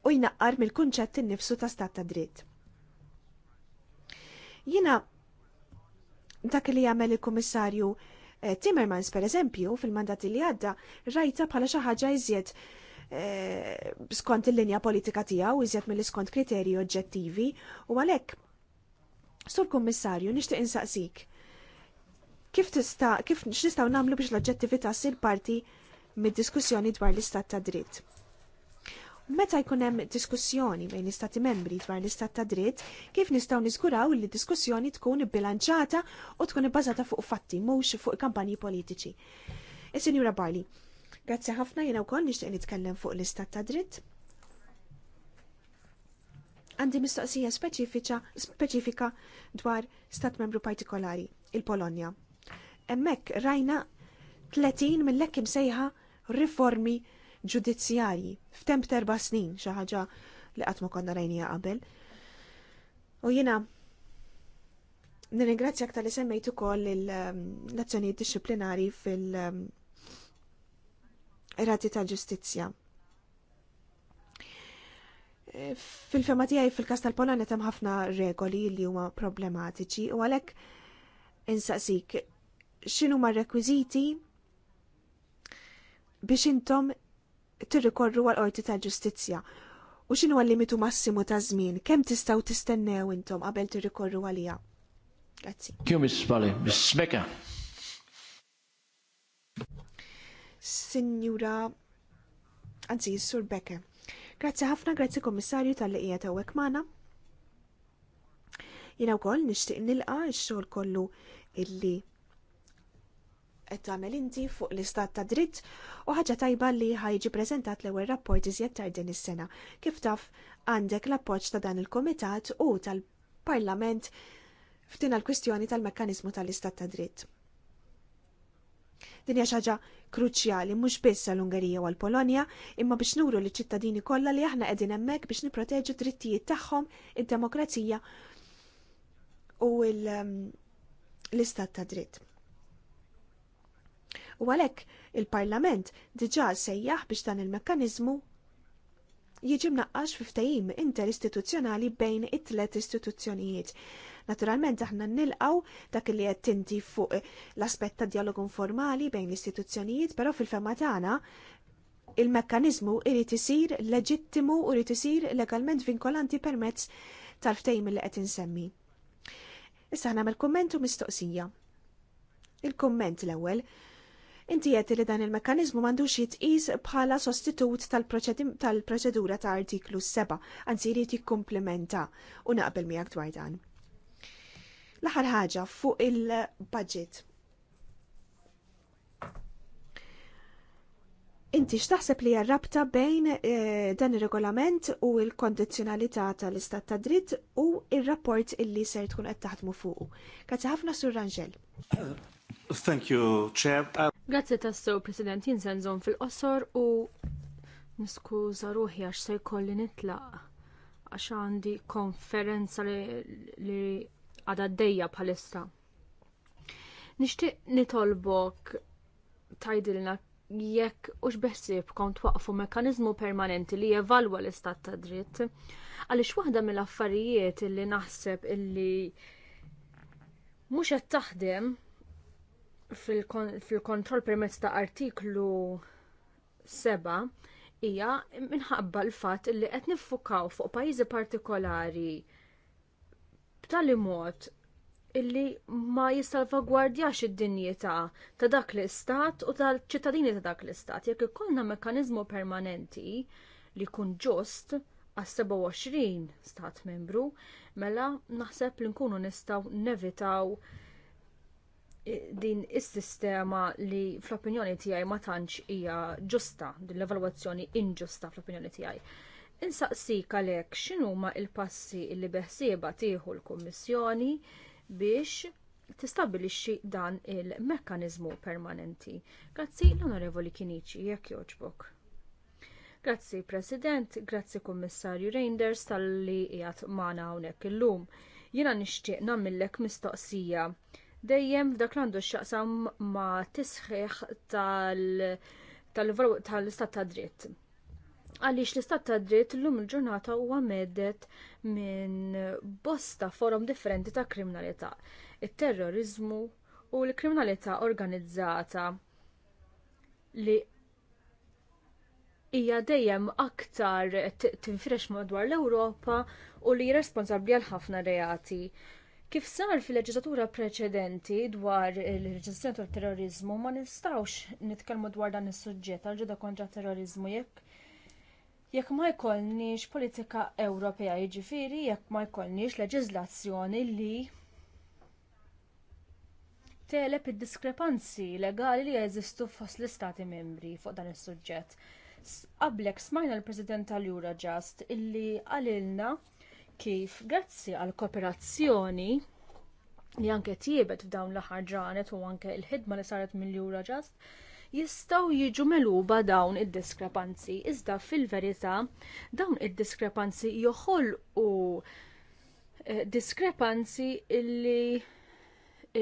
U jnaqqar mill-kunċett innifsu ta' stat ta' dritt. Jina dak li jagħmel il-Kummissarju eh, Timmermans per eżempju fil-mandat li għadda rajta bħala xi ħaġa iżjed eh, skont il-linja politika tiegħu iżjed mill-iskont kriterji oġġettivi u għalhekk Sur Kummissarju nixtieq insaqsik Kif tista' kif x'nistgħu nagħmlu biex l-oġġettività ssir parti mid-diskussjoni dwar l-istat ta' dritt. Meta jkun hemm diskussjoni bejn istati membri dwar l-istat ta' dritt, kif nistgħu niżguraw li diskussjoni tkun bilanċata u tkun ibbażata fuq fatti mhux fuq kampanji politiċi. Is-Sinjura e, Barli, grazzi ħafna jiena wkoll nixtieq nitkellem fuq l-istat ta' dritt. Għandi mistoqsija speċifika dwar stat membru partikolari, il-Polonja. Emmek rajna 30 mill-lekk imsejħa riformi ġudizzjarji f'temp terba snin xi ħaġa li qatt ma konna rajnija qabel. U jiena nirringrazzja aktar li semmejt ukoll l-azzjonijiet disciplinari fil- rati tal-ġustizzja. Fil-fema tiegħi fil-każ tal-Polonja hemm ħafna regoli li huma problematiċi u għalhekk insaqsik xinu ma' rekwiżiti biex intom tirrikorru għal qorti tal-ġustizzja u x'inhu għal limitu massimu ta' żmien, kemm tistgħu tistennew intom qabel tirrikorru għalija. Grazzi. Kju Miss Vale, Miss Becca. Signora, anzi, Sur Becca. Grazzi ħafna, grazzi Kommissarju tal-liqija ta' Wekmana. Jina wkoll nixtieq nilqa x-xogħol kollu illi qed tagħmel inti fuq l-istat ta' dritt u ħaġa tajba li ħajġi preżentat l-ewwel rapport iżjed tard din is-sena. Kif taf għandek l-appoġġ ta' dan il-Kumitat u tal-Parlament f'din l-kwistjoni tal-mekkaniżmu tal-istat ta' dritt. Din hija ħaġa kruċjali mhux biss għall-Ungerija u għall-Polonja, imma biex nuru liċ ċittadini kollha li aħna qegħdin hemmhekk biex nipproteġu drittijiet tagħhom, id-demokrazija u mm, l-istat ta' dritt. U għalhekk il-Parlament diġà sejjaħ biex dan il-mekkaniżmu jiġi mnaqqax fiftajim ftehim interistituzzjonali bejn it-tlet istituzzjonijiet. Naturalment aħna nilqaw dak li qed tinti fuq l-aspett dialogu informali bejn l-istituzzjonijiet, però fil-fema tagħna il-mekkanizmu irid isir leġittimu u irid isir legalment vinkolanti permezz tal ftajim li qed insemmi. Issa nagħmel kumment u mistoqsija. Il-kumment l-ewwel Inti qed li dan il-mekkaniżmu m'għandux jitqis bħala sostitut tal-proċedura ta' artiklu 7, anzi jrid jikkumplementa u naqbel miegħek dwar dan. L-aħħar ħaġa fuq il-budget. Inti x'taħseb li rabta bejn eh, dan ir-regolament u l-kondizzjonalità tal-istat ta' dritt u il rapport illi ser tkun qed taħdmu fuqu. Kazzi ħafna sur Ranġel. Thank you, Chair. Uh, Grazzi tassew, President, jinsenżon fil-qosor u niskuża ruħi għax se jkolli nitlaq għax għandi konferenza li għadha d-dejja bħalissa. Nixtieq nitolbok tajdilna jekk ux beħsib kont waqfu mekanizmu permanenti li jevalwa l-istat ta' dritt, għaliex waħda mill-affarijiet illi naħseb illi mhux taħdem fil-kontroll permezz ta' artiklu 7 hija minħabba l-fatt li qed niffukaw fuq pajjiżi partikolari b'tali mod illi ma jissalvagwardjax id-dinjità ta' dak l-istat u tal-ċittadini ta' dak l-istat. Jekk ikollna mekkaniżmu permanenti li jkun ġust għas 27 stat membru, mela naħseb li nkunu nistgħu nevitaw din is-sistema li fl-opinjoni tiegħi ma tantx hija ġusta, din l-evalwazzjoni inġusta fl-opinjoni tiegħi. Insaqsik għalhekk x'inhuma l-passi li beħsieba tieħu l-Kummissjoni biex tistabilixxi dan il-mekkaniżmu permanenti. Grazzi l-Onorevoli Kinici, jekk jogħġbok. Grazzi President, grazzi Kummissarju Reinders tal-li qiegħed magħna hawnhekk illum. Jiena nixtieq nagħmilek mistoqsija dejjem f'dak l-għandu x'aqsam ma' tisħiħ tal-istat ta' dritt. Għaliex l-istat ta' dritt l-lum il-ġurnata huwa għamedet minn bosta forum differenti ta' kriminalità, it-terrorizmu u l-kriminalità organizzata li hija dejjem aktar tinfresh madwar l-Ewropa u li responsabbli għal ħafna reati. Kif sar fil-leġislatura preċedenti dwar il reġistrazzjoni tal terrorizmu ma nistawx nitkellmu dwar dan is-suġġett għal ġida kontra terrorizmu jekk jekk ma jkollniex politika Ewropea jiġifieri jekk ma jkollniex leġiżlazzjoni li teleb id-diskrepanzi legali li jeżistu fost l-istati membri fuq dan is-suġġett. Qablek smajna l-President tal-Eurojust illi għalilna kif grazzi għal kooperazzjoni li anke tiebet f'dawn l-aħħar ġranet u anke l-ħidma li saret mill-Jura Just, jistaw jiġu meluba dawn id-diskrepanzi. Iżda fil-verità dawn id-diskrepanzi joħolqu eh, diskrepanzi illi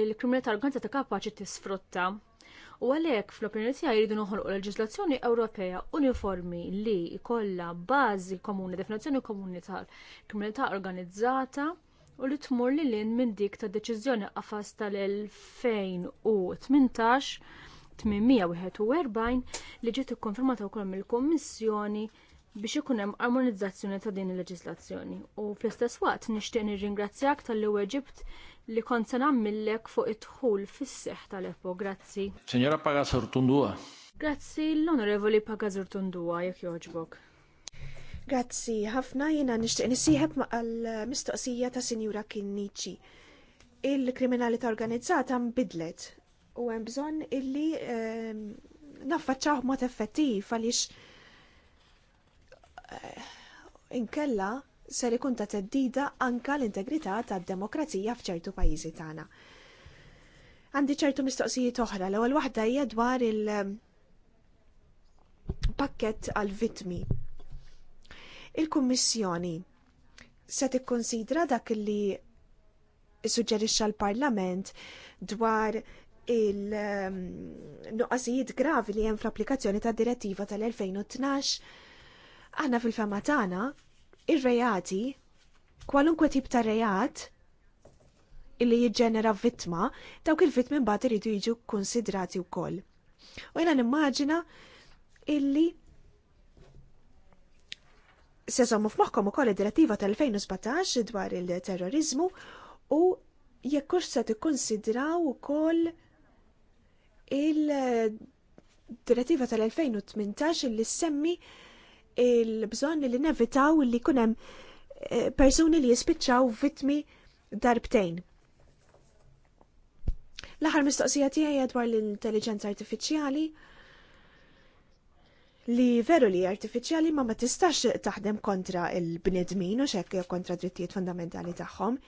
l-kriminalità organizzata kapaċi tisfrutta U għalhekk fl-opinjoni tiegħi jridu noħolqu leġiżlazzjoni Ewropea uniformi li jkollha bażi komuni, definizzjoni komuni tal-kriminalità organizzata u li tmur li lin minn dik ta' deċiżjoni qafas tal-2018 841 li ġiet ikkonfermata wkoll mill-Kummissjoni biex ikun hemm armonizzazzjoni ta' din il-leġislazzjoni. U fl-istess waqt nixtieq nirringrazzjak tal-li weġibt li kont se nammillek fuq id-dħul fis-seħ tal-Epo. Grazzi. Senjora Pagasur Tundua. Grazzi l-Onorevoli Pagasur Tundua jekk joġbok. Grazzi, ħafna jiena nixtieq nisieħeb għall-mistoqsija ta' Sinjura Kinnici. Il-kriminalità organizzata mbidlet u hemm bżonn illi ehm, naffaċċaw mod effettiv għaliex eh, inkella ser ikun ta' teddida anka l-integrità tad-demokrazija f'ċertu pajjiżi tagħna. Għandi ċertu mistoqsijiet oħra, l-ewwel waħda hija dwar il-pakket għal-vitmi. Il-Kummissjoni se tikkonsidra dak li suġġerixxa l-Parlament dwar il-nuqqasijiet ehm, gravi li hemm fl-applikazzjoni tad direttiva tal-2012 Aħna fil-fema tagħna Ir-reati, kwalunkwe tip ta' reat illi jiġġenera vittma, dawk il-vittmi mbagħad iridu jiġu konsidrati wkoll. U jiena nimmaġina illi se żommu f'moħħkom ukoll id-direttiva tal-2017 dwar il-terrorizmu u jekk hux se tikkonsidraw ukoll il-direttiva tal-2018 li semmi il-bżonn li nevitaw li kunem eh, persuni li jispiċċaw vitmi darbtejn. L-aħħar mistoqsija tiegħi dwar l-intelligenza artifiċjali li veru li artifiċjali ma ma tistax taħdem kontra il-bnedmin u xekk kontra drittijiet fundamentali tagħhom.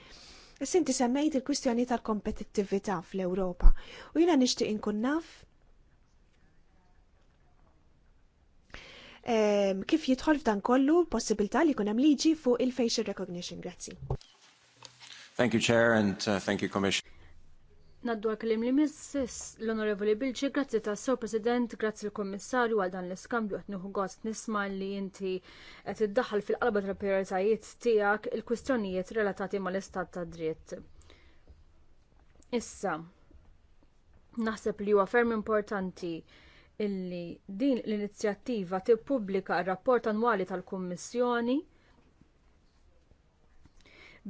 Sinti semmejt il-kwistjoni tal-kompetittività fl-Ewropa u jina nixtieq inkun naf kif jidħol f'dan kollu possibilità li kunem hemm liġi fuq il-facial recognition. Grazzi. Thank you, Chair, and uh, thank you, Commission. Naddu għal li missis l-Onorevoli Bilġi, grazzi ta' sew President, grazzi l-Kommissarju għal dan l-iskambju għat nuhu għost nisma li inti għet id-daħal fil-qalba tal prioritajiet tijak il-kwistjonijiet relatati ma l-istat ta' dritt. Issa, naħseb li huwa ferm importanti illi din l-inizjattiva tippubblika r-rapport annwali tal-Kummissjoni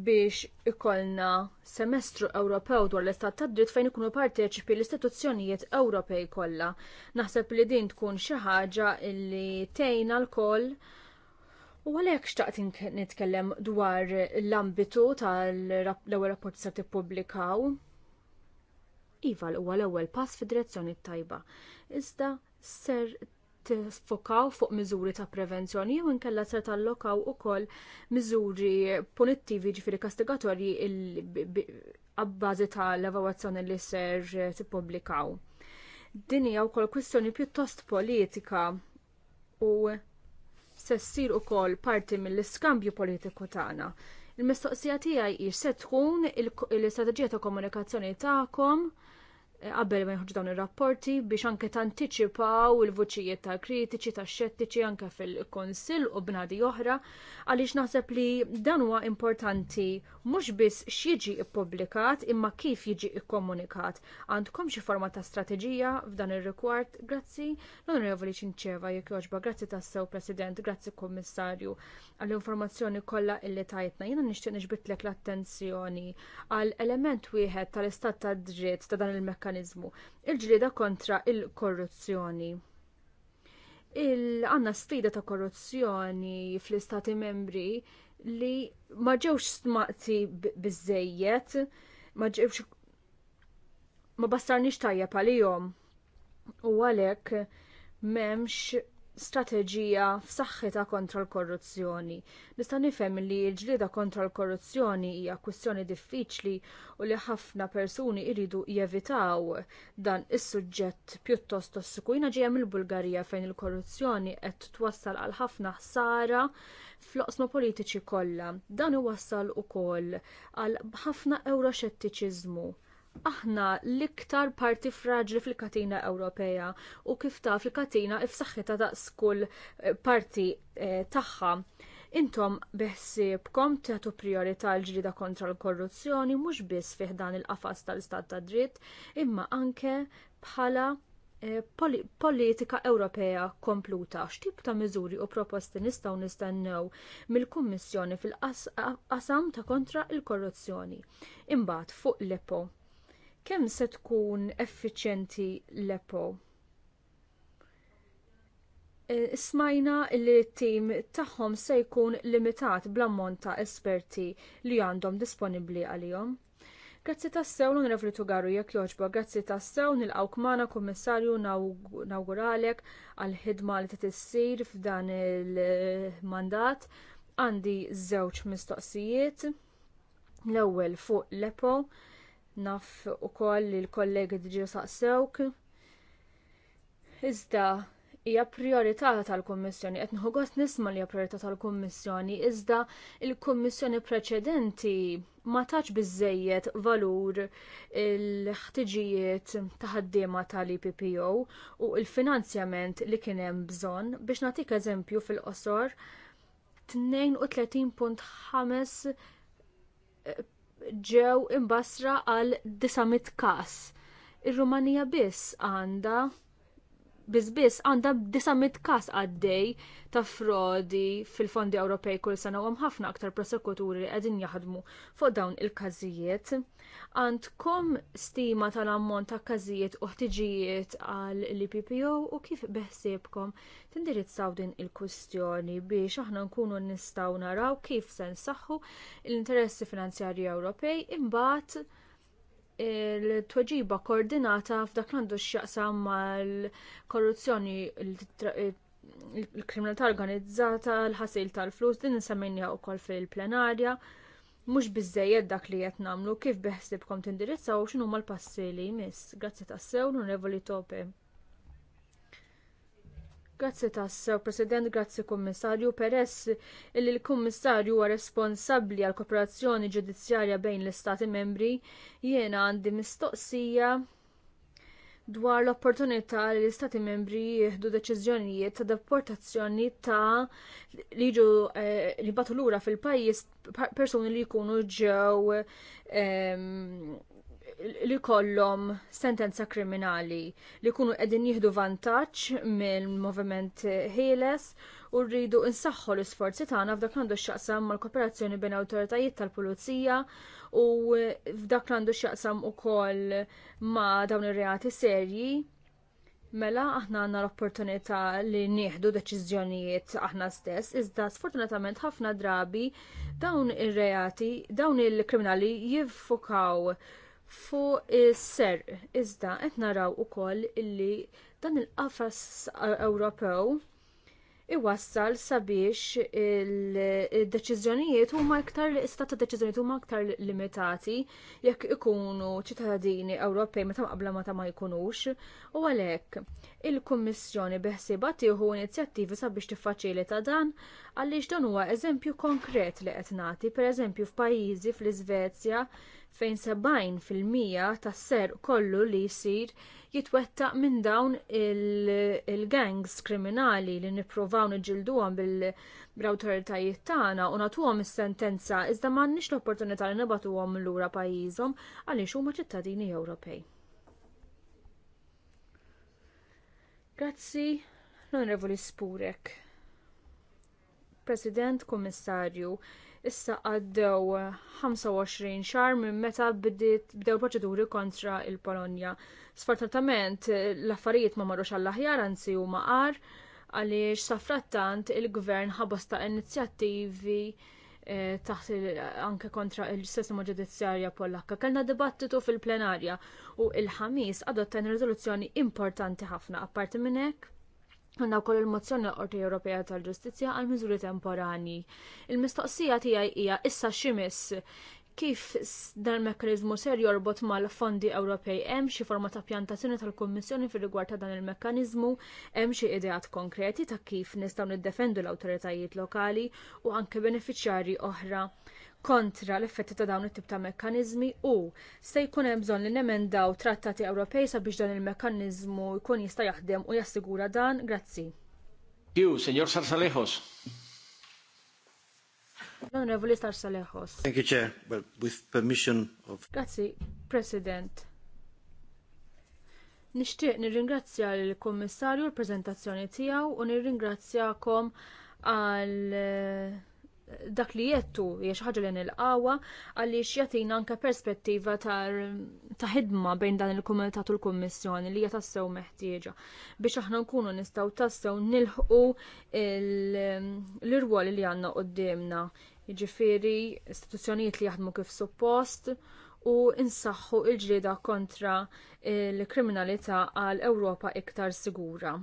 biex ikollna semestru Ewropew dwar l-istat tad dritt fejn ikunu parteċipi l-istituzzjonijiet Ewropej kollha. Naħseb li din tkun xi ħaġa li tgħinna lkoll. U għalhekk xtaqt nitkellem dwar l-ambitu tal-ewwel rapport se tippubblikaw. Iva huwa l-ewwel pass fid-direzzjoni tajba iżda ser tiffokaw fuq miżuri ta' prevenzjoni jew inkella ser tallokaw ukoll miżuri punittivi ġifiri kastigatorji għabbażi ta' l-evawazzjoni li ser tippubblikaw. Din hija wkoll kwistjoni pjuttost politika u se ssir ukoll parti mill-iskambju politiku tagħna. Il-mistoqsija tiegħi hi se tkun l istrateġija ta' komunikazzjoni tagħkom qabel ma jħuġ dawn ir-rapporti biex anke tantiċipaw il-vuċijiet ta' kritiċi ta' xettiċi anke fil konsil u bnadi oħra għaliex naħseb li dan huwa importanti mhux biss x'jiġi ippubblikat imma kif jiġi ikkomunikat. Għandkom xi forma ta' strateġija f'dan ir rikward Grazzi l-Onorevoli Cinċeva jekk jogħġba, grazzi tassew President, grazzi Kummissarju għall-informazzjoni kollha illi tajtna. Jiena nixtieq nixbitlek l-attenzjoni għal element wieħed tal-istat tad dritt ta' dan il-mekkanizmu mekkaniżmu il-ġlieda kontra l korruzzjoni il-għanna sfida ta' korruzzjoni fl-istati membri li ma ġewx smaqti bizzejiet, ma ġewx ma bastarniex tajja għalihom. U għalhekk m'hemmx strateġija f'saħħitha kontra l-korruzzjoni. Nista' nifhem li l-ġlieda kontra l-korruzzjoni hija kwistjoni diffiċli u li ħafna persuni jridu jevitaw dan is-suġġett pjuttost tossiku. Jiena ġejja mill-Bulgarija fejn il-korruzzjoni qed twassal għal ħafna ħsara fl-oqsma politiċi kollha. Dan iwassal ukoll għal ħafna euroxettiċiżmu aħna l-iktar parti fraġli fil-katina Ewropea u kif taf il-katina f'saħħitha daqs kull eh, parti eh, tagħha. Intom beħsiebkom tagħtu priorità l-ġrida kontra l-korruzzjoni mhux biss fih dan il-qafas tal-istat ta' dritt, imma anke bħala eh, politika Ewropea kompluta. X'tip ta' miżuri u proposti nistgħu nistennew mill-Kummissjoni fil-qasam ta' kontra l-korruzzjoni. Imbagħad fuq l-EPO Kemm se tkun effiċjenti l-EPO? E, smajna li t-tim tagħhom se jkun limitat bl-ammont ta' esperti li għandhom disponibbli għalihom. Grazzi tas l-Onorevoli Tugaru jekk joġba, grazzi tassew nilqawk Mana kummissarju nawguralek għall ħidma li tissir f'dan il-mandat. Għandi żewġ mistoqsijiet. L-ewwel fuq l-EPO naf ukoll li l-kollegi diġi saqsewk. Iżda, hija priorità tal-Kummissjoni, qed nħu gost nisma' li hija priorità tal-Kummissjoni, iżda il-Kummissjoni preċedenti ma tax biżejjed valur il-ħtiġijiet ta' ħaddiema tal-IPPO u l-finanzjament li kien hemm bżonn biex nagħtik eżempju fil-qosor 32.5 ġew imbasra għal 900 każ. Ir-Rumanija biss għandha biss għandha 900 każ għaddej ta' frodi fil-fondi Ewropej kull sena u ħafna aktar prosekuturi li qegħdin jaħdmu fuq dawn il-każijiet. Għandkom stima tal-ammont ta' każijiet u ħtiġijiet għal l-IPPO u kif beħsiebkom tindirizzaw din il-kwistjoni biex aħna nkunu nistgħu naraw kif se nsaħħu l-interessi finanzjarji Ewropej imbagħad il-tweġiba koordinata f'dak l-għandu ma mal-korruzzjoni il-kriminalità organizzata, l-ħasil tal-flus, din nsemminja wkoll fil-plenarja. Mhux biżżejjed dak li qed nagħmlu kif beħsibkom tindirizzaw x'inhuma l-passi li jmiss. Grazzi tas l-Onorevoli Tope. Grazzi tassew, President, grazzi Kummissarju. Peress li l-Kummissarju huwa responsabbli għal kooperazzjoni ġudizzjarja bejn l-Istati membri, jiena għandi mistoqsija dwar l-opportunità li l-Istati membri jieħdu deċiżjonijiet ta' deportazzjoni ta' liġu eh, li batu lura fil-pajjiż persuni li jkunu ġew ehm, li kollom sentenza kriminali li kunu qegħdin jieħdu vantaġġ mill-moviment ħieles u rridu insaħħu l-isforzi tagħna f'dak għandu x'jaqsam mal-kooperazzjoni bejn awtoritajiet tal-pulizija u f'dak għandu x'jaqsam ukoll ma' dawn ir-reati serji. Mela aħna għandna l-opportunità li nieħdu deċiżjonijiet aħna stess, iżda sfortunatament ħafna drabi dawn ir-reati, dawn il-kriminali jiffukaw fuq is-serq. Iżda qed naraw ukoll illi dan il-qafas Ewropew iwassal sabiex il-deċiżjonijiet huma iktar l-istat ta' deċiżjonijiet huma iktar limitati jekk ikunu ċittadini Ewropej meta qabla meta ma jkunux u għalhekk il-Kummissjoni beħsieba tieħu inizjattivi sabiex tiffaċilita dan għaliex dan huwa eżempju konkret li qed nagħti, pereżempju f'pajjiżi fl-Iżvezja fejn 70% tas-serq kollu li jsir jitwettaq minn dawn il-gangs il kriminali li nippruvaw niġilduhom bil-awtoritajiet tagħna u nagħtuhom is-sentenza iżda m'għandniex l-opportunità li nibatuhom lura pajjiżhom għaliex huma ċittadini Ewropej. Grazzi, l-Onorevoli Spurek. President Kommissarju, Issa għaddew 25 xahar minn meta bdew proċeduri kontra l polonja Sfortunatament l-affarijiet ma marrux għall-aħjar anzi huma qar għaliex safrattant il-gvern ta' inizjattivi eh, taħt anke kontra il-sistema ġudizzjarja Polakka. Kellna dibattitu fil-plenarja u il-ħamis adottan riżoluzzjoni importanti ħafna apparti minn hekk Għanna koll il-mozzjoni qorti Ewropea tal-Ġustizja għal miżuri temporani. Il-mistoqsija tiegħi hija issa ximis kif dan il-mekkanizmu ser jorbot mal-fondi Ewropej hemm xi forma ta' pjantazzjoni tal-Kummissjoni fir rigward ta' dan il-mekkaniżmu, hemm xi ideat konkreti ta' kif nistgħu niddefendu l-awtoritajiet lokali u anke benefiċjarji oħra kontra l-effetti ta' dawn it-tip ta' mekkaniżmi u se jkun hemm bżonn li nemendaw trattati Ewropej sabiex dan il-mekkaniżmu jkun jista' jaħdem u jassigura dan. Grazzi. Ju, Senjor Sarsalejos. onorevoli Sarsalejos. Thank you, Chair. Well, with permission of... Grazzi, President. Nixtieq nirringrazzja l-Kommissarju l-prezentazzjoni tiegħu u nirringrazzjakom għal dak li jettu jiex ħagġa li nil-qawa għaliex jagħtina anke perspettiva ta' ħidma bejn dan il-Kumitat u l-Kummissjoni li hija tassew meħtieġa biex aħna nkunu nistgħu tassew nilħqu l-irwol li għandna qudiemna. Jiġifieri istituzzjonijiet li jaħdmu kif suppost u insaħħu l ġlieda kontra l-kriminalità għal Ewropa iktar sigura.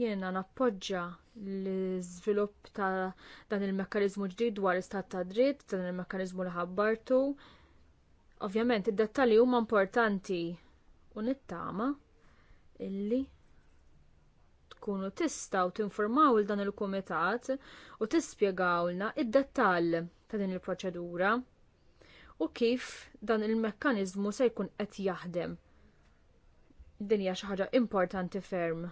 Jiena nappoġġa l-iżvilupp ta' dan il-mekkaniżmu ġdid dwar istat ta' dritt, dan il-mekkaniżmu li ħabbartu. Ovvjament id-dettalji huma importanti u nittama illi tkunu tistgħu tinformaw il dan il-kumitat u tispjegawlna id-dettall ta' din il-proċedura u kif dan il-mekkaniżmu se jkun qed jaħdem. Din hija xi ħaġa importanti ferm.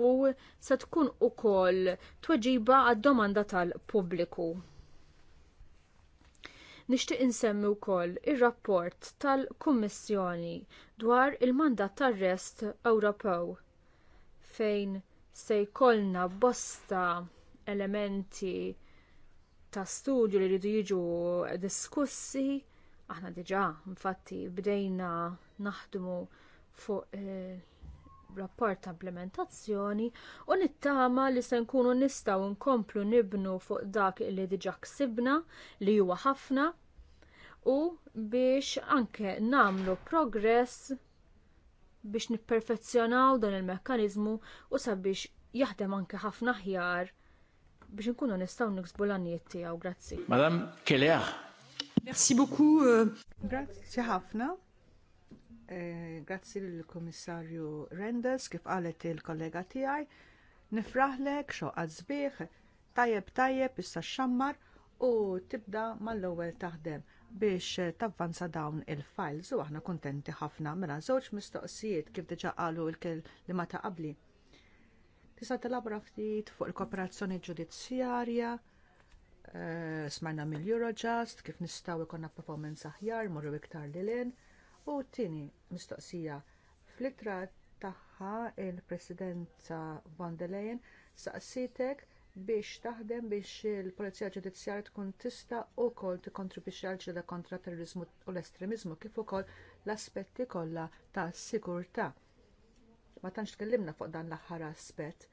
u se tkun ukoll tweġiba għad-domanda tal-pubbliku. Nixtieq insemmi wkoll ir-rapport tal-Kummissjoni dwar il-mandat tar-rest Ewropew fejn se jkollna bosta elementi ta' studju li jridu jiġu diskussi aħna diġà infatti bdejna naħdmu fuq eh, rapport ta' implementazzjoni u nittama li se nkunu nistgħu nkomplu nibnu fuq dak li diġà ksibna li huwa ħafna u biex anke nagħmlu progress biex nipperfezzjonaw dan il-mekkaniżmu u sabiex jaħdem anke ħafna ħjar biex nkunu nistgħu niksbu l-għannijiet tiegħu. Grazzi. Madam Kelea. Merci beaucoup. Euh, Grazzi ħafna. Eh, grazzi lill-Kummissarju Renders kif qalet il-kollega tiegħi. Nifraħlek xo sbieħ, tajjeb tajjeb issa xammar u tibda mal-ewwel taħdem biex tavvanza dawn il-files u aħna kuntenti ħafna mela żewġ mistoqsijiet kif diġà qalu l ma ta' qabli. Tisa' tilabra ftit fuq il-kooperazzjoni ġudizzjarja, eh, smajna mill-Eurojust, kif nistgħu ikonna performance aħjar, morru iktar lilin. U t-tieni mistoqsija fl-ittra tagħha il-Presidenza van der Leyen saqsitek biex taħdem biex il-Polizija Ġudizzjarja tkun tista' wkoll tikkontribwixxi għal ġlieda kontra terrorizmu u l-estremiżmu kif ukoll l-aspetti kollha tas-sigurtà. Ma tantx tkellimna fuq dan l-aħħar aspett.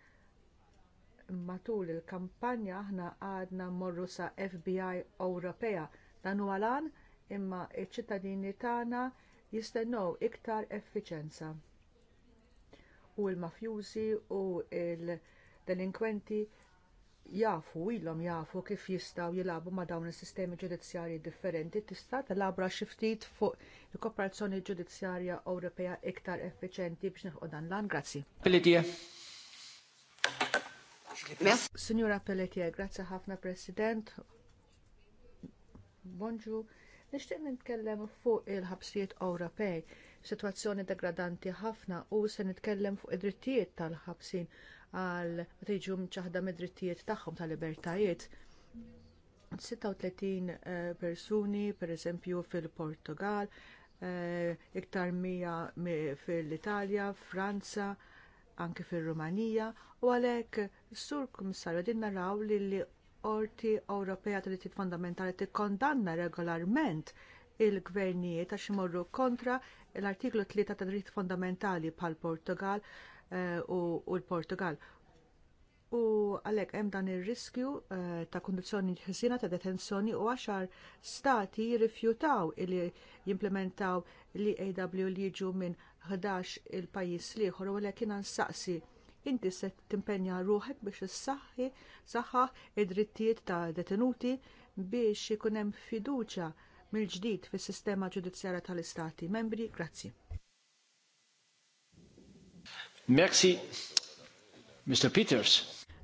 Matul il-kampanja aħna għadna mmorru sa FBI Ewropea dan huwa lan imma ċ-ċittadini tagħna jistennew iktar effiċenza. U l-mafjużi u l delinkwenti jafu, ilhom jafu kif jistgħu jilagħbu ma' dawn is-sistemi ġudizzjarji differenti, tista' talabra xi ftit fuq il-kooperazzjoni ġudizzjarja Ewropea iktar effiċenti biex neħu dan lan. Grazzi. Pelletier. Signora Pelletier, grazzi ħafna President. Bonġu. Nixtieq nitkellem fuq il-ħabsijiet Ewropej, sitwazzjoni degradanti ħafna u se nitkellem fuq id-drittijiet tal-ħabsin għal meta jiġu mċaħda mid-drittijiet tagħhom tal-libertajiet. 36 eh, persuni, pereżempju fil-Portugal, eh, iktar mija fil-Italja, Franza, anke fir rumanija u għalhekk sur Kummissarju din naraw li qorti Ewropea tal diritti fondamentali tikkondanna regolarment il-gvernijiet għax imorru kontra l-artiklu 3 ta' dritt fondamentali bħall Portugal uh, u l-Portugal. U għalhekk hemm dan ir-riskju uh, ta' kundizzjoni ħsiena ta' detenzjoni u għaxar stati jirrifjutaw li jimplementaw li AW li jiġu minn 11 il-pajjiż liħor u għalhekk jiena nsaqsi inti se timpenja ruħek biex issaħħi saħħa id-drittijiet ta' detenuti biex ikun hemm fiduċja mill-ġdid fis-sistema ġudizzjarja tal-istati. Membri, grazzi. Merci, Mr. Peters.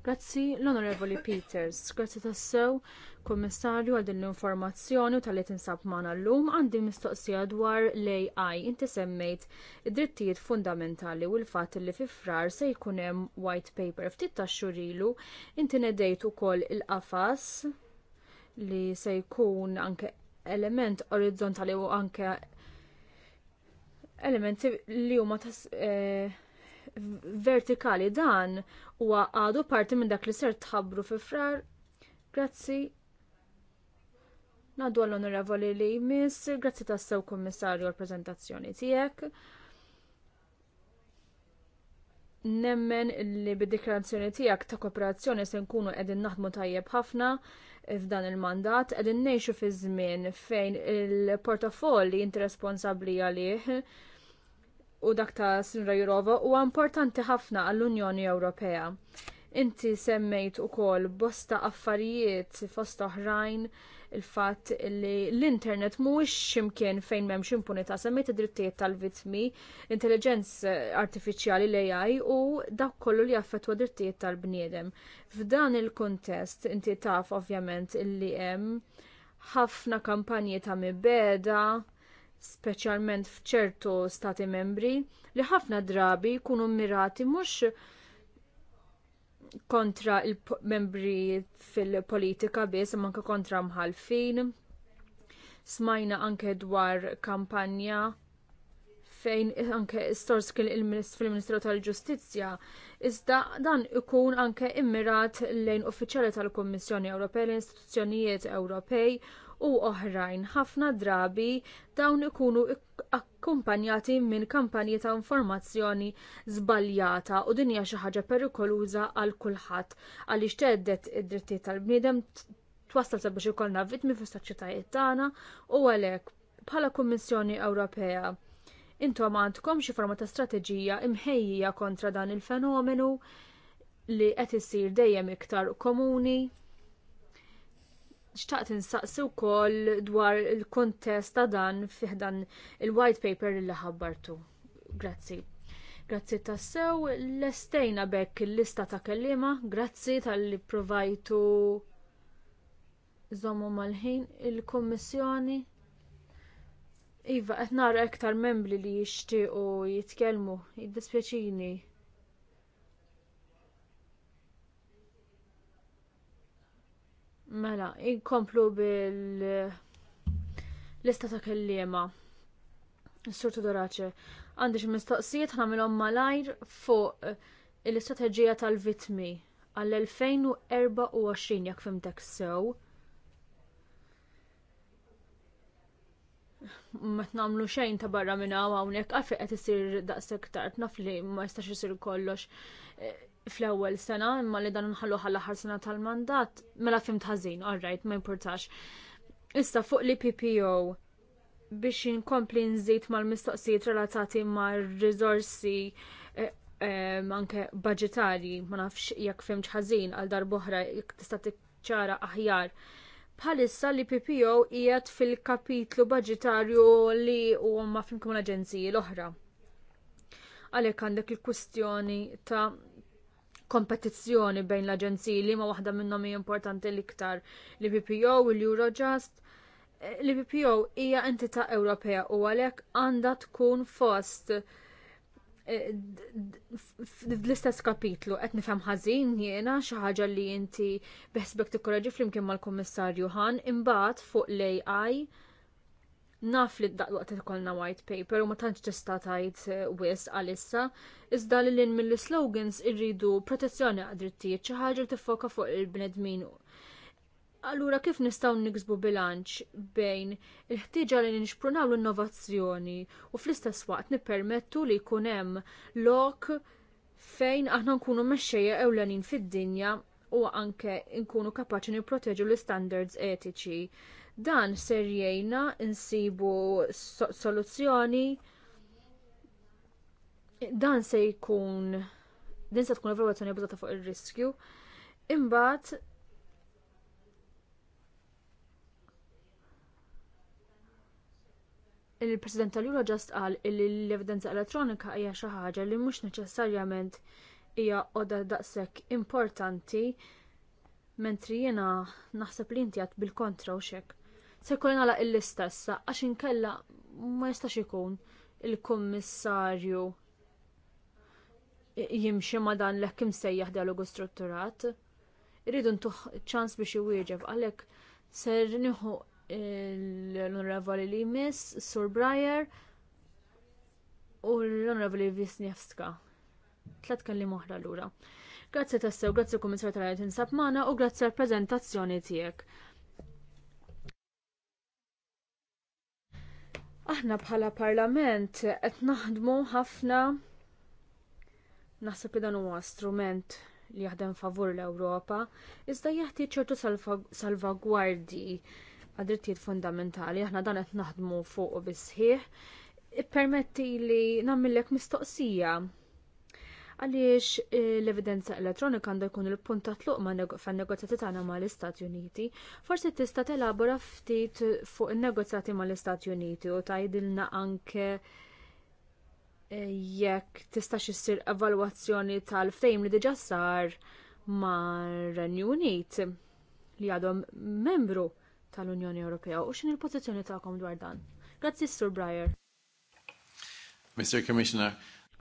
Grazzi l-Onorevoli Peters. Grazzi tassew. Kummissarju għal din l-informazzjoni u tal-li tinsab magħna llum għandi mistoqsija dwar l-AI inti semmejt id-drittijiet fundamentali u l-fatt li fi frar se jkun hemm white paper ftit ta' xurilu inti nedejt ukoll il-qafas li se jkun anke element orizzontali u anke elementi li huma eh, vertikali dan huwa għadu parti minn dak li ser tħabbru fi frar Grazzi Naddu għall-onorevoli li miss, grazzi sew kummissarju għal-prezentazzjoni tijek. Nemmen li bid-dikrazzjoni tijak ta' kooperazzjoni se nkunu edin naħdmu tajjeb ħafna f'dan il-mandat, edin neħxu fi żmien fejn il-portafolli inti responsabli għalih u dak ta' Sinra Jurova huwa importanti ħafna għall-Unjoni Ewropea. Inti semmejt ukoll bosta affarijiet fost oħrajn il-fatt li l-internet mhuwiex ximkien fejn m'hemmx impunita semmi id-drittijiet tal-vittmi, intelligenz eh, artifiċjali l-AI u dak kollu li jaffettwa drittijiet tal-bniedem. F'dan il-kuntest inti taf ovvjament illi hemm ħafna kampanji ta' mibeda, speċjalment f'ċertu stati membri, li ħafna drabi jkunu mirati mhux kontra il-membri fil-politika biss, manka kontra mħalfin. Smajna anke dwar kampanja fejn anke stors fil-Ministru tal-Ġustizzja, iżda dan ikun anke immirat lejn uffiċjali tal-Kummissjoni Ewropej, l-istituzzjonijiet Ewropej u oħrajn. Ħafna drabi dawn ikunu akkumpanjati minn kampanji ta' informazzjoni żbaljata u din hija xi ħaġa perikoluża għal kulħadd għaliex tgħeddet id-drittijiet tal-bniedem twassal sabiex ikollna vittmi fis-soċjetajiet tagħna u għalhekk bħala Kummissjoni Ewropea intom għandkom xi forma ta' strateġija imħejjija kontra dan il-fenomenu li qed isir dejjem iktar komuni xtaqt insaqsi wkoll dwar il-kontest ta' dan fih dan il-white paper li ħabbartu. Grazzi. Grazzi tassew, lestejna bekk il-lista ta' kelliema, grazzi tal-li provajtu zomu mal-ħin il kummissjoni Iva, qed nara iktar membri li jixtiequ jitkellmu, jiddispjaċini Mela, inkomplu bil lista ta' kelliema. Surtu Dorace, għandi xi mistoqsijiet ħamilhom malajr fuq eh, l-istrateġija tal-vitmi għall-2024 jekk fimtek sew. ma tnamlu xejn ta' barra minn hawn hawnhekk għalfejn qed isir daqshekk tard naf li ma jistax isir kollox. Eh, fl-ewwel sena imma li dan nħallu ħalla aħħar sena tal-mandat mela fim tħażin, alright, ma jimpurtax. Issa fuq li PPO biex inkompli nżid mal-mistoqsijiet relatati mar-riżorsi eh, eh, anke budgetari, ma nafx jekk fimx ħażin għal darbohra jekk tista' tiċċara aħjar. Bħalissa li PPO qiegħed fil-kapitlu budgetarju li huma flimkien l-aġenziji l-oħra. Għalhekk għandek il-kwistjoni ta' kompetizzjoni bejn l-aġenziji li ma waħda minnhom hija importanti l-iktar li PPO u l-Eurojust. Eh, li PPO hija entità Ewropea u għalhekk għandha tkun fost eh, l-istess kapitlu qed nifhem ħażin jiena xi ħaġa li inti beħsbek tikkoraġi flimkien mal-Kummissarju Han imbagħad fuq l-AI Naf li d-daqwaqt ikollna white paper u ma tantx tista' tgħid eh, wisq għalissa, iżda li lin mill-slogans irridu protezzjoni għad drittijiet xi ħaġa tiffoka fuq il-bnedmin. Allura kif nistgħu niksbu bilanċ bejn il-ħtieġa li nixprunaw l-innovazzjoni u fl-istess waqt nippermettu li jkun hemm lok fejn aħna nkunu mexxejja ewlenin fid-dinja u anke nkunu kapaċi nipproteġu l-standards etiċi. Dan ser jgħinna insibu soluzzjoni dan se jkun din se tkun evalwazzjoni bbażata fuq ir-riskju. Imbagħad il-President tal-Jura ġast qal li l-evidenza elettronika hija xi ħaġa li mhux neċessarjament hija qoda daqshekk importanti mentri jiena naħseb li inti bil-kontra u Se jkun nagħlaq il istessa għax inkella ma jistax ikun il-kummissarju jimxi ma dan l kim sejjaħ dialogu strutturat. Irridu ntuħ ċans biex iwieġeb għalhekk ser nieħu l-onorevoli li jmiss, Sur Breyer u l-onorevoli Wisniewska. Tlet kelli moħra l-ura. Grazzi tassew, grazzi kummissar tal-għajt insab mana u grazzi għal-prezentazzjoni tijek. Aħna bħala parlament qed naħdmu ħafna naħseb li dan huwa strument li jaħdem favur l-Ewropa, iżda jaħti ċertu salvagwardji għad-drittijiet fundamentali, aħna dan qed naħdmu fuq bisħieħ, ippermetti li nagħmilek mistoqsija għaliex eh, l-evidenza elettronika għandha jkun il-punt ta' tluq fan-negozjati tagħna mal-Istati Uniti, forsi tista' telabora ftit fuq in-negozjati mal-Istati Uniti u tgħidilna anke eh, jekk tistax issir evalwazzjoni tal fejm li diġà sar mar-Renju Unit li għadhom membru tal-Unjoni Ewropea u x'in il-pożizzjoni tagħkom dwar dan. Grazzi Sur Breyer. Mr. Commissioner,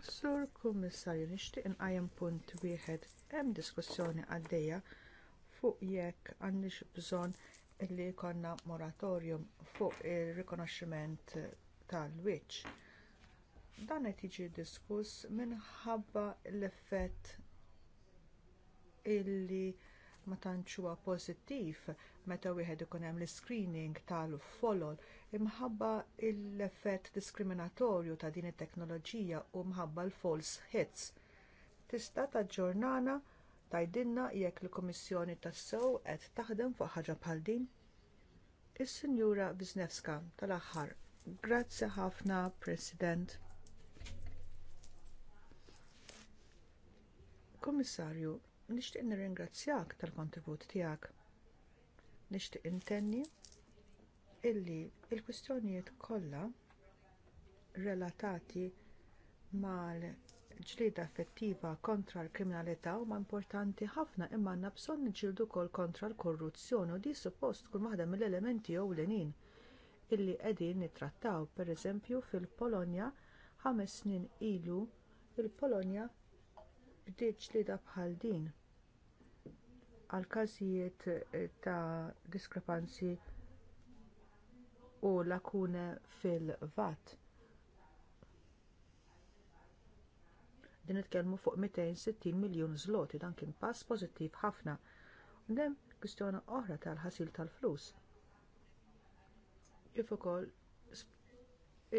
Sur Kummissarju, nixtieq inqajjem punt wieħed hemm diskussjoni għaddejja fuq jekk għandix bżonn li jkollna moratorium fuq ir-rikonoxximent tal-wiċċ. Dan qed jiġi diskuss minħabba l-effett illi ma tantx huwa pożittiv meta wieħed ikun hemm l-screening tal-folol imħabba l-effett diskriminatorju ta' din it-teknoloġija u mħabba l-false hits. Tista' taġġornana tgħidilna jekk il-Kummissjoni tas-sew qed taħdem fuq ħaġa bħal din. Is-Sinjura Wisniewska tal-aħħar. Grazzi ħafna, President. Kummissarju, nixtieq nirringrazzjak tal-kontribut tiegħek nixtieq intenni illi l il kwistjonijiet kollha relatati mal ġlieda effettiva kontra l-kriminalità huma importanti ħafna imma għandna bżonn niġġieldu wkoll kontra l-korruzzjoni u di suppost tkun waħda mill-elementi ewlenin illi qegħdin nittrattaw pereżempju fil-Polonja ħames snin ilu il-Polonja bdiet ġlieda bħal din għal każijiet eh, ta' diskrepanzi u lakune fil-vat. Din itkellmu fuq 260 miljun zloti dan kien pass pożittiv ħafna. Dem kwistjoni oħra tal-ħasil tal-flus. Kif ukoll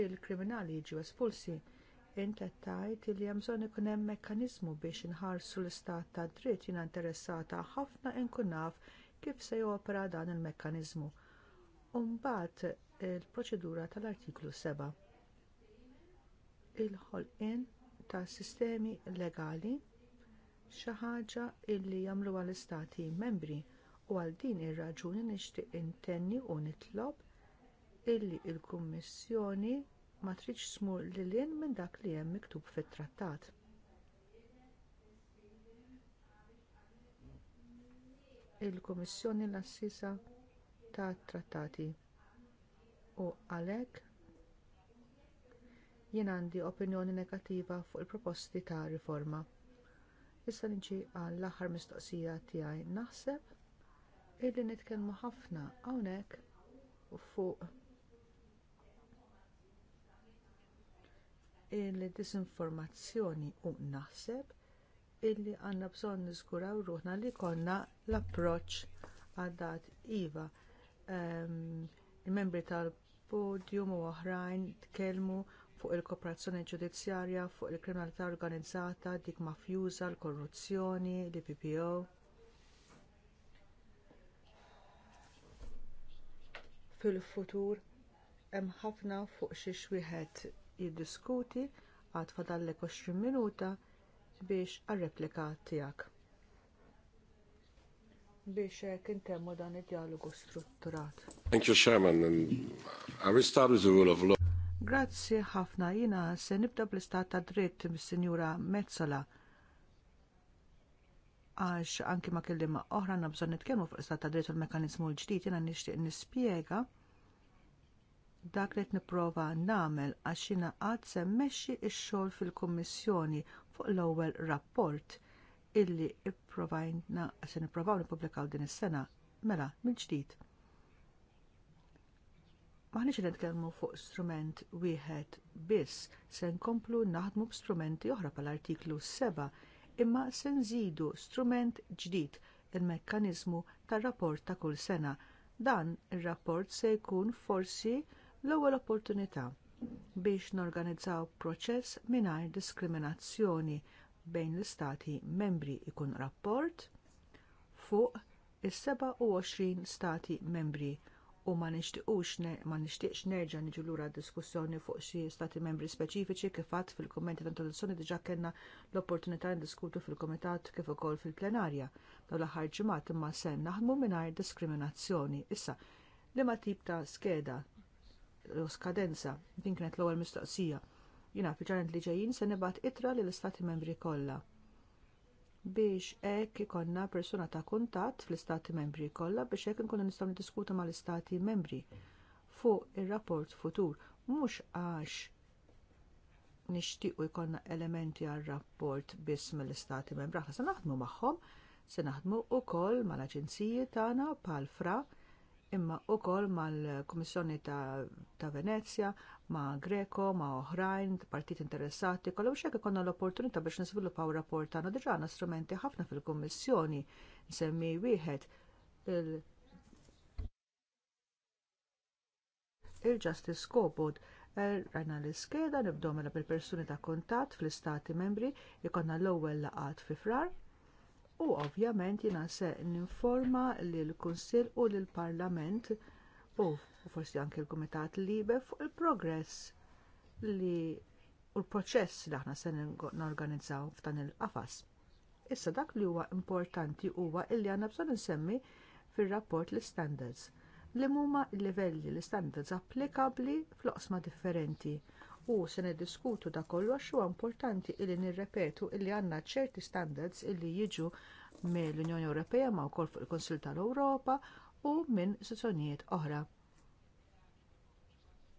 il-kriminali jiġu espulsi inta tajt li hemm bżonn ikun hemm mekkaniżmu biex inħarsu l-istat ta' dritt jiena interessata ħafna inkun naf kif se jopera dan il-mekkaniżmu. U mbagħad il-proċedura tal-artiklu 7. Il-ħolqien ta' sistemi legali xi ħaġa li jagħmluha l-istati membri u għal din ir-raġuni nixtieq intenni u nitlob illi l il kummissjoni ma tridx smur lilien minn dak li hemm miktub fit-trattat. Il-Kummissjoni l-Assisa tat Trattati u għalhekk jien għandi opinjoni negattiva fuq il-proposti ta' riforma. Issa niġi għall aħħar mistoqsija tiegħi naħseb illi nitkellmu ħafna hawnhekk fuq il-disinformazzjoni u naħseb illi għandna bżonn niżguraw ruħna li jkollna l approċċ għaddat IVA. Ehm, il-membri tal-podium u oħrajn tkellmu fuq il-kooperazzjoni ġudizzjarja, fuq il-kriminalità organizzata, dik mafjuża, l-korruzzjoni, l-PPO. Fil-futur hemm ħafna fuq xi wieħed jiddiskuti għad fadallek 20 minuta biex għal-replika tiegħek. Biex hekk eh, dan id-dialogu strutturat. Thank you, Chairman, and I will with the rule of law. Grazzi ħafna jina se nibda bl-istat ta' dritt mis-Sinjura Mezzola għax anki ma kellim oħra nabżon nitkellmu fuq istat ta' dritt u l-mekanizmu l-ġdid jiena nixtieq nispjega dak li nipprova nagħmel għax xi qatt semmexxi x-xogħol fil-Kummissjoni fuq l-ewwel rapport illi ipprovajna se nippruvaw nippubblikaw din is-sena mela mill-ġdid. Maħniex li nitkellmu fuq strument wieħed biss se nkomplu naħdmu b'strumenti oħra bħall-artiklu 7 imma se nżidu strument ġdid il-mekkaniżmu tar-rapport ta' kull sena. Dan ir-rapport se jkun forsi l-ewwel opportunità biex norganizzaw proċess mingħajr diskriminazzjoni bejn l-istati membri ikun rapport fuq is-27 stati membri u ma nixtiequx ma nixtieqx nerġa' niġu lura diskussjoni fuq xi stati membri speċifiċi kif fatt fil-kummenti tal-introduzzjoni diġà kellna l-opportunità ndiskutu fil-kumitat kif ukoll fil-plenarja dawn l-aħħar ġimgħat imma se naħdmu mingħajr diskriminazzjoni. Issa, liema tip ta' skeda l skadenza. Din kienet l-ewwel mistoqsija. Jina ġranet li ġejjin se nibgħat itra lill istati membri kollha biex hekk ikollna persuna ta' kuntatt fl-istati membri kollha biex hekk inkunu nistgħu niddiskutu mal-istati membri fuq ir-rapport futur mhux għax nixtiequ jkollna elementi għar rapport biss mill-istati membri aħna se naħdmu magħhom se naħdmu wkoll mal-aġenziji tagħna bħal fra imma wkoll mal-Kummissjoni ta', ta Venezja, ma' Greco, ma' oħrajn, partit interessati, kollha xek ikonna l-opportunità biex nisviluppaw rapport tagħna diġà strumenti ħafna fil-Kummissjoni nsemmi wieħed il- il-Justice Scoreboard er, rajna l-iskeda nibdomela bil-persuni ta' kuntatt fl-istati membri jikonna l-ewwel laqgħat fi frar u ovvjament jiena se ninforma lill kunsill u lill parlament u forsi anke l-Kumitat Libe fuq il-progress li u l-proċess li aħna se norganizzaw f'dan il-qafas. Issa dak li huwa importanti huwa illi għandna bżonn insemmi fir-rapport l istandards li huma l-livelli l istandards applikabbli fl-oqsma differenti u se niddiskutu da kollu għax huwa importanti illi nirrepetu illi għandna ċerti standards illi jiġu mill-Unjoni Ewropea ma wkoll fuq il-Konsil tal-Ewropa u minn sezzjonijiet oħra.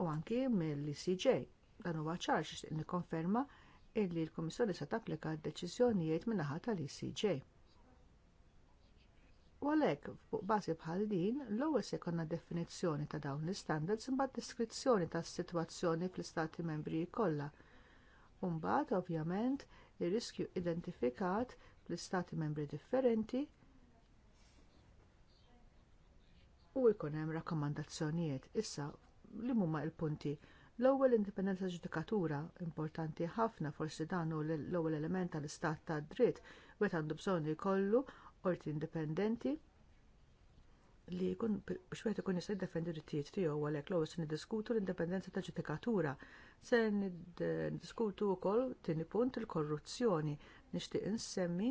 U anki mill-ICJ dan huwa ċar xixtieq nikkonferma illi l-Kummissjoni se tapplika d-deċiżjonijiet min-naħa tal-ICJ. U għalhekk fuq bażi bħal din, l-ewwel se jkollna definizzjoni ta' dawn l-istandards imbagħad deskrizzjoni tas-sitwazzjoni fl-istati membri kollha. U mbagħad ovvjament ir-riskju identifikat fl-istati membri differenti u jkun hemm rakkomandazzjonijiet issa li huma l-punti L-ewwel indipendenza ġudikatura importanti ħafna forsi dan hu l-ewwel element tal-istat tad dritt wet għandu bżonn jkollu qorti indipendenti li jkun xwet wieħed ikun jista' jiddefendi drittijiet tiegħu għalhekk l-ewwel se niddiskutu l-indipendenza ta' ġudikatura. Se niddiskutu wkoll tieni punt il-korruzzjoni nixtieq insemmi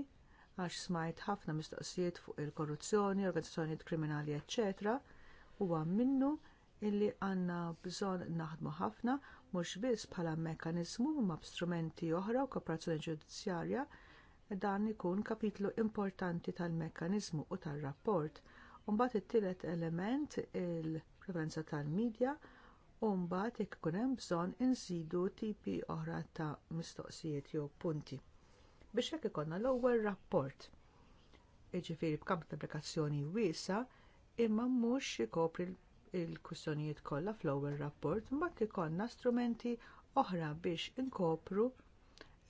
għax smajt ħafna mistoqsijiet fuq il-korruzzjoni, organizzazzjonijiet kriminali, eċċetera. Huwa minnu illi għandna bżonn naħdmu ħafna mhux biss bħala mekkaniżmu ma' strumenti oħra u kooperazzjoni ġudizzjarja dan ikun kapitlu importanti tal mekkaniżmu u tar rapport Umbat it-tielet element il-prevenza tal-medja u mbagħad jekk ikun hemm bżonn inżidu tipi oħra ta' mistoqsijiet jew punti. Biex hekk ikollna l-ewwel rapport. Jiġifieri b'kamp ta' applikazzjoni wiesa imma mhux ikopri l-kwistjonijiet kollha fl-ewwel rapport, mbagħad ikollna strumenti oħra biex inkopru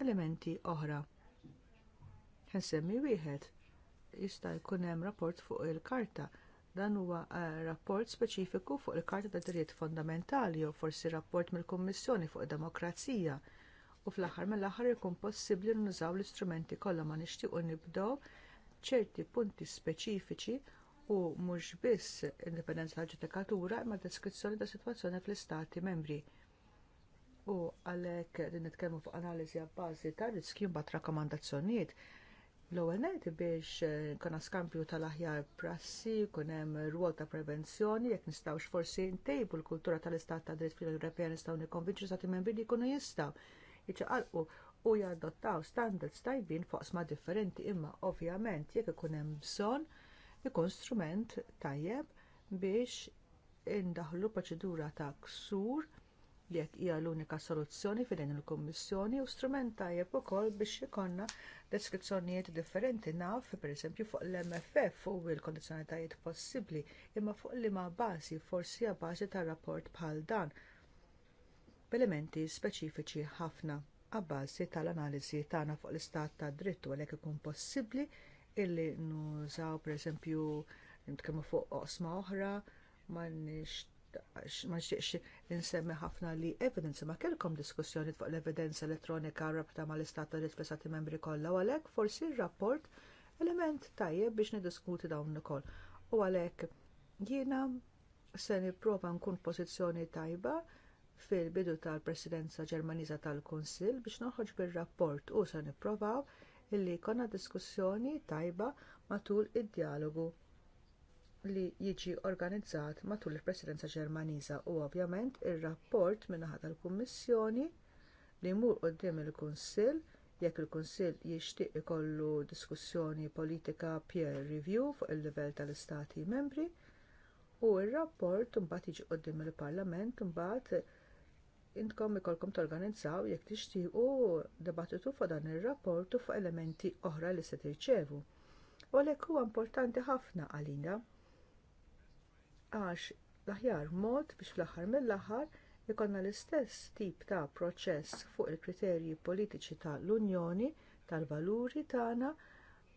elementi oħra Ħensemmi wieħed jista' jkun hemm rapport fuq il-karta. Dan huwa eh, rapport speċifiku fuq il-Karta ta' drijiet Fondamentali jew forsi rapport mill-Kummissjoni fuq id Demokrazija. U fl-aħħar mill-aħħar ikun possibbli nużaw l-istrumenti kollha ma nixtiequ nibdew ċerti punti speċifiċi u mhux biss indipendenza tal-ġudikatura imma deskrizzjoni ta' sitwazzjoni fl-istati membri. U għalhekk din nitkellmu fuq analiżi abbażi ta' riskju mbagħad rakkomandazzjonijiet L-ewwel ngħid biex eh, nkun skampju tal-aħjar prassi jkun hemm rwol ta' prevenzjoni jekk nistgħux forsi ntejbu l-kultura tal-istat ta' dritt fil-Ewropea nistgħu nikkonvinċu stati membri li jkunu jistgħu jiċċaqalqu u jadottaw standards tajbin foqsma differenti imma ovvjament jekk ikun hemm bżonn ikun strument tajjeb biex indaħlu proċedura ta' ksur li jekk hija l-unika soluzzjoni fidejn il-Kummissjoni u strument tajjeb ukoll biex ikonna deskrizzjonijiet differenti naf pereżempju fuq l-MFF u l-kondizzjonalitajiet possibbli imma fuq liema bażi forsi hija bażi ta' rapport bħal dan b'elementi speċifiċi ħafna għabbażi tal-analiżi tagħna fuq l-istat tad dritt u għalhekk ikun possibbli illi nużaw pereżempju nitkellmu fuq oqsma oħra ma nix ma nxieqx insemmi ħafna li evidence ma kellkom diskussjoni fuq l-evidenza elettronika rabta mal istat ta' rispesati membri kollha u għalhekk forsi r-rapport element tajjeb biex nidiskuti dawn ukoll. U għalhekk jiena se nipprova nkun pożizzjoni tajba fil-bidu tal-Presidenza Ġermaniża tal-Kunsill biex noħroġ bir-rapport u se nipprovaw illi jkollna diskussjoni tajba matul id-dialogu li jiġi organizzat matul il-Presidenza Ġermaniża u ovvjament ir-rapport min-naħa tal-Kummissjoni li jmur quddiem il-Kunsill jekk il-Kunsill jixtieq ikollu diskussjoni politika peer review fuq il-livell tal-Istati membri u r rapport imbagħad jiġi quddiem il-Parlament imbagħad intkom ikolkom torganizzaw jekk tixtiequ dibattitu fuq dan ir-rapport u fuq elementi oħra li se tirċevu. U għalhekk huwa importanti ħafna għalina għax l-aħjar mod biex fl-aħħar mill-aħħar ikonna l-istess tip ta' proċess fuq il-kriterji politiċi tal-Unjoni tal-valuri tagħna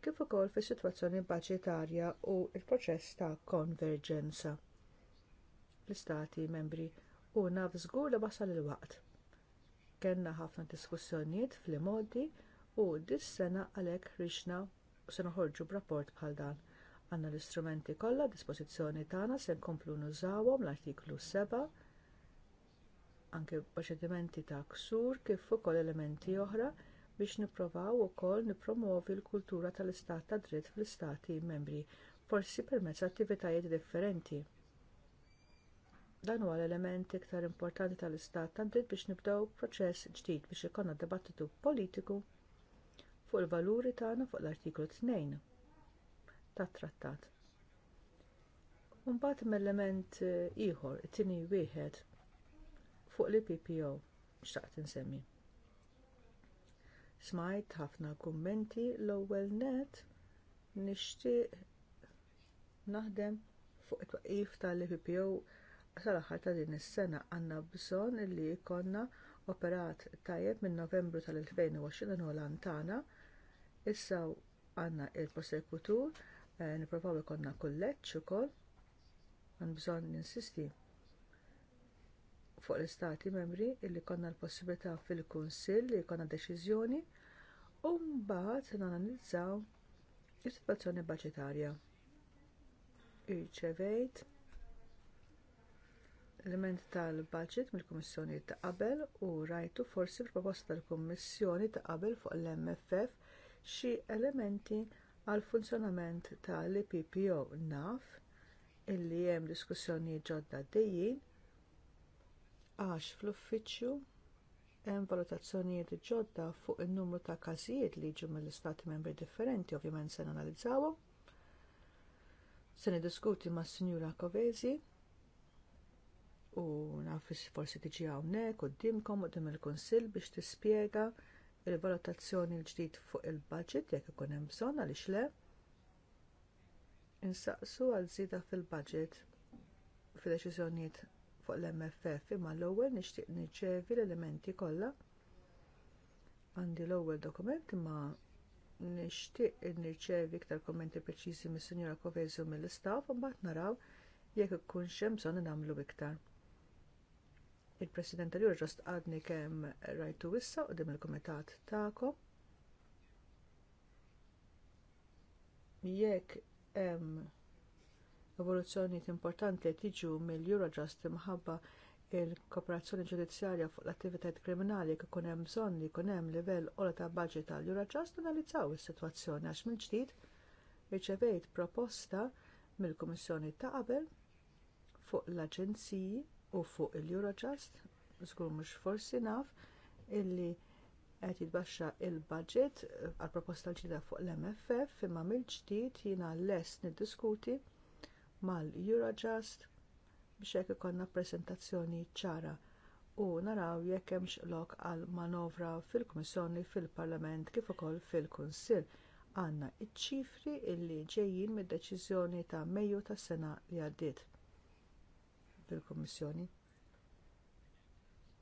kif ukoll fis-sitwazzjoni baċitarja u l proċess ta' konverġenza. L-istati membri u naf żgur li wasal il-waqt. Kenna ħafna diskussjonijiet fl-modi u dis-sena għalhekk rixna se noħorġu b'rapport bħal dan. Għandna l-istrumenti kollha dispożizzjoni tagħna se nkomplu nużawhom l-artiklu 7 anke proċedimenti ta' ksur kif ukoll elementi oħra biex nipprovaw ukoll nippromovi l-kultura tal-istat ta' dritt fl-istati membri, forsi permezz attivitajiet differenti. Dan huwa l-element iktar importanti tal-istat ta' dritt biex nibdew proċess ġdid biex ikonna dibattitu politiku fuq il-valuri tagħna fuq l-artiklu 2 tat trattat. Umbat element eh, ieħor, it-tieni wieħed fuq li PPO xtaqt insemmi. Smajt ħafna kummenti l-ewwel net nixtieq naħdem fuq it-twaqif tal-PPO sal-aħħar ta' din is-sena għandna bżonn li jkollna operat tajjeb minn Novembru tal-2020 u l-antana issa għandna l prosekutur Eh, niprofaw ikonna kulleċċ ukoll, għan bżonn ninsisti fuq l-istati membri illi konna l-possibilità fil-Kunsill li jkollna deċiżjoni u mbagħad se nanalizzaw is-sitwazzjoni baċitarja. Irċevejt element tal-budget mill-Kummissjoni ta' qabel u rajtu forsi fil-proposta tal-Kummissjoni ta' qabel fuq l-MFF xi elementi għall funzjonament tal-IPPO naf illi hemm diskussjoni ġodda dejjin għax fl-uffiċċju hemm valutazzjonijiet ġodda fuq in-numru ta' każijiet li jiġu mill-istati membri differenti ovvjament se nanalizzawhom. Se niddiskuti mas Sinjura Kovezi u nafis forsi tiġi hawnhekk qudiemkom quddiem il-Kunsill biex tispjega il-valutazzjoni l-ġdid fuq il-budget jekk ikun hemm bżonn għaliex le insaqsu għal żieda fil-budget fil-deċiżjonijiet fuq l-MFF imma l-ewwel nixtieq niċċevi l-elementi kollha għandi l-ewwel dokument imma nixtieq nirċevi iktar kommenti preċiżi mis-Sinjora Kovezju mill-istaff u mbagħad naraw jekk ikun hemm bżonn nagħmlu iktar il-President tal-Jurġost għadni kemm rajtu wissa u dim il kumitat ta'ko. Jekk hemm evoluzzjonijiet importanti qed tiġu mill-Eurojust imħabba l kooperazzjoni ġudizzjarja fuq l-attivitajiet kriminali kif ikun hemm bżonn li jkun hemm livell ola ta' baġit tal-Eurojust analizzaw is-sitwazzjoni għax minn ġdid irċevejt proposta mill-Kummissjoni ta' qabel fuq l-Aġenziji u fuq il-Eurojust, żgur mhux forsi naf, illi qed jitbaxxa l budget eh, għall proposta l-ġdida fuq l-MFF imma mill-ġdid jiena lest niddiskuti mal-Eurojust biex hekk ikollna preżentazzjoni ċara u naraw jekk hemmx lok għal manovra fil-Kummissjoni fil-Parlament kif ukoll fil-Kunsill għandna iċ-ċifri illi ġejjin mid-deċiżjoni ta' Mejju tas-sena li għaddiet fil kummissjoni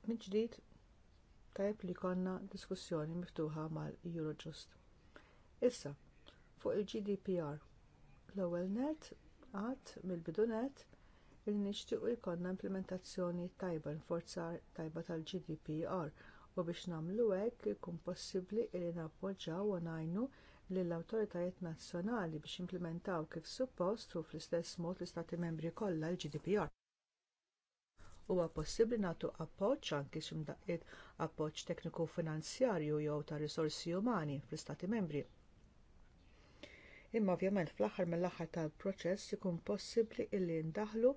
Minn ġdid tajb li jkollna diskussjoni miftuħa mal-Eurojust. Issa, fuq il-GDPR, l-ewwel net għad mill-bidu net il nixtiequ jkollna implementazzjoni tajba nforzar tajba tal-GDPR u biex nagħmlu hekk jkun possibbli li nappoġġjaw u ngħinu lill awtoritajiet nazzjonali biex implementaw kif suppost u fl-istess mod l-istati membri kollha l-GDPR huwa possibbli nagħtu appoġġ anki x'imdaqqiet appoġġ tekniku finanzjarju jew ta' risorsi umani fl-Istati membri. Imma ovvjament fl-aħħar mill-aħħar tal-proċess ikun possibbli illi ndaħlu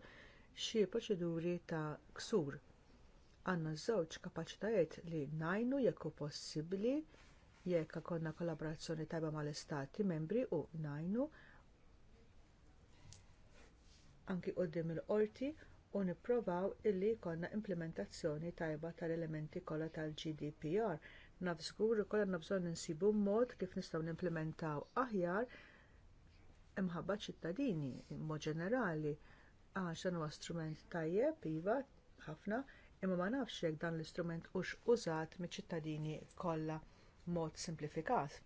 xi proċeduri ta' ksur. Għandna żewġ kapaċitajiet li ngħinu jekk hu possibbli jekk konna kollaborazzjoni tajba mal-istati membri u ngħinu anki quddiem il-qorti u nippruvaw illi jkollna implementazzjoni tajba tal-elementi kollha tal-GDPR. Naf żgur ikollha bżonn insibu mod kif nistgħu nimplementaw aħjar imħabba ċittadini mod ġenerali għax dan huwa strument tajjeb iva ħafna imma ma nafx jekk dan l-istrument hux użat miċ-ċittadini kollha mod simplifikat.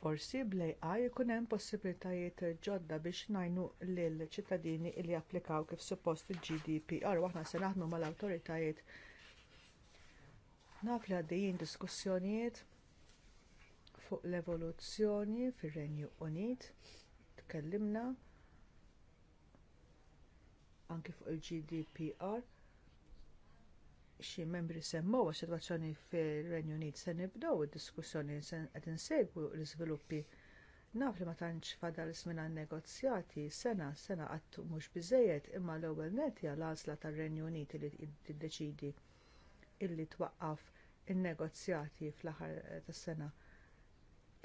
forsi bl-AI ikun hemm possibilitajiet ġodda biex ngħinu lill ċittadini li japplikaw kif suppost il-GDPR u aħna se naħdmu mal-awtoritajiet. Naf li għaddejjin diskussjonijiet fuq l-evoluzzjoni fir-Renju Unit, tkellimna anki fuq il-GDPR xi membri semmow is-sitwazzjoni fir-Renju Unit se nibdew id-diskussjoni se qed insegwu l-iżviluppi naf li ma tantx fadal żmien għan-negozjati sena sena qatt mhux biżżejjed imma l-ewwel nett hija l-għażla tar-Renju Unit li tiddeċiedi illi twaqqaf in-negozjati fl-aħħar tas-sena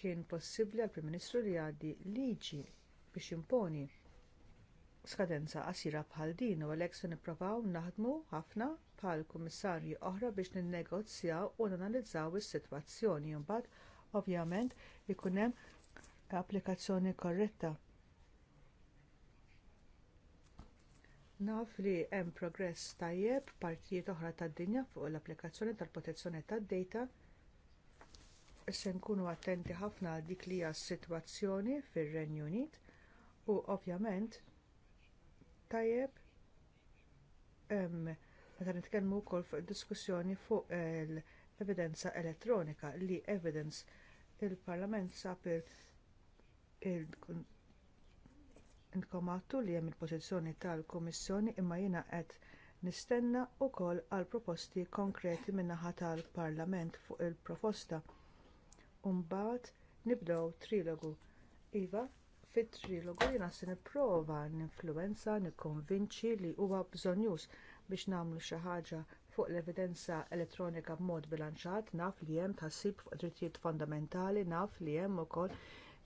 kien possibbli għall prim Ministru li għaddi liġi biex imponi skadenza qasira bħal din u għalhekk se nippruvaw naħdmu ħafna bħal kummissarji oħra biex ninnegozjaw u nanalizzaw is-sitwazzjoni mbagħad ovvjament ikun hemm applikazzjoni korretta. Naf li hemm progress tajjeb partijiet oħra tad-dinja fuq l-applikazzjoni tal-protezzjoni tad-data se nkunu attenti ħafna għal dik li hija s-sitwazzjoni fir-Renju Unit u ovvjament tajjeb meta nitkellmu wkoll fuq id diskussjoni fuq l-evidenza elettronika li evidence il-Parlament sab il li hemm il-pożizzjoni tal-Kummissjoni imma jiena qed nistenna wkoll għal proposti konkreti min-naħa tal-Parlament fuq il-proposta. u mbagħad nibdew trilogu. Iva, fit-trilogu jena se nipprova ninfluwenza, nikkonvinċi li huwa bżonjus biex nagħmlu xi ħaġa fuq l-evidenza elettronika b'mod bilanċat, naf li hemm tħassib fuq drittijiet fondamentali, naf li hemm ukoll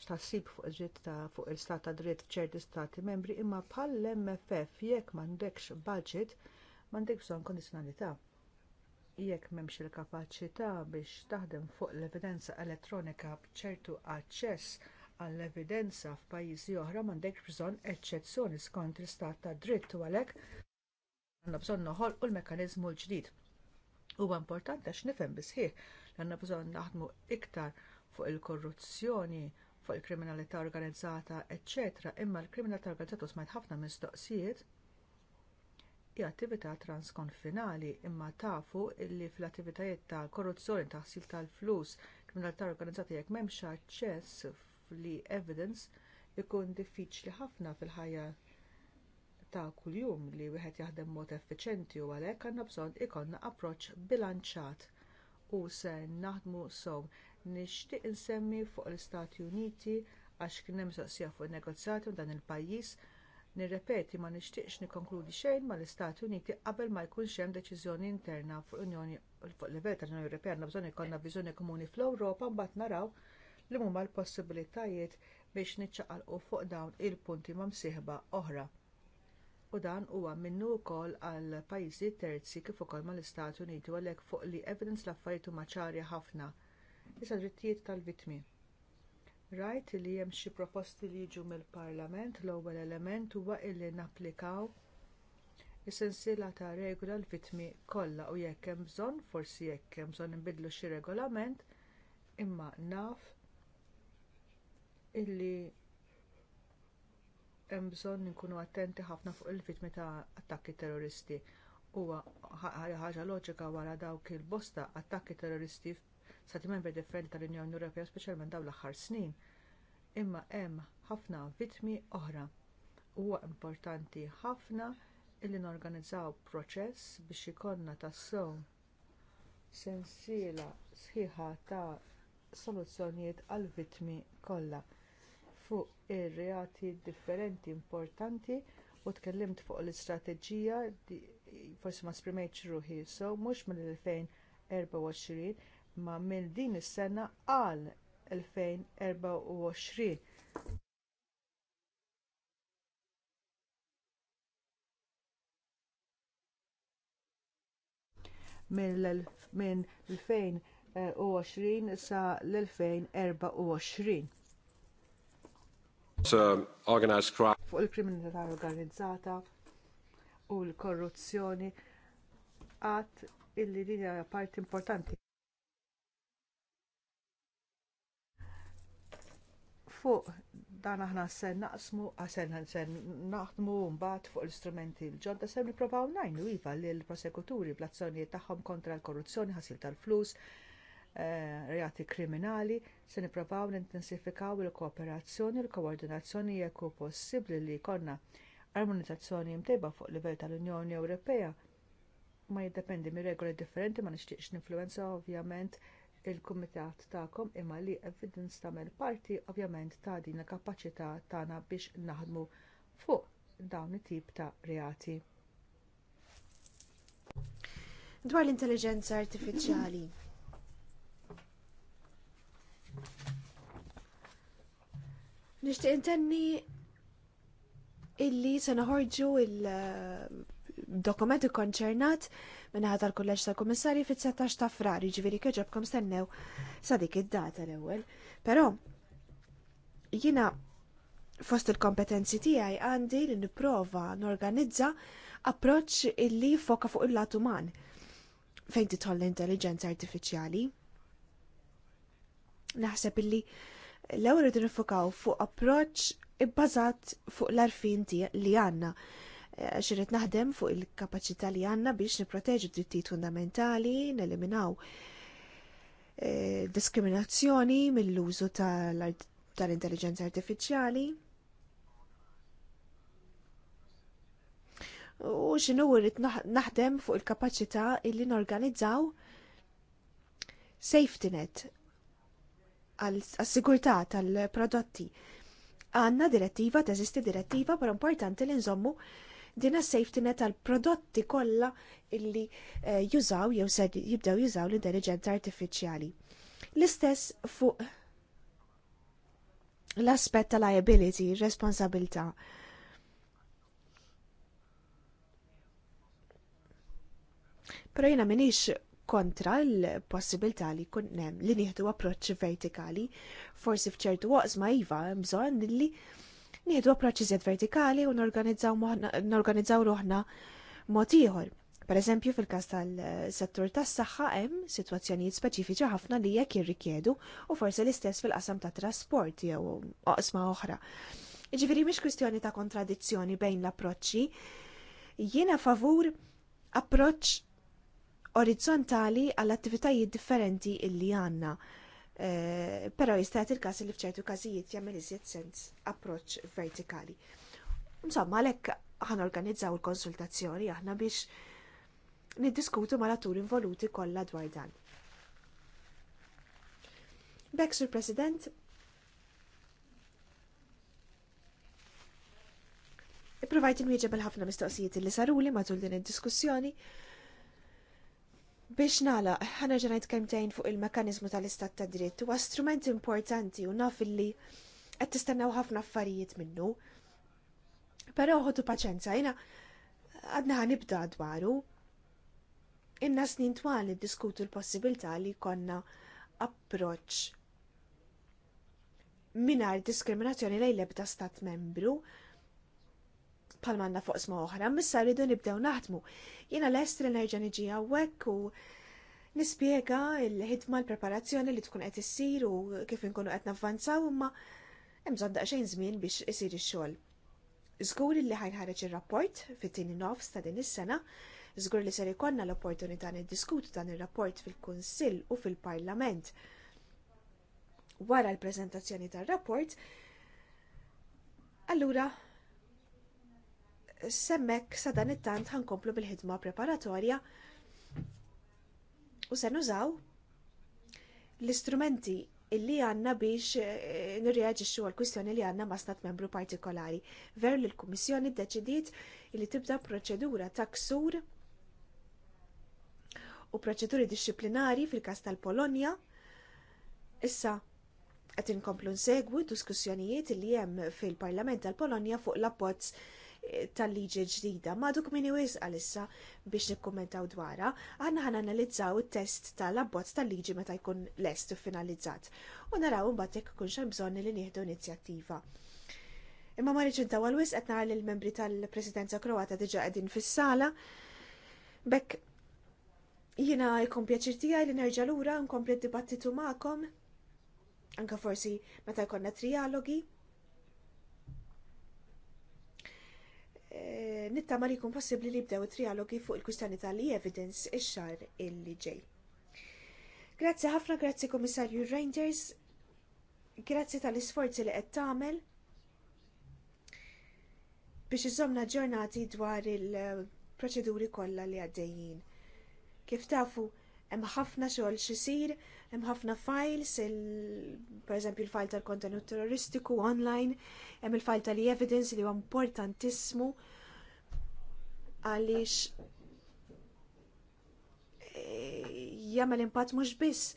tħassib fuq dritt fuq il-stat ta' dritt f'ċerti stati membri, imma bħall mff jekk m'għandekx budget m'għandek bżonn kondizzjonalità. Jekk m'hemmx il-kapaċità biex taħdem fuq l-evidenza elettronika b'ċertu aċċess għall-evidenza f'pajjiżi oħra m'għandek bżonn eċċezzjoni skont l-istat ta' dritt u għalhekk għandna bżonn noħolqu l-mekkaniżmu l-ġdid. Huwa importanti għax nifhem bisħieħ li għandna bżonn naħdmu iktar fuq il-korruzzjoni, fuq il-kriminalità organizzata, eċċetera, imma l-kriminalità organizzata smajt ħafna mistoqsijiet hija attività transkonfinali imma tafu li fl-attivitajiet ta' korruzzjoni taħsil tal-flus kriminalità organizzata jekk m'hemmx aċċess li evidence ikun diffiċli ħafna fil-ħajja ta' kuljum li wieħed jaħdem mod effiċenti u għalhekk għandna bżonn ikollna approċċ bilanċat u se naħdmu sew. Nixtieq insemmi fuq l-Istati Uniti għax kien hemm soqsija fuq negozjati dan il-pajjiż nirrepeti ma nixtieqx nikkonkludi xejn mal-Istati Uniti qabel ma jkunx hemm deċiżjoni interna fuq l-Unjoni fuq livell tal-Unjoni Ewropea għandna bżonn ikollna viżjoni komuni fl-Ewropa mbagħad naraw li huma l-possibilitajiet biex niċċaqalqu fuq dawn il-punti ma' msieħba oħra. U dan huwa minnu wkoll għal pajjiżi terzi kif ukoll mal-Istati Uniti għalhekk fuq li evidence l-affarijiet huma ċari ħafna. Issa drittijiet tal-vittmi. Rajt li hemm xi proposti li jiġu mill-Parlament l-ewwel element huwa li napplikaw is-sensiela ta' regola l-vittmi kollha u jekk hemm bżonn, forsi jekk hemm bżonn inbiddlu xi regolament, imma naf illi hemm bżonn inkunu attenti ħafna fuq il-vittmi ta' attakki terroristi. Huwa ħaġa loġika wara dawk il-bosta attakki terroristi sa stati membri differenti tal-Unjoni Ewropea, speċjalment dawn l-aħħar snin. Imma hemm ħafna vittmi oħra. Huwa importanti ħafna illi norganizzaw proċess biex ikollna tassew sensiela sħiħa ta' soluzzjonijiet għall vittmi kollha fuq ir-reati differenti importanti u tkellimt fuq l-istrateġija forsi ma sprimejtx ruħi so mhux mill-2024 ma minn din is-sena għal 2024. Minn 2020 sa l-2024. Um, organized crime. Fuq il-kriminalità organizzata u l-korruzzjoni għat illi din hija parti importanti. Fuq dan aħna se naqsmu għasen ah, sen naħdmu mbagħad fuq l-istrumenti l-ġodda se nippruvaw najnu iva lill prosekuturi bl-azzjonijiet tagħhom kontra l-korruzzjoni ħasil tal-flus, Eh, reati kriminali se nipprovaw nintensifikaw il-kooperazzjoni u l-koordinazzjoni jekk hu possibbli li jkollna armonizzazzjoni mtejba fuq livell tal-Unjoni Ewropea ma jiddependi mi regoli differenti ma nixtieqx ninfluwenza ovvjament il-kumitat ta'kom imma li evidence tagħmel parti ovvjament ta' din il-kapaċità tagħna biex naħdmu fuq dawn it-tip ta' reati. Dwar l-intelligenza artifiċjali, Nishtiq intenni illi se naħorġu il-dokumenti eh, konċernat minn ħata l-kolleġ tal-Kummissarji fit-17 ta' frar, ġviri jiġifieri keġobkom stennew sa' dik id-data l-ewel. Pero, jina fost il-kompetenzi tiegħi għandi li nipprova norganizza approċċ illi foka fuq il-lat uman fejn titħol l-intelligenza artifiċjali. Naħseb illi L-ewwel irid nifokaw fuq approċċ ibbażat fuq l-arfin li għandna eh, xirrit naħdem fuq il kapaċità li għandna biex d drittijiet fundamentali, neliminaw eh, diskriminazzjoni mill-użu tal-intelligenza artifiċjali. U xinu rrit naħdem fuq il-kapacità illi norganizzaw safety net għal-sigurtà tal-prodotti. Għanna direttiva, teżisti direttiva, però importanti li nżommu din safety net tal-prodotti kollha illi eh, jużaw jew se jibdew jużaw l-intelligenza artifiċjali. L-istess fuq l-aspett tal liability, responsabilità. Pero jina minix kontra l-possibilità li jkun hemm li nieħdu approċċi vertikali. Forsi fċertu waqsma iva bżonn li nieħdu approċċi żed vertikali u norganizzaw ruħna mod ieħor. Pereżempju fil-każ tal-settur tas-saħħa hemm sitwazzjonijiet speċifiċi ħafna li jekk jirrikjedu u forsi l-istess fil-qasam tat trasport jew oqsma oħra. Jiġifieri mhix kwistjoni ta' kontradizzjoni bejn l-approċċi. Jiena favur approċċ orizzontali għall attivitajiet differenti illi għandna. Eh, però jista' jistat il-kas li fċertu każijiet jagħmel iżjed sens approċċ vertikali. Insomma, għalhekk ħan organizzaw il-konsultazzjoni aħna biex niddiskutu mal-attur involuti kollha dwar dan. Bek, Sur President, Provajt il-wieġeb ħafna mistoqsijiet li saruli matul din id-diskussjoni Biex nala, ħana ngħid kemtejn fuq il-mekkaniżmu tal-istat ta' dritt huwa strument importanti u naf illi qed tistennew ħafna affarijiet minnu. Però ħodu paċenza, jina għadna ħanibda dwaru. Inna snin twal diskutu l-possibilità li konna approċċ minar diskriminazzjoni lejn l-ebda stat membru palmanna fuq sma oħra, missa rridu nibdew naħdmu. Jiena lest li nerġa' niġi hawnhekk u nispjega l-ħidma l-preparazzjoni li tkun qed issir u kif inkunu qed navvanzaw imma hemm bżonn daqsxejn żmien biex isir ix-xogħol. Żgur li ħajħareġ ir-rapport fit-tieni nofs ta' din is-sena, żgur li ser ikollna l-opportunità niddiskutu dan ir-rapport fil-Kunsill u fil-Parlament. Wara l-preżentazzjoni tar-rapport, Allura, semmek sa dan it-tant ħankomplu bil-ħidma preparatorja u se nużaw l-istrumenti illi għanna biex eh, nirreġixxu għal kwistjoni li għanna ma' stat membru partikolari. Ver li l-Kummissjoni ddeċidiet illi tibda proċedura ta' ksur u proċeduri disċiplinari fil-kas tal-Polonja. Issa, qed inkomplu nsegwu diskussjonijiet li hemm fil-Parlament tal-Polonja fuq l appozz tal-liġi ġdida ma duk minni wisq għalissa biex nikkommentaw dwarha, aħna ħana analizzaw it-test tal-abbozz tal-liġi meta jkun lest u finalizzat u naraw imbagħad jekk ikunx hemm bżonn li nieħdu inizjattiva. Imma ma rridx intaw għal-wisq qed nara li l-membri tal-Presidenza Kroata diġa' qegħdin fis-sala. Bekk jiena jkun pjaċir tiegħi li nerġa' lura nkompli d-dibattitu magħkom anka forsi meta jkollna trialogi Eh, nittama li jkun possibbli li bdew trialogi fuq il kwistjoni tal-evidence ix-xar illi ġej. Grazzi ħafna, grazzi Komissarju Rangers, grazzi tal-isforzi li qed tagħmel biex iżomna ġurnati dwar il-proċeduri kollha li għaddejjin. Kif tafu, hemm ħafna xogħol xisir Hemm ħafna files, pereżempju il-file tal-kontenut terroristiku online, hemm il-file tal-evidence li huwa importantissimu għaliex eh, jagħmel impatt mhux biss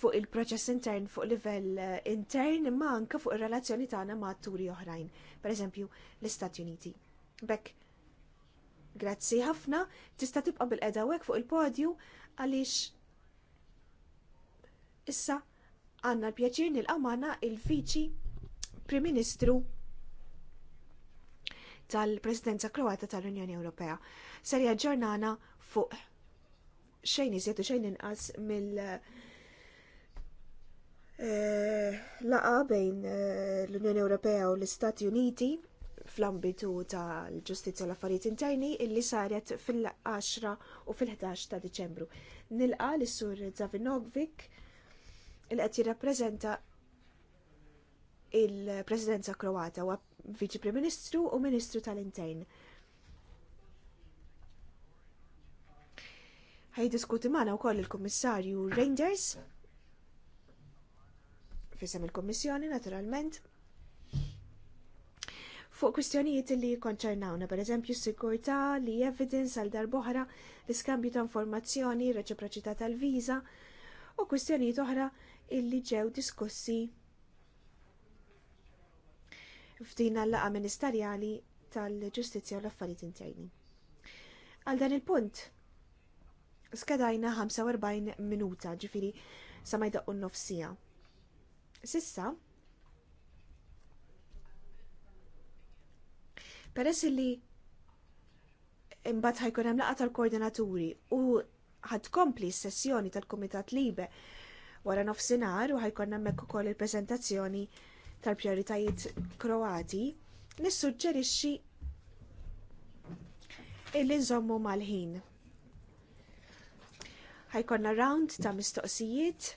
fuq il-proċess intern fuq livell eh, intern imma anke fuq ir-relazzjoni tagħna ma' atturi oħrajn, pereżempju l-Istati Uniti. Bekk Grazzi ħafna, tista' tibqa' bil-qedawek fuq il-podju għaliex Issa għandna l-pjaċir nil-amana il-Viċi Prim Ministru tal-Presidenza Kroata tal-Unjoni Ewropea. Ser jaġġornana fuq xejn iżjed u xejn inqas mill- eh, laqa bejn eh, l-Unjoni Ewropea u l-Istati Uniti fl-ambitu tal-ġustizja l-affarijiet interni illi saret fil-10 u fil-11 ta' Deċembru. Nilqa l-sur Zavinovic il qed jirrappreżenta il-Presidenza Kroata wa Viċi Prim Ministru u Ministru tal-Intern. ħajdiskuti magħna wkoll il-Kummissarju Reinders fisem il-Kommissjoni naturalment fuq kwistjonijiet li konċernawna, per eżempju s-sigurtà li evidence għal darboħra, l-iskambju ta' informazzjoni, reċiproċità tal-viża u kwistjonijiet oħra illi ġew diskussi f'din l laqgħa ministerjali tal-ġustizja u l-affarijiet interni. Għal dan il-punt, skedajna 45 minuta ġifiri sa ma jdaqqu nofsija. Sissa, peress li imbagħad ħajkun hemm laqgħa tal-koordinaturi u ħad kompli s-sessjoni tal-Kumitat Libe wara nofsinhar u ħajkonna hemmhekk ukoll il-preżentazzjoni tal-prijoritajiet Kroati nissuġġerixxi illi nżommu mal-ħin. Ħajkonna round ta' mistoqsijiet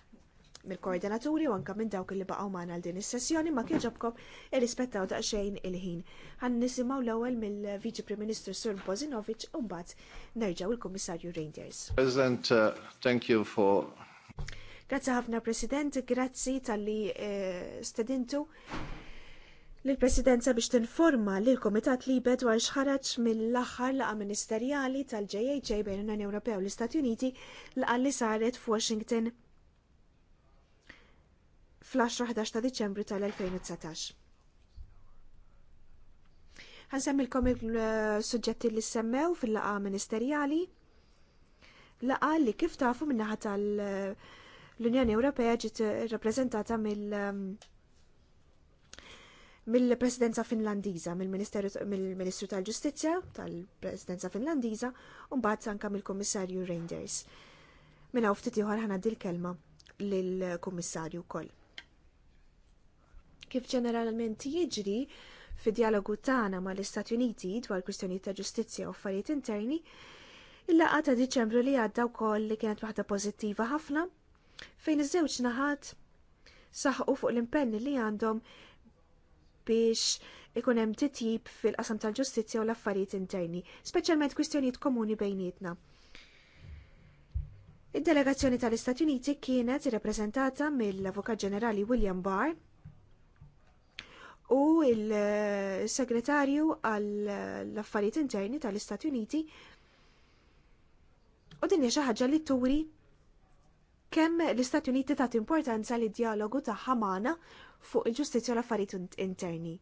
mill-koordinaturi u anke minn dawk li baqgħu magħna għal din is-sessjoni ma kieġobkom irrispettaw daqsxejn il-ħin. Ħan nisimgħu l-ewwel mill-Viċi Prim Ministru Sur Bozinovic u mbagħad nerġgħu il-Kummissarju Reinders. President, uh, thank you for Grazzi ħafna President, grazzi tal-li eh, stedintu l-Presidenza biex tinforma li l-Komitat li bedwa xħaraġ mill-aħħar laqa ministerjali tal-JHA bejn l-Unjoni Ewropea u l-Istati Uniti l li saret f'Washington fl-10-11 ta' Diċembru tal-2019. Ħansemmilkom il-suġġetti li semmew fil-laqa ministerjali laqa li kif tafu minnaħat tal- l-Unjoni Ewropea ġiet rappreżentata mill- um, mill-Presidenza Finlandiża, mill-Ministru tal-Ġustizzja tal-Presidenza Finlandiża u mbagħad anke mill-Kummissarju Reinders. Minn hawn ftit ieħor ħanaddi l-kelma lill-Kummissarju wkoll. Kif ġeneralment jiġri fid-dialogu tagħna mal-Istati Uniti dwar kwistjonijiet ta' ġustizzja u affarijiet interni, il laqgħa ta' Diċembru li għadda wkoll li kienet waħda pożittiva ħafna fejn iż-żewġ naħat saħqu fuq l-impenni li għandhom biex ikun hemm titjib fil-qasam tal-ġustizzja u l-affarijiet interni, speċjalment kwistjonijiet komuni bejnietna. Id-delegazzjoni tal-Istati Uniti kienet irrappreżentata mill-Avukat Ġenerali William Barr u il-Segretarju għall-Affarijiet Interni tal-Istati Uniti u din hija xi ħaġa li turi kemm l-Istati Uniti tat importanza li dialogu ta' ħamana fuq il-ġustizja u l-affarijiet interni.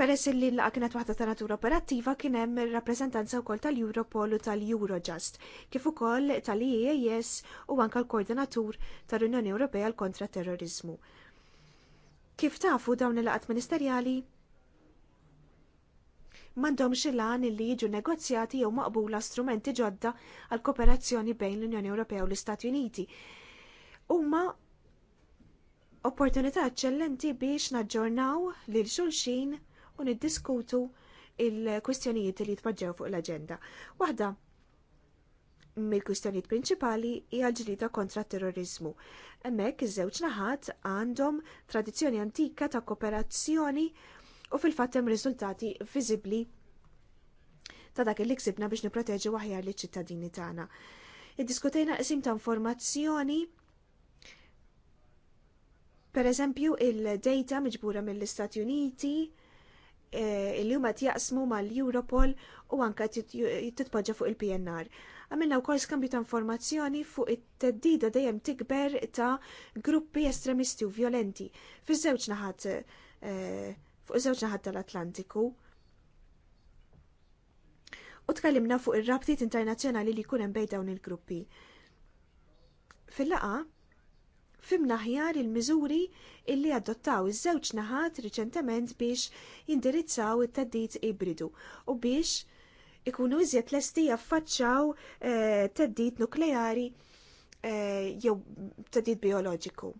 Peress li l kienet waħda ta' natura operattiva kien hemm rappreżentanza wkoll tal-Europol u tal-Eurojust, kif ukoll tal-IAS u anke l-Koordinatur tal-Unjoni Ewropea l-kontra terrorizmu. Kif tafu dawn il-laqat ministerjali m'għandhomx il-għan li jiġu negozjati jew maqbula strumenti ġodda għal kooperazzjoni bejn l-Unjoni Ewropea u l-Istati Uniti. Huma opportunità eċċellenti biex naġġornaw lil xulxin u niddiskutu il-kwistjonijiet li jitpoġġew fuq l-aġenda. Waħda mill-kwistjonijiet prinċipali hija l ġlieda kontra t terrorizmu. Hemmhekk iż-żewġ naħat għandhom tradizzjoni antika ta' kooperazzjoni u fil-fatt hemm riżultati viżibbli ta' dak li ksibna biex niproteġu aħjar li ċittadini tagħna. Iddiskutejna qisim ta' informazzjoni per eżempju il-data miġbura mill-Istati Uniti eh, il huma jaqsmu mal-Europol u anka titpoġġa fuq il-PNR. Għamilna wkoll skambju ta' informazzjoni fuq it-teddida dejjem tikber ta' gruppi estremisti u violenti. Fiż-żewġ naħat eh, fuq iż-żewġ naħat tal-Atlantiku. U tkellimna fuq ir-rabtiet internazzjonali li jkun hemm bejn dawn il-gruppi. Fil-laqa, fimna ħjar il-miżuri illi adottaw iż-żewġ naħat riċentement biex jindirizzaw it-teddit ibridu u biex ikunu iżjed lesti jaffaċċaw eh, teddit nukleari eh, jew teddit bioloġiku.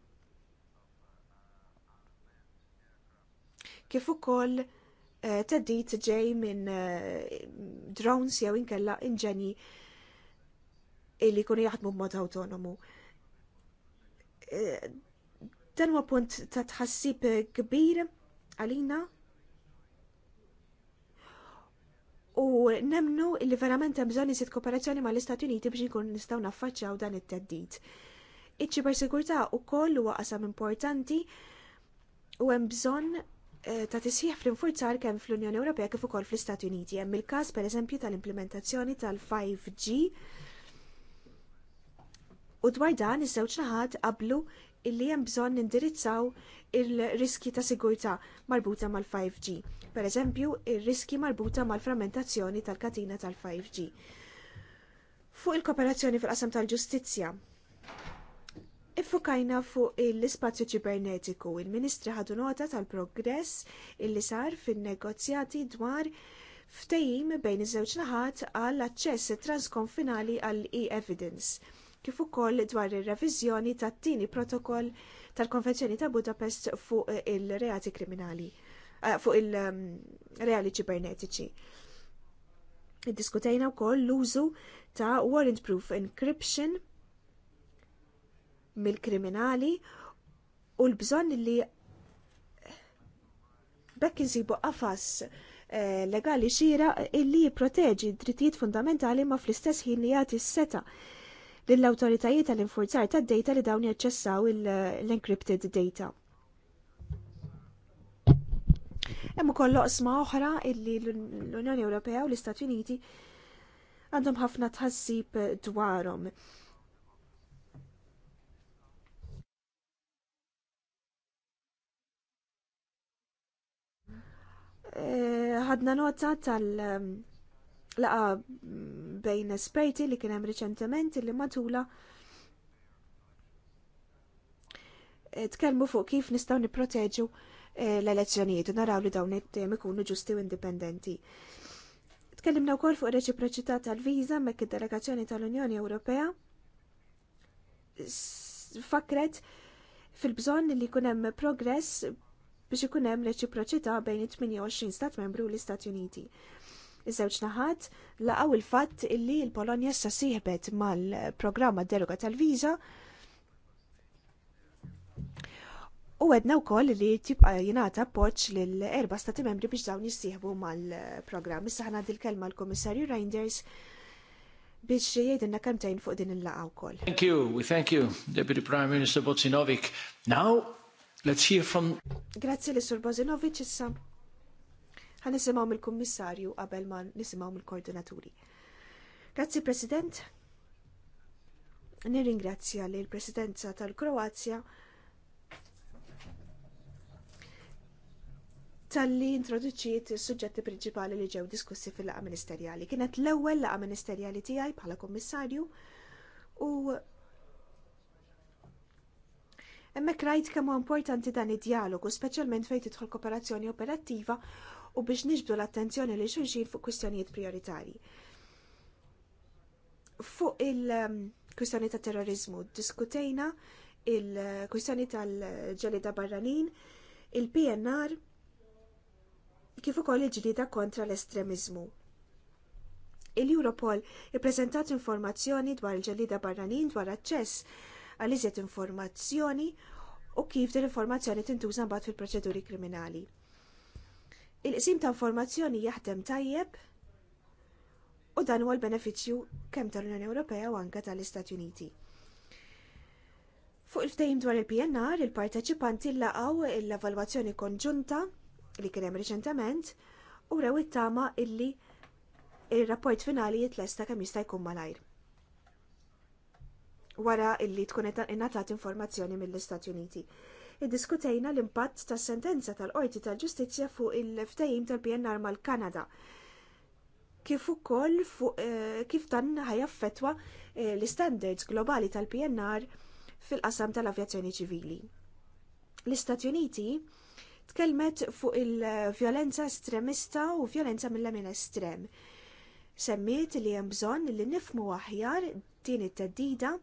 kif ukoll eh, teddit ġej minn eh, drones jew inkella inġenji illi jkunu jaħdmu b'mod autonomu. Eh, dan huwa punt ta' tħassib kbir għalina u nemnu li verament hemm bżonn isit kooperazzjoni mal-Istati Uniti biex nkun nistgħu naffaċċjaw dan it-teddid. Iċ-ċibersigurtà wkoll huwa qasam importanti u hemm bżonn Eh, ta' tisħiħ fl-infurzar kemm fl-Unjoni Ewropea kif ukoll fl-Istati Uniti. Hemm il-każ pereżempju tal-implementazzjoni tal-5G u dwar dan iż-żewġ naħat qablu illi hemm bżonn nindirizzaw il-riski ta' sigurtà marbuta mal-5G. Pereżempju, ir-riski marbuta mal-frammentazzjoni tal-katina tal-5G. Fuq il-kooperazzjoni fil-qasam tal-ġustizzja, Iffukajna fuq l-ispazju ċibernetiku, il-Ministri ħadu nota tal-progress illi sar fin-negozjati dwar ftehim bejn iż-żewġ naħat għall aċċess transkonfinali għall e-evidence, kif ukoll dwar ir-reviżjoni tat-tieni protokoll tal-Konvenzjoni ta' Budapest fuq il-reati kriminali eh, fuq il-reali mm, ċibernetiċi. Iddiskutejna wkoll l-użu ta' warrant proof encryption mill-kriminali u l-bżonn li bekk insibu qafas eh, legali xira illi jipproteġi drittijiet fundamentali ma fl-istess ħin li jagħti s-seta lill-awtoritajiet tal-infurzar tad-data li dawn jaċċessaw l-encrypted data. Hemm ukoll loqsma oħra illi l-Unjoni Ewropea u l-Istati Uniti għandhom ħafna tħassib dwarhom. Eh, ħadna nota tal- um, laqa bejn esperti li kien hemm riċentement li matula eh, tkellmu fuq kif nistgħu nipproteġu eh, l-elezzjonijiet u naraw li dawn it-temi ikunu ġusti u indipendenti. Tkellimna wkoll fuq reċiproċità tal-viża mekk id-delegazzjoni tal-Unjoni Ewropea fakret fil-bżonn li jkun hemm progress biex ikun hemm reċiproċità bejn it-28 stat membru u l-Istati Uniti. Iż-żewġ naħat laqgħu il-fatt illi l-Polonja issa sieħbet mal-programma deroga tal-viża U għedna u koll li tibqa jenata poċ l-erba stati membri biex dawn jissieħbu mal-program. Issa ħana dil-kelma l-Komissarju Reinders biex jiedinna kemtejn fuq din il-laqa koll. Thank you, we thank you, Deputy Prime Minister Bocinovic. Now, Let's hear from... Grazie li Sur Bozinovic issa. Għan nisimaw mill-Kummissarju qabel ma nisimaw mill-Koordinaturi. Grazie President. Nirringrazzja li l-Presidenza tal-Kroazja tal-li introduċiet il-sujġetti prinċipali li ġew diskussi fil-laqa ministerjali. Kienet l-ewwel laqa ministerjali tiegħi bħala Kummissarju u Hemmhekk rajt kemm importanti dan id-dialogu, speċjalment fejn tidħol kooperazzjoni operattiva u biex niġbdu l-attenzjoni li xulxin fuq kwistjonijiet prioritarji. Fuq il-kwistjoni ehm, ta' terrorizmu, diskutejna il-kwistjoni eh, tal-ġelida barranin, il-PNR, kif ukoll il ġelida kontra l-estremizmu il-Europol ippreżentat informazzjoni dwar il ġelida barranin dwar aċċess għal iżjed informazzjoni u kif din informazzjoni tintuża mbagħad fil-proċeduri kriminali. Il-qsim ta' informazzjoni jaħdem tajjeb u dan huwa l-benefiċċju kemm tal-Unjoni Ewropea u anke tal-Istati Uniti. Fuq il-ftehim dwar il-PNR, il-parteċipanti laqgħu l-evalwazzjoni konġunta li kien hemm riċentement u rew it-tama illi il-rapport finali jitlesta kemm jista' jkun malajr wara illi tkun qed ingħatat informazzjoni mill-Istati Uniti. Iddiskutejna l-impatt tas-sentenza tal-Qorti tal-Ġustizzja fuq il-ftehim tal-PNR mal-Kanada kif ukoll fuq eh, kif dan ħajaffetwa eh, l-standards globali tal-PNR fil-qasam tal-avjazzjoni ċivili. L-Istati Uniti tkellmet fuq il-vjolenza estremista u vjolenza mill-lemin estrem. Semmiet li hemm bżonn li nifmu aħjar din it-teddida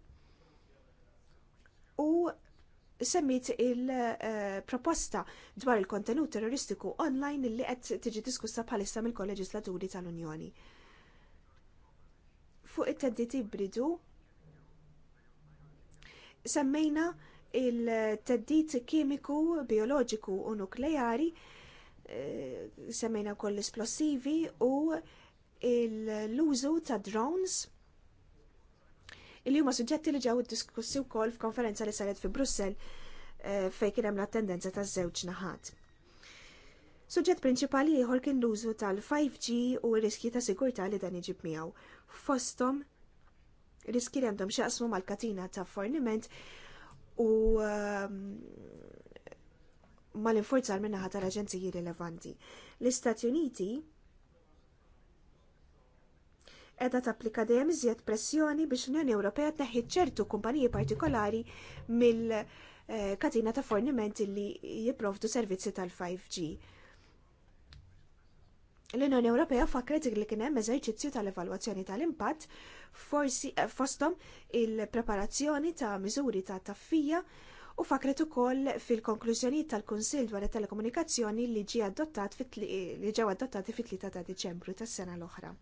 u semmit il-proposta dwar il-kontenut terroristiku online li qed tiġi diskussa bħalissa mill-kolleġislaturi tal-Unjoni. Fuq it-teddit ibridu semmejna il-teddit kimiku, bioloġiku u nukleari, eh, semmejna koll esplosivi u l-użu ta' drones li huma suġġetti li ġew iddiskussi wkoll f'konferenza li saret fi Brussell eh, fejn kien hemm l-attendenza taż-żewġ naħat. Suġġett prinċipali ieħor kien l-użu tal-5G u r-riskji ta' sigurtà li dan iġib miegħu. Fosthom riski li għandhom xaqsmu mal-katina ta' forniment u ehm, mal-infurzar minnaħa tal-aġenziji rilevanti. L-Istati Uniti edha tapplika dejjem iżjed pressjoni biex l-Unjoni Ewropea tneħħi ċertu kumpaniji partikolari mill-katina ta' fornimenti li jipprovdu servizzi tal-5G. L-Unjoni Ewropea fakret li kien hemm eżerċizzju tal-evalwazzjoni tal-impatt forsi eh, fosthom il-preparazzjoni ta' miżuri ta' taffija u fakret ukoll fil-konklużjonijiet tal-Kunsill dwar it-telekomunikazzjoni li ġie adottat li ġew adottati fit tlieta ta' Diċembru tas-sena l-oħra.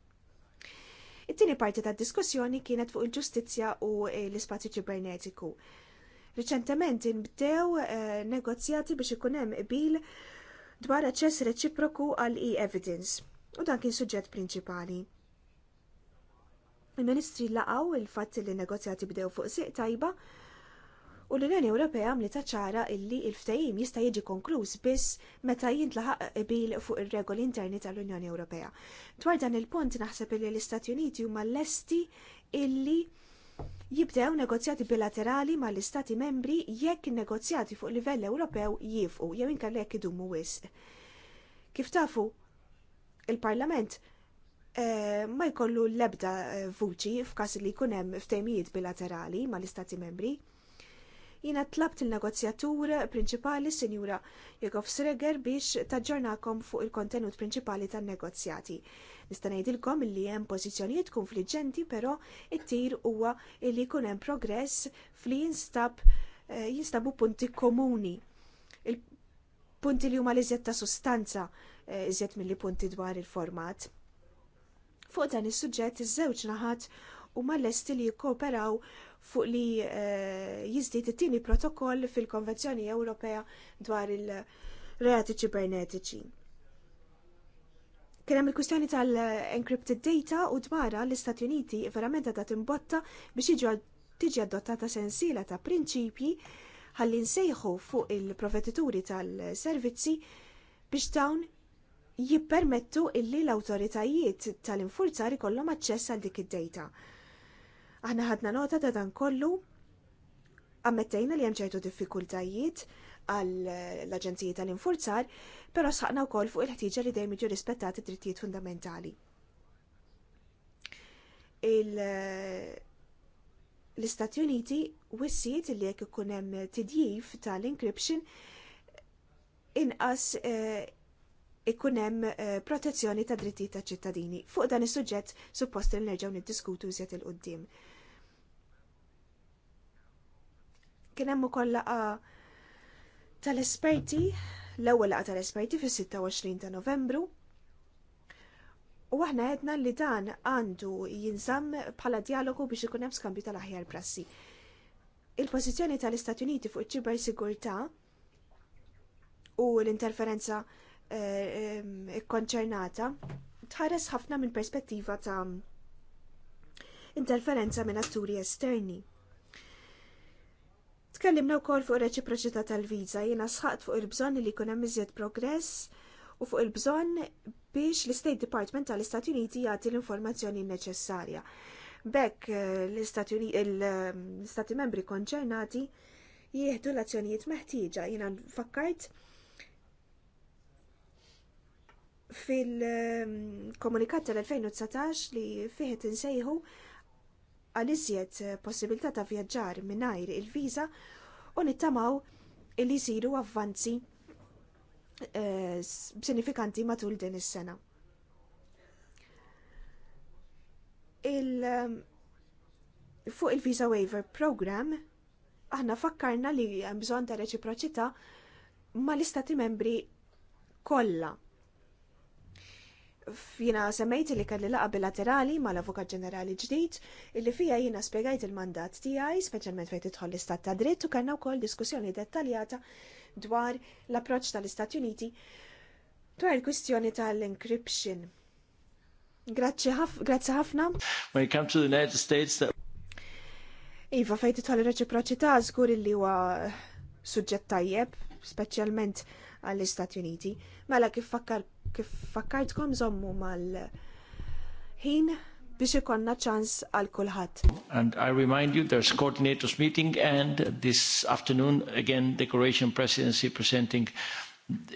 It-tieni parti tad-diskussjoni kienet fuq il-ġustizzja u eh, l-ispazju ċibernetiku. Riċentement inbdew eh, negozjati biex ikun hemm qbil dwar aċċess reċiproku għal e-evidence u dan kien suġġett prinċipali. Il-Ministri laqgħu il-fatt li negozjati bdew fuq siq tajba u l-Unjoni Ewropea għamlet ċara illi il-ftajim jista' jiġi konkluż biss meta jintlaħaq bil fuq ir-regoli interni tal-Unjoni Ewropea. Dwar dan il-punt naħseb li l-Istati Uniti huma lesti illi jibdew negozjati bilaterali mal istati membri jekk negozjati fuq livell Ewropew jifqu jew inkella jekk idumu wisq. Kif tafu, il-Parlament eh, ma jkollu l-ebda eh, vuċi f'każ li jkun hemm ftejmijiet bilaterali mal istati membri, Jina tlabt il-negozjatur prinċipali Sinjura Jekov Sreger biex taġġornakom fuq il-kontenut prinċipali tan-negozjati. Nista' ngħidilkom li hemm pożizzjonijiet konfliġġenti però it-tir huwa li jkun hemm progress fli jinstab eh, jinstabu punti komuni. Il-punti li huma li ta' sustanza eh, iżjed mill-li punti dwar il-format. Fuq dan is-suġġett iż-żewġ naħat huma lesti li jikkooperaw fuq li eh, jizdit it-tieni protokoll fil-Konvenzjoni Ewropea dwar il-reati ċibernetiċi. Kien hemm il-kwistjoni tal-encrypted data u dwarra l-Istati Uniti verament għadha timbotta biex jiġu tiġi adottata sensiela ta' prinċipji ħalli nsejħu fuq il-provedituri tal-servizzi biex dawn jippermettu illi l-autoritajiet tal-infurzar ikollhom aċċess għal dik id-data. Aħna ħadna nota ta' dan kollu, ammettejna li hemm ċertu diffikultajiet għall-Aġenziji tal-Infurzar, però saqna wkoll fuq il-ħtieġa li dejjem jiġu rispettati drittijiet fundamentali. L-Istati Uniti wissiet li jekk ikun hemm tidjif tal-encryption inqas eh, ikun hemm eh, protezzjoni ta' drittijiet ta' ċittadini. Fuq dan is-suġġett suppost li nerġgħu niddiskutu iżjed il-qudiem. il il qudiem Kien hemm ukoll laqgħa tal-esperti, l-ewwel laqgħa tal-esperti fis-26 ta' Novembru. U aħna għedna li dan għandu jinżamm bħala dialogu biex ikun hemm skambju tal-aħjar prassi. Il-pożizzjoni tal-Istati Uniti fuq iċ-ċiber sigurtà u l-interferenza ikkonċernata eh, eh, tħares ħafna minn perspettiva ta' interferenza minn atturi esterni. Tkellimna wkoll fuq reċiproċità tal-viża, jiena sħaqt fuq il-bżonn li jkun hemm iżjed progress u fuq il-bżonn biex l-State Department tal-Istati Uniti jagħti l-informazzjoni neċessarja. Bekk eh, l-Istati membri konċernati jieħdu l-azzjonijiet meħtieġa. Jiena fakkajt fil-komunikat eh, tal-2019 li fih insejħu għal iżjed eh, possibilità ta' vjaġġar mingħajr il-viża u nittamaw li jsiru avvanzi eh, sinifikanti matul din is-sena. Il eh, fuq il-Visa Waiver Program aħna fakkarna li hemm bżonn ta' reċiproċità mal istati membri kollha Jina semmejt li kelli laqa bilaterali mal avukat ġenerali ġdid illi fija jina spiegajt il-mandat tiegħi speċjalment fejn tidħol l-istat ta' dritt u kellna wkoll diskussjoni dettaljata dwar l-approċċ tal-Istati Uniti dwar il-kwistjoni tal-encryption. Grazzi ħafna. When it comes to the United States that Iva fejn tidħol reċiproċità żgur illi huwa suġġett tajjeb, speċjalment għall-Istati Uniti. Mela kif fakkar kif fakkartkom zommu mal-ħin biex ikonna ċans għal kulħadd. And I remind you there's coordinators meeting and this afternoon again the Croatian presidency presenting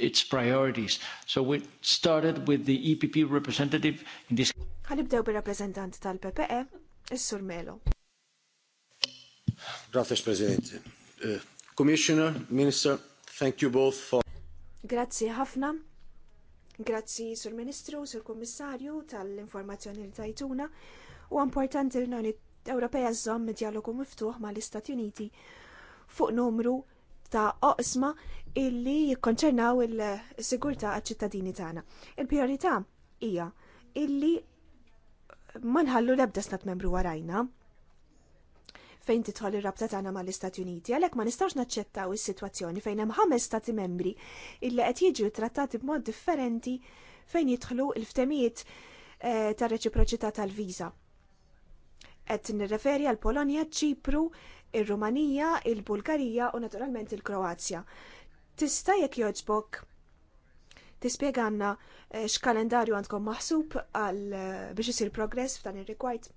its priorities. So we started with the EPP representative in this. Għalibdew bil-rappresentant tal-PPE, Is-Sur Melo. Grazie, President. Uh, Commissioner, Minister, thank you both for. Grazie Hafna. Grazzi sur Ministru, sur Kommissarju tal-informazzjoni li tajtuna u importanti l-Unjoni Ewropea żomm dialogu miftuħ ma l-Istati Uniti fuq numru ta' oqsma illi jikkonċernaw il-sigurta għal-ċittadini tagħna. Il-priorità hija illi ma nħallu l-ebda stat membru warajna fejn titħol ir-rabta tagħna mal-Istati Uniti, għalhekk ma nistgħux naċċettaw is-sitwazzjoni fejn hemm ħames stati membri illi qed jiġu trattati b'mod differenti fejn jidħlu l-ftemijiet eh, tar reċiproċità tal-viża. Qed nirreferi għal Polonja, Ċipru, ir-Rumanija, il-Bulgarija u naturalment il-Kroazja. Tista' jekk jogħġbok tispjegana eh, x'kalendarju għandkom maħsub għal eh, biex isir progress f'dan ir rikwajt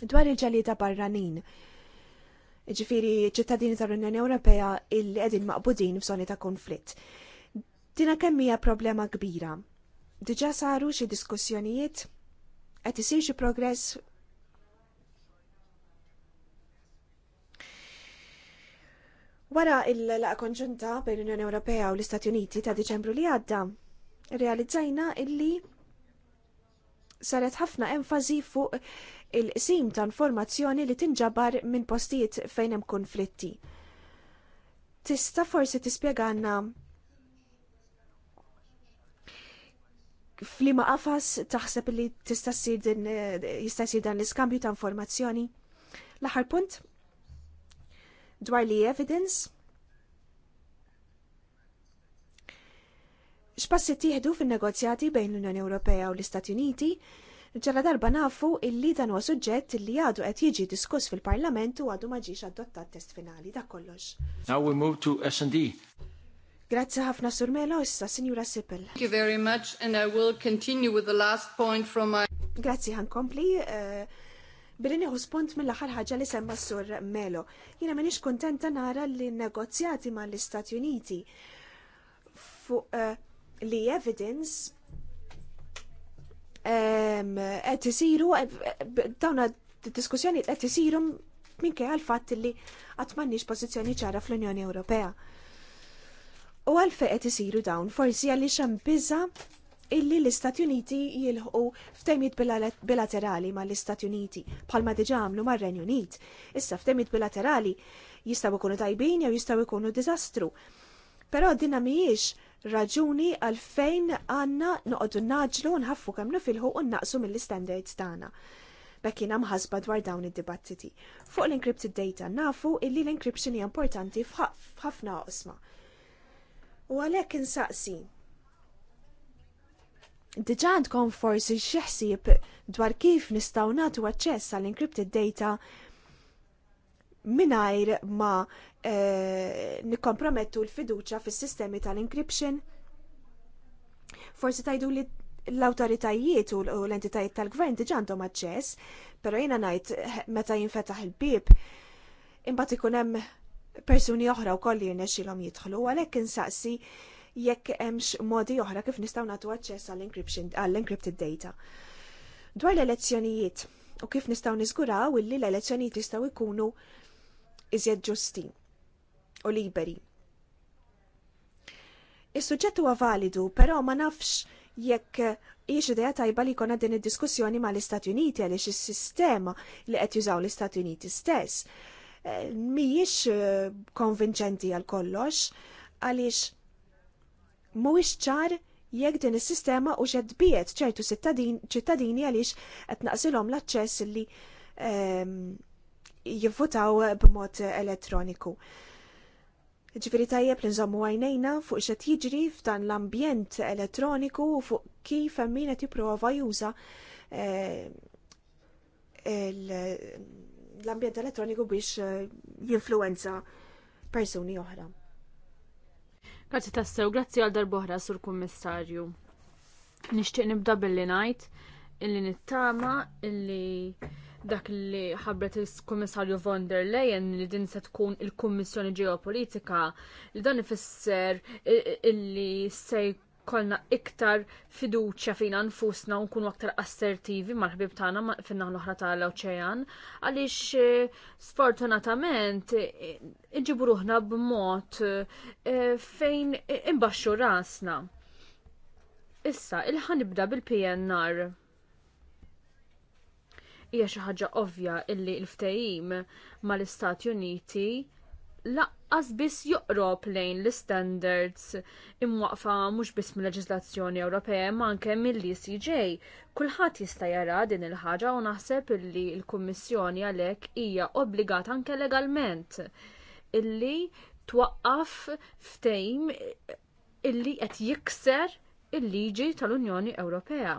Dwar il-ġalieta barranin, ġifiri ċittadini tal-Unjoni Ewropea il qegħdin maqbudin f'żoni ta' konflitt. Dina kemm hija problema kbira. Diġà saru xi diskussjonijiet qed isir xi progress Wara il-laqa konġunta bejn l-Unjoni Ewropea u l-Istati Uniti ta' Diċembru li għadda, realizzajna illi saret ħafna enfasi fuq il-qsim ta' informazzjoni li tinġabar minn postijiet fejn hemm konflitti. Tista' forsi tispjegana flima qafas taħseb li tista' ssir jista' jsir dan l-iskambju ta' informazzjoni. L-aħħar punt dwar li evidence X'passi tieħdu fin-negozjati bejn l-Unjoni Ewropea u l-Istati Uniti Ġala darba nafu illi dan huwa suġġett li għadu qed jiġi diskuss fil-Parlament u għadu ma ġiex adottat test finali dak kollox. Now we move to S&D. Grazzi ħafna Sur Melo issa Sinjura Sippel. Thank you very much and I will continue with the last point from my Grazzi ħankompli. kompli. Eh, billi neħu spunt mill-aħħar ħaġa li semma Sur Melo. Jiena m'iniex kontenta nara li negozjati mal-Istati Uniti fuq eh, li evidence qed isiru diskussjoni qed isiru minkej għal fatt li qatt m'għandniex pożizzjoni ċara fl-Unjoni Ewropea. U għalfejn qed isiru dawn forsi għaliex hemm biża illi l-Istati Uniti jilħqu f'temiet bilaterali ma l-Istati Uniti bħalma diġa għamlu ma renju Unit. Issa f'temiet bilaterali jistaw ikunu tajbin jew jistaw ikunu dizastru. Però dinna mhijiex raġuni għalfejn għanna noqogħdu naġlu nħaffu kemm nifilħu u naqsu mill-standards tagħna. Bekkina mħasba dwar dawn id-dibattiti. Fuq l-encrypted data nafu illi l-encryption hija importanti f'ħafna qosma. U għalhekk insaqsi, Diġà għandkom forsi ħsieb dwar kif nistgħu nagħtu aċċess għall encrypted data minajr ma eh, nikkompromettu l-fiduċa fis-sistemi tal-encryption. Forsi tajdu li l-autoritajiet u l-entitajiet tal-gvern diġa għandhom aċċess, pero jina ngħid eh, meta jinfetaħ il-bib, imbagħad ikun hemm persuni oħra wkoll li jirnexxilhom jidħlu, għalhekk insaqsi jekk hemmx modi oħra kif nistgħu nagħtu aċċess għall-encrypted data. Dwar l-elezzjonijiet u kif nistgħu niżguraw illi l-elezzjonijiet jistgħu jkunu iżjed ġusti u liberi. Is-suġġett huwa validu, però ma nafx jekk hiex idea tajba li jkollna din id-diskussjoni mal-Istati Uniti għaliex is-sistema li qed jużaw l-Istati Uniti stess eh, mhijiex eh, konvinċenti għal kollox għaliex mhuwiex ċar jekk din is-sistema u xedbiet ċertu ċittadini għaliex qed naqsilhom l-aċċess li um, jivvutaw b'mod elettroniku. Ġifiri tajjeb li nżommu għajnejna fuq xet jiġri f'dan l-ambjent elettroniku u fuq kif min qed jipprova juża eh, l-ambjent elettroniku biex eh, jinfluenza persuni oħra. Grazzi tassew, grazzi għal darbohra sur kummissarju. Nixtieq nibda billi ngħid illi nittama illi dak li ħabbret il-Kummissarju von der Leyen li din se tkun il-Kummissjoni Ġeopolitika li dan ifisser illi se jkollna iktar fiduċja fina nfusna u nkunu aktar assertivi mal-ħbib tagħna fin l-oħra tal-oċean għaliex e, sfortunatament e, iġibu ruħna b'mod e, fejn imbaxxu rasna. Issa, il-ħanibda bil-PNR hija xi ħaġa ovvja illi l-ftehim mal-Istati Uniti laqqas biss joqrob lejn l-standards imwaqfa mhux biss mill-leġiżlazzjoni Ewropea ma anke mill-ECJ. Kulħadd jista' jara din il-ħaġa u naħseb illi l-Kummissjoni għalhekk hija obbligata anke legalment illi twaqqaf ftehim illi qed jikser il-liġi tal-Unjoni Ewropea.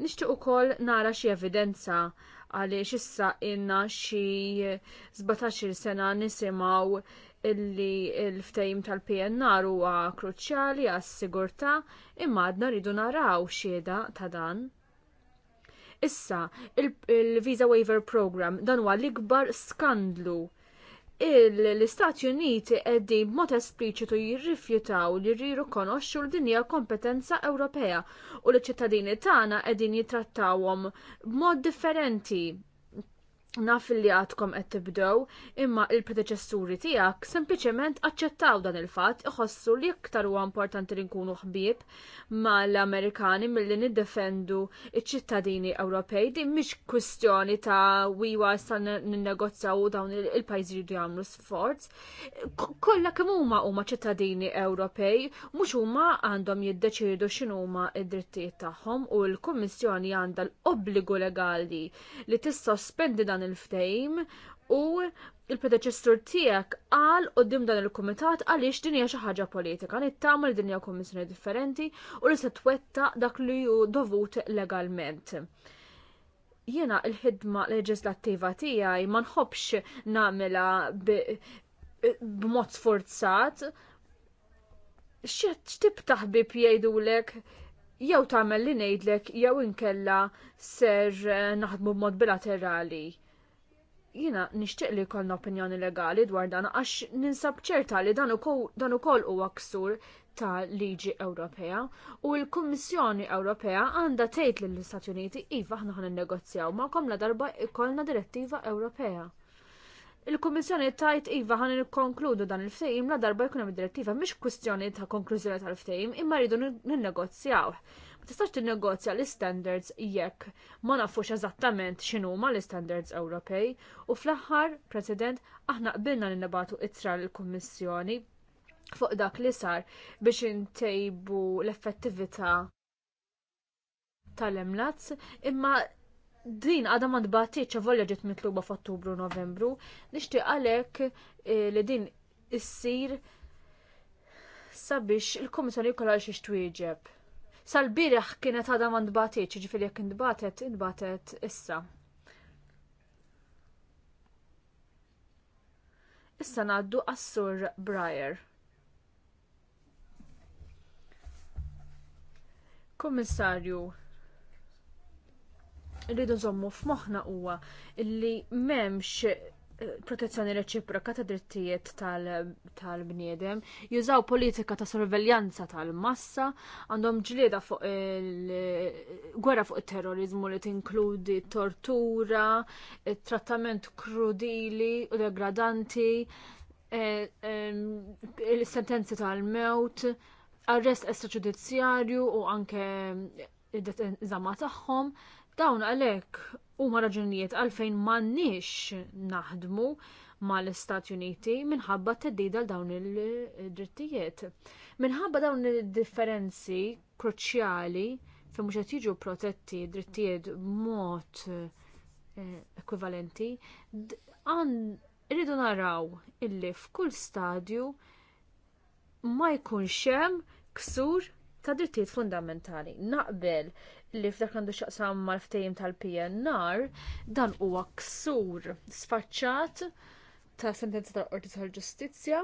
Nixtieq ukoll nara xi evidenza għaliex issa inna xi 17 il sena nisimgħu illi l-ftehim tal-PNR huwa kruċjali għas-sigurtà imma għadna rridu naraw xhieda ta' dan. Issa, il-Visa Waiver Program dan huwa l-ikbar skandlu l-Istati Uniti qegħdin mod espliċitu jirrifjutaw li jriru konoxxu l-dinja kompetenza Ewropea u l-ċittadini tagħna qegħdin jittrattawhom b'mod differenti naf li għadkom qed tibdew, imma il-predeċessuri tiegħek sempliċement aċċettaw dan il-fatt iħossu li iktar huwa importanti li nkunu ħbieb mal-Amerikani milli niddefendu iċ-ċittadini Ewropej din mhix kwistjoni ta' wiwa sa ninnegozzaw dawn il-pajjiżi li jagħmlu sforz. Kollha kemm huma huma ċittadini Ewropej mhux huma għandhom jiddeċiedu x'inhuma id-drittijiet tagħhom u l-Kummissjoni għandha l-obbligu legali li tissospendi dan il-ftejm u il-predeċessur tiegħek qal qudiem dan il-kumitat għaliex din hija xi ħaġa politika li il din hija kummissjoni differenti u li se twetta' dak li hu dovut legalment. Jiena l-ħidma leġislattiva tiegħi ma nħobbx nagħmilha b'mod sforzat. X'tib taħbib jgħidulek jew tagħmel li ngħidlek jew inkella ser naħdmu b'mod bilaterali Jiena nixtieq li jkollna opinjoni legali dwar dan għax ninsab ċerta li dan ukoll huwa ksur ta' liġi Ewropea u l-Kummissjoni Ewropea għandha tgħid lill istati Uniti iva aħna ħan innegozjaw magħkom la darba jkollna direttiva Ewropea. Il-Kummissjoni tajt iva ħan nikkonkludu dan il-ftehim la darba jkun hemm direttiva mhix kwistjoni ta' konklużjoni tal-ftehim imma rridu ninnegozjaw tistax tinnegozja l-standards jekk ma nafux eżattament x'inhu ma l-standards Ewropej u fl-aħħar President aħna qbilna li nibatu ittra l-Kummissjoni fuq dak li sar biex intejbu l-effettività tal-emlazz imma din għadha ma tbatitx volja ġiet mitluba f'Ottubru Novembru, nixtieq għalhekk eh, li din issir sabiex il-Kummissjoni kollha xi twieġeb sal birax kienet għada ma nbatiċ, ġifiri jek nbatet, nbatet issa. Issa ngħaddu għas-Sur Kommissarju, Kummissarju, rridu nżommu f'moħħna huwa li m'hemmx protezzjoni reċiproka ta' drittijiet tal-bniedem, tal jużaw politika ta' sorveljanza tal-massa, għandhom ġlieda fuq il-gwerra fuq il-terrorizmu li tinkludi tortura, trattament krudili u degradanti, e, e, il-sentenzi tal-mewt, arrest estraġudizzjarju u anke id-detenzama tagħhom, dawn għalhekk huma raġunijiet għalfejn m'għandniex naħdmu mal-Istati Uniti minħabba teddida l dawn il-drittijiet. Minħabba dawn il-differenzi kruċjali fejn mhux qed jiġu protetti drittijiet b'mod eh, ekwivalenti, irridu naraw illi f'kull stadju ma jkunx hemm ksur ta' drittijiet fundamentali. Naqbel li f'dak għandu xaqsam mal-ftejim tal-PNR, dan huwa ksur sfaċċat ta' sentenza tal-Qorti tal-Ġustizzja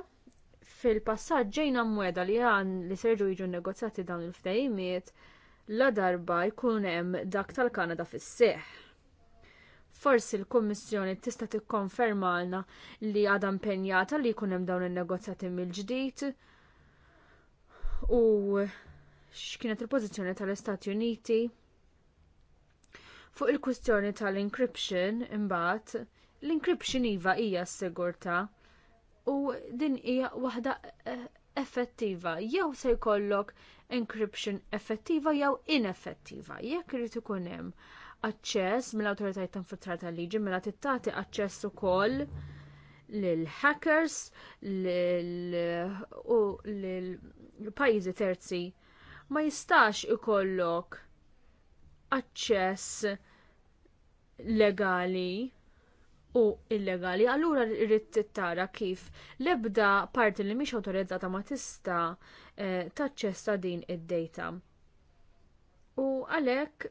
fil passat ġejna mweda li għan li serġu jiġu negozjati dawn il-ftejimiet la darba jkun hemm dak tal-Kanada fis-seħ. Forsi l-Kummissjoni tista' tikkonfermalna li għadha impenjata li jkun hemm dawn in-negozjati mill-ġdid u x'kienet il-pożizzjoni tal-Istati Uniti fuq il-kwistjoni tal-encryption imbagħad l-encryption iva hija s-sigurtà u din hija waħda eh, effettiva jew se jkollok encryption effettiva jew ineffettiva jekk irid ikun hemm aċċess mill-awtoritajiet tanfittra tal-liġi mela tittati aċċess ukoll lill hackers u lil pajjiżi terzi ma jistax ikollok aċċess legali u illegali, allura rrid tittara kif l-ebda parti li mhix awtorizzata ma tista eh, taċċessa din id-data. U għalhekk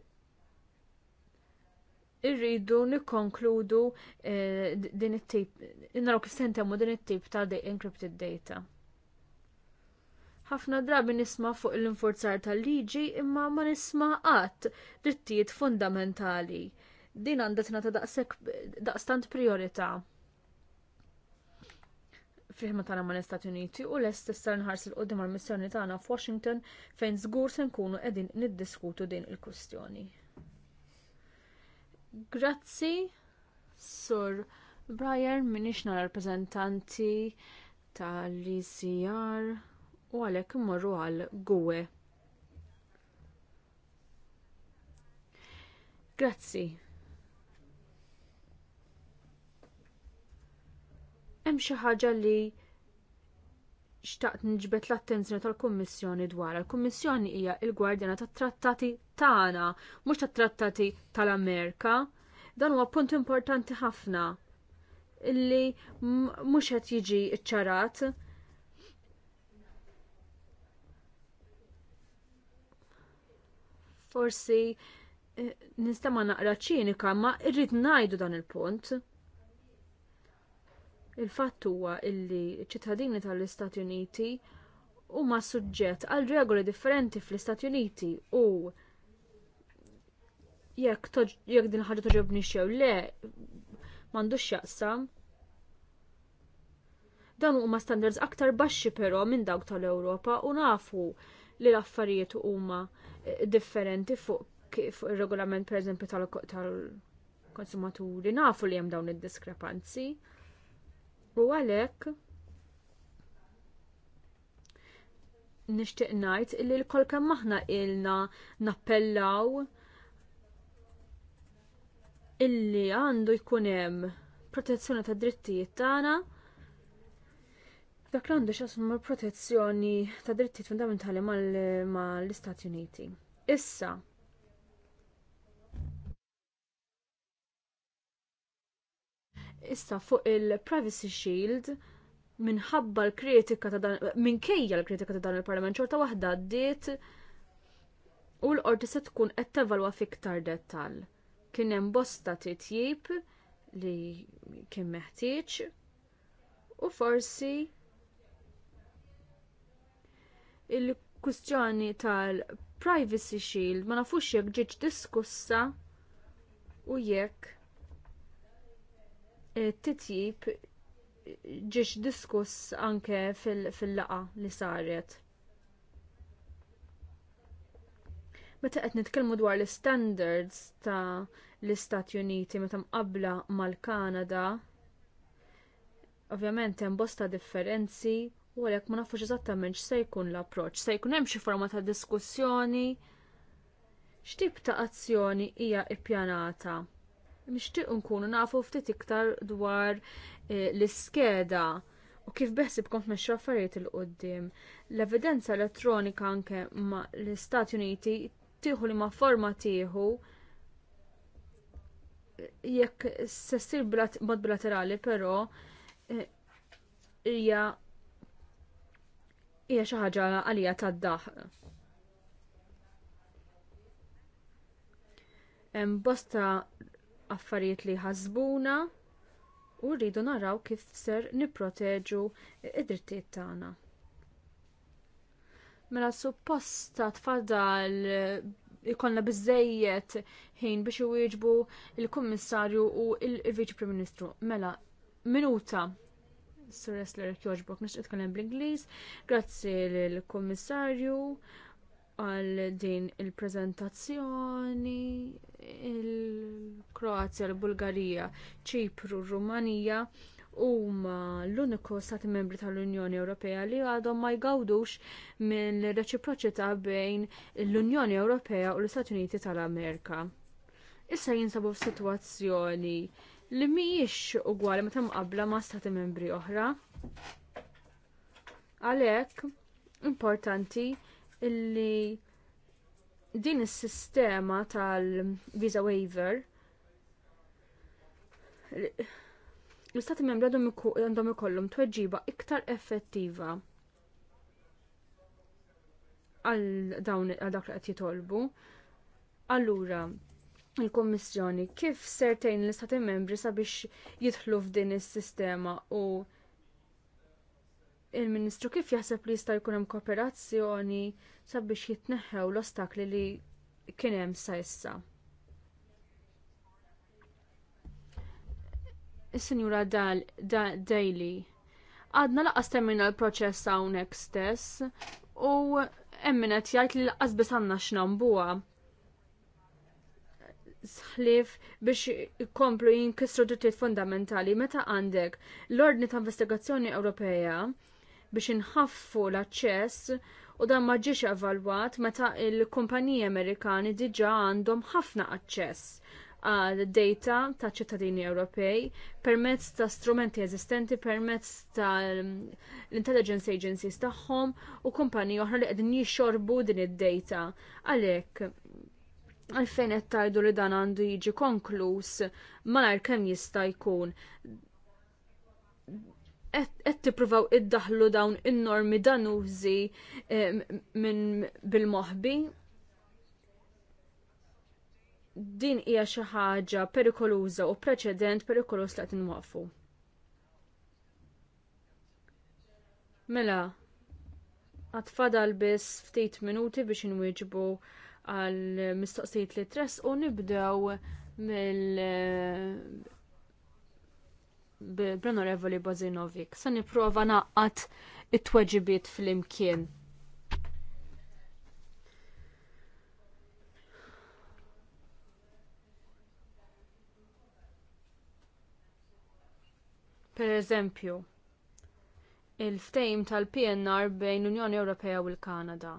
irridu nikkonkludu eh, din it-tip, naraw kif sentemu din it-tip ta' encrypted data ħafna drabi nisma fuq l-infurzar tal-liġi imma ma nisma qatt drittijiet fundamentali. Din għandha tingħata daqstant priorità. Fiħma tagħna mal-Istati Uniti u lest issa nħarsu l qoddim għall-missjoni tagħna f'Washington fejn żgur se nkunu qegħdin niddiskutu din il-kwistjoni. Grazzi, Sur Brian, minix nara rappresentanti tal icr u għalhekk immorru għal Gwe. Grazzi. Hemm xi ħaġa li xtaqt nġbet l-attenzjoni tal-Kummissjoni dwar. Il-Kummissjoni hija l gwardjana tat-trattati tagħna, mhux tat-trattati tal-Amerika. Dan huwa punt importanti ħafna illi mhux qed jiġi ċċarat Forsi eh, nistama naqra ċinika, ma irrid ngħidu dan il-punt. Il-fatt huwa illi ċittadini tal-Istati Uniti huma suġġett għal regoli differenti fl-Istati Uniti u jekk jekk din ħaġa toġobni xew le m'għandux jaqsam. Dan huma standards aktar baxxi però minn dawk tal-Ewropa u nafu li l-affarijiet huma differenti fuq fuq ir-regolament pereżempju tal-konsumaturi tal nafu li hemm dawn id-diskrepanzi. U għalhekk nixtieq ngħid li l-kol kemm aħna ilna nappellaw illi għandu jkun hemm protezzjoni tad drittijiet tagħna Dak l-għandu xasum protezzjoni ta' dritti fundamentali mal-Istati Uniti. Issa, Issa fuq il-Privacy Shield minħabba l-kritika ta' dan kejja l-kritika ta' dan il-Parlament xorta waħda diet u l-qorti se tkun qed tevalwa fiktar dettall. Kien hemm bosta titjib li kien meħtieġ u forsi il-kustjoni tal-Privacy Shield ma nafux jekk ġiġ diskussa u jekk eh, titjib ġiġ diskuss anke fil laqgħa li saret. Meta qed nitkellmu dwar l-standards ta' l-Istati Uniti meta mqabbla mal-Kanada, ovvjament hemm bosta differenzi U għalhekk ma nafux eżattament x'se jkun l-approċċ, se jkun hemm xi forma ta' diskussjoni x'tip ta' azzjoni hija ppjanata. Nixtieq nkunu nafu ftit iktar dwar eh, l-iskeda u kif beħsib kont meċċu affarijiet il qudiem L-evidenza elettronika anke ma l-Istati Uniti tieħu li ma forma tieħu jekk se ssir mod bilaterali però eh, hija hija xi ħaġa għalija tad daħ Hemm bosta affarijiet li ħasbuna u rridu naraw kif ser nipproteġu id-drittijiet tagħna. Mela supposta tfadal ikollna biżżejjed ħin biex iwieġbu l kummissarju u l viċi Prim Ministru. Mela, minuta Sir Esler Kjoġbok nix itkallem bl-Inglis. Grazzi l-Kommissarju għal din il-prezentazzjoni il-Kroazja, l-Bulgarija, Ċipru, Rumanija huma l-uniku stati membri tal-Unjoni Ewropea li għadhom ma jgawdux minn reċiproċità bejn l-Unjoni Ewropea u l-Istati Uniti tal-Amerika. Issa jinsabu f'sitwazzjoni li mhijiex ugwali meta mqabbla ma' stati membri oħra. Għalhekk importanti illi din is-sistema tal-visa waiver l-istati membri għandhom ikollhom tweġiba iktar effettiva għal dawn għal dak li qed jitolbu. Allura, il kummissjoni kif sertejn l-istati membri sabiex jidħlu f'din is-sistema u il-Ministru kif jaħseb li jista' jkun hemm kooperazzjoni sabiex jitneħħew l-ostakli li kien hemm sa issa. Is-Sinjura Dal da, Daily għadna laqas termina l-proċess hawnhekk stess u emminet jgħid li laqas biss għandna x'nambuha sħlif biex ikomplu jinkisru drittijiet fundamentali meta għandek l-ordni ta' investigazzjoni Ewropea biex inħaffu l-aċċess u dan ma ġiex evalwat meta il-kumpaniji Amerikani diġa għandhom ħafna aċċess għal data ta' ċittadini Ewropej permezz ta' strumenti eżistenti, permezz ta' l-intelligence agencies tagħhom u kumpaniji oħra li qegħdin jixorbu din id-data. Għalhekk għalfejn qed tgħidu li dan għandu jiġi konkluż malajr kemm jista' jkun qed tippruvaw iddaħlu dawn in-normi danużi eh, minn bil-moħbi. Din hija xi ħaġa perikoluża u preċedent perikolos li qed inwaqfu. Mela, għatfadal biss ftit minuti biex inwieġbu għal mistoqsijiet li tress u nibdew mill eh, Brenorevoli Bozinovic. Sa niprofa naqqat it-tweġibiet fl-imkien. Per eżempju, il-ftejm tal-PNR bejn l-Unjoni Ewropea u l-Kanada.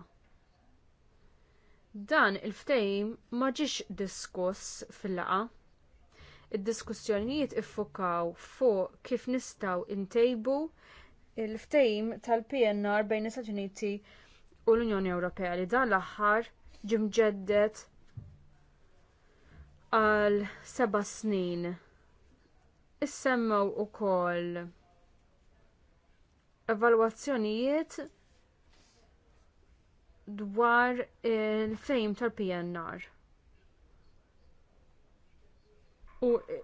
Dan il-ftejm ma ġiex diskuss fil laqgħa Id-diskussjonijiet iffokaw fuq kif nistgħu ntejbu l ftejm tal-PNR bejn l-Istati Uniti u l-Unjoni Ewropea li dan l-aħħar ġimġeddet għal seba snin. Issemmew ukoll evalwazzjonijiet dwar il-fejm tal-PNR. U eh,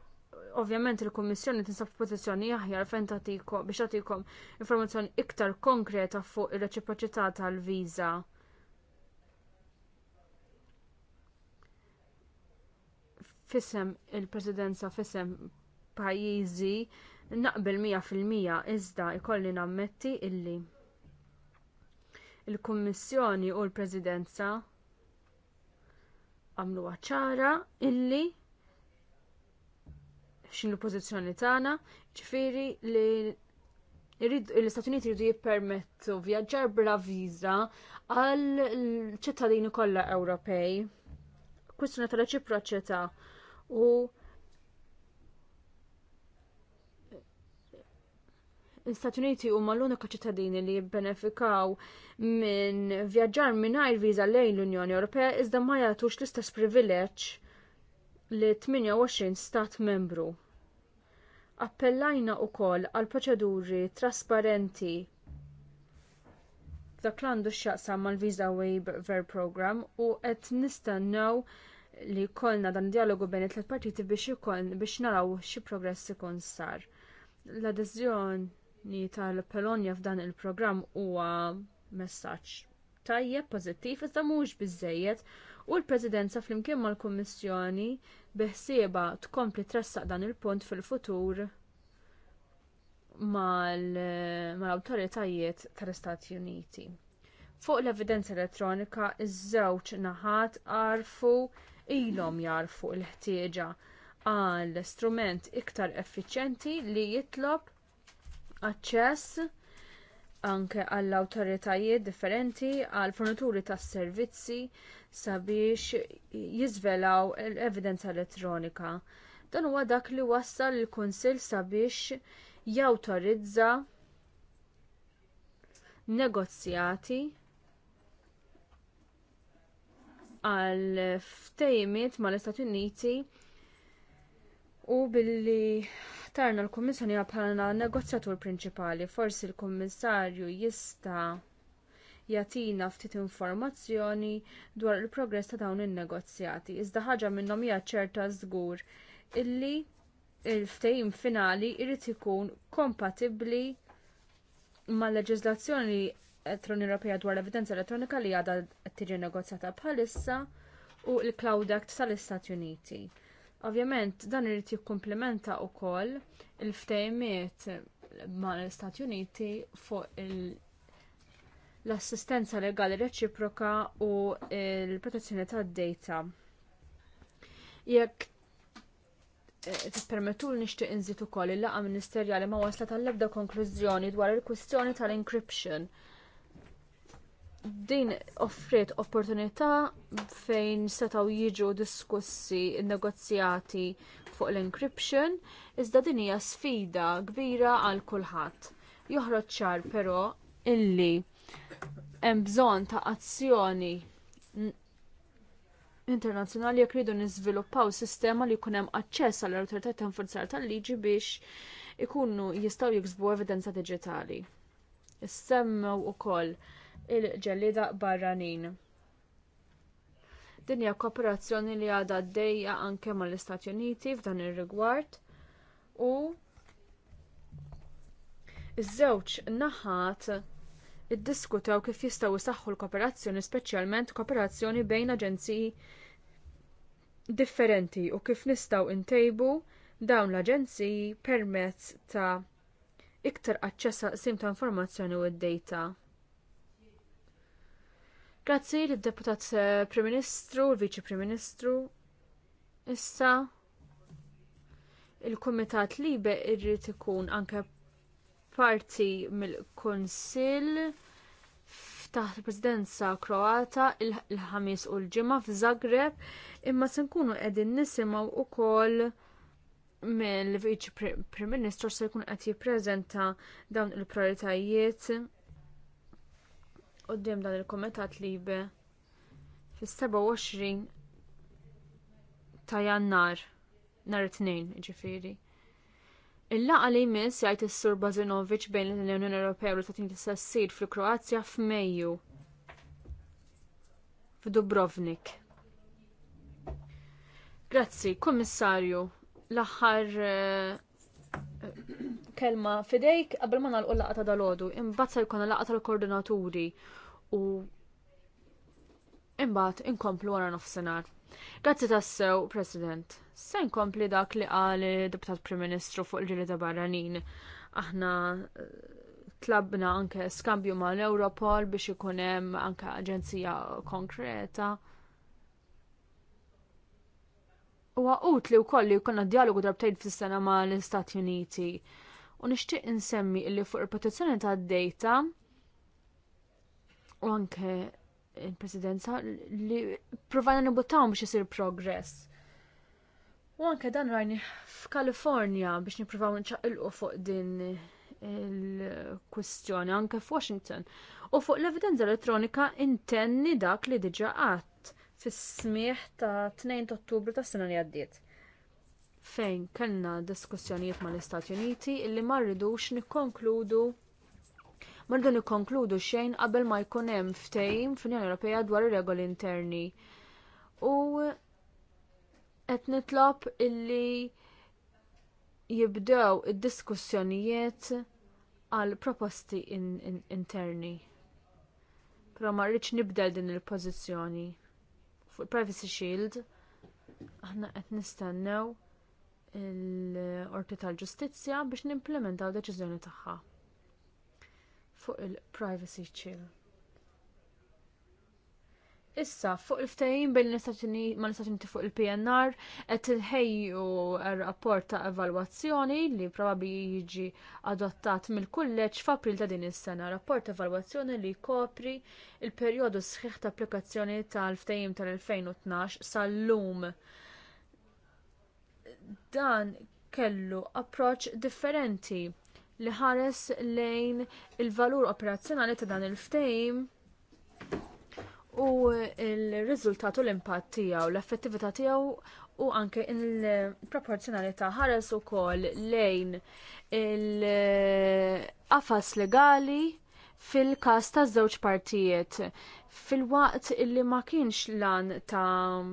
ovvjament il-Kummissjoni tinsab f'pożizzjoni aħjar fejn tagħtikom biex tagħtikom informazzjoni iktar konkreta fuq ir-reċiproċità tal-viża. Fisem il-Presidenza fisem pajjiżi naqbel mija fil-mija iżda jkolli nammetti illi il-Kummissjoni u l-Presidenza għamlu ċara illi xin l-pozizjoni tagħna, ċifiri li l istatuniti Uniti jridu jippermettu vjaġġar bla viża għal ċittadini kollha Ewropej. Kwistjoni tal-reċiproċità u l-Istati Uniti huma l-unika ċittadini li jibbenefikaw minn vjaġġar mingħajr viża lejn l-Unjoni Ewropea iżda ma jagħtux l-istess privileġġ li 28 stat membru. Appellajna wkoll għal proċeduri trasparenti dak l-għandu x'jaqsam mal-Visa Waiver Program u qed nistennew li jkollna dan dialogu bejn it-tliet partiti biex biex naraw xi progress ikun sar l-adeżjon li tal-Polonja f'dan il-programm huwa messaġġ tajjeb pożittiv iżda mhux biżżejjed u l-Presidenza flimkien mal-Kummissjoni biħsieba tkompli tressaq dan il-punt fil-futur mal-awtoritajiet mal awtoritajiet tal istati Uniti. Fuq l-evidenza elettronika, iż-żewġ naħat għarfu ilhom jarfu l-ħtieġa għal strument iktar effiċjenti li jitlob aċċess anke għall awtoritajiet differenti għal fornituri tas servizzi sabiex jiżvelaw l-evidenza elettronika. Dan huwa dak li wassal il-Kunsill sabiex jawtorizza negozjati għal ftejmiet mal istati Uniti u billi tarna l-Kummissjoni bħala negozjatur prinċipali, forsi l-Kummissarju jista' jagħtina ftit informazzjoni dwar il-progress ta' dawn in-negozjati. Iżda ħaġa minnhom hija ċerta żgur illi il-ftehim finali jrid ikun kompatibbli mal leġiżlazzjoni Elettroni Ewropea dwar l-evidenza elettronika li għadha tiġi negozjata bħalissa u l-Cloud Act tal-Istati Uniti. Ovvjament dan irid jikkumplementa wkoll il-ftejmiet mal istati Uniti fuq l-assistenza legali reċiproka u l-protezzjoni tad-data. Jekk eh, Tippermetul nixtieq inżid ukoll il-laqgħa ministerjali ma waslet għall-ebda konklużjoni dwar il-kwistjoni tal-encryption din offriet opportunità fejn setaw jiġu diskussi negozjati fuq l-encryption, iżda din hija sfida kbira għal kulħadd. Joħroġ ċar però illi hemm bżonn ta' azzjoni internazzjonali jekk ridu niżviluppaw sistema li jkun hemm aċċess għall awtoritajiet ta' infurzar tal-liġi biex ikunu jistgħu jiksbu evidenza diġitali. Issemmew ukoll il-ġellida barranin. Din hija kooperazzjoni li għadha għaddejja anke mal-Istati Uniti f'dan ir-rigward u iż-żewġ naħat iddiskutaw kif jistgħu jsaħħu l-kooperazzjoni speċjalment kooperazzjoni bejn aġenziji differenti u kif nistgħu ntejbu dawn l-aġenziji permezz ta' iktar aċċess għaqsim ta' informazzjoni u d-data. Grazzi l-deputat eh, Prim Ministru, l-Viċi Prim Ministru. Issa il-Kumitat Libe irrid ikun anke parti mill-Kunsill taħt il-Presidenza Kroata il-ħamis u l-ġimgħa f'Zagreb imma se nkunu qegħdin nisimgħu ukoll mill-Viċi Prim Ministru se jkun qed jippreżenta dawn il-prioritajiet qoddim dan il-Komitat Libe fis-27 ta' Jannar nhar it-tnejn, jiġifieri. Il-laqa li jmiss jgħid is-Sur Bazinovic bejn l-Unjoni Ewropea u l-Istatin tista' ssir fil-Kroazja f'Mejju f'Dubrovnik. Grazzi, Kummissarju, l-aħħar eh, kelma fidejk qabel ma nagħlqu laqgħa ta' dalodu, imbagħad se jkun laqgħa tal-koordinaturi u imbagħad inkomplu wara nofsinhar. Grazzi tassew, President. Se nkompli dak li qal deputat Prim Ministru fuq il-ġili ta' barranin. Aħna eh, tlabna anke skambju ma' l-Europol biex ikun hemm anke aġenzija konkreta. Huwa utli wkoll li jkollna dialogu darbtejn fis-sena mal istati Uniti u nixtieq insemmi illi fuq il-protezzjoni tad-data u anke il-presidenza li provajna nibutaw biex isir progress. U anke dan rajni f'Kalifornja biex nippruvaw nċaqilqu fuq din il-kwistjoni anke f'Washington. U fuq l-evidenza elettronika intenni dak li diġa qatt fis-smieħ ta' 2 Ottubru tas-sena li għaddiet fejn kellna diskussjonijiet mal-Istati Uniti illi ma rridux nikkonkludu Mardu nikkonkludu xejn qabel ma jkun hemm ftehim fl-Unjoni Ewropea dwar ir-regoli interni. U qed nitlob illi jibdew id-diskussjonijiet għal proposti in in interni. Però ma rridx nibdel din il-pożizzjoni. Fuq Privacy Shield aħna qed nistennew l-Qorti tal-Ġustizzja biex nimplementaw deċiżjoni tagħha fuq il-Privacy Chill. Issa, fuq il-ftajin bejn ma istati fuq il-PNR, qed il-ħejju rapport ta' evalwazzjoni li probabbli jiġi adottat mill kulleċ f'April ta' din is-sena. Rapport ta' evalwazzjoni li jkopri il-perjodu sħiħ ta' applikazzjoni tal-ftajim tal-2012 sal-lum dan kellu approċċ differenti li ħares lejn il-valur operazzjonali ta' dan il-ftejm u il-riżultat u l-impatt tiegħu, l-effettività tiegħu u anke il-proporzjonalità ħares ukoll lejn il-qafas legali fil-każ taż żewġ partijiet fil-waqt illi ma kienx lan ta'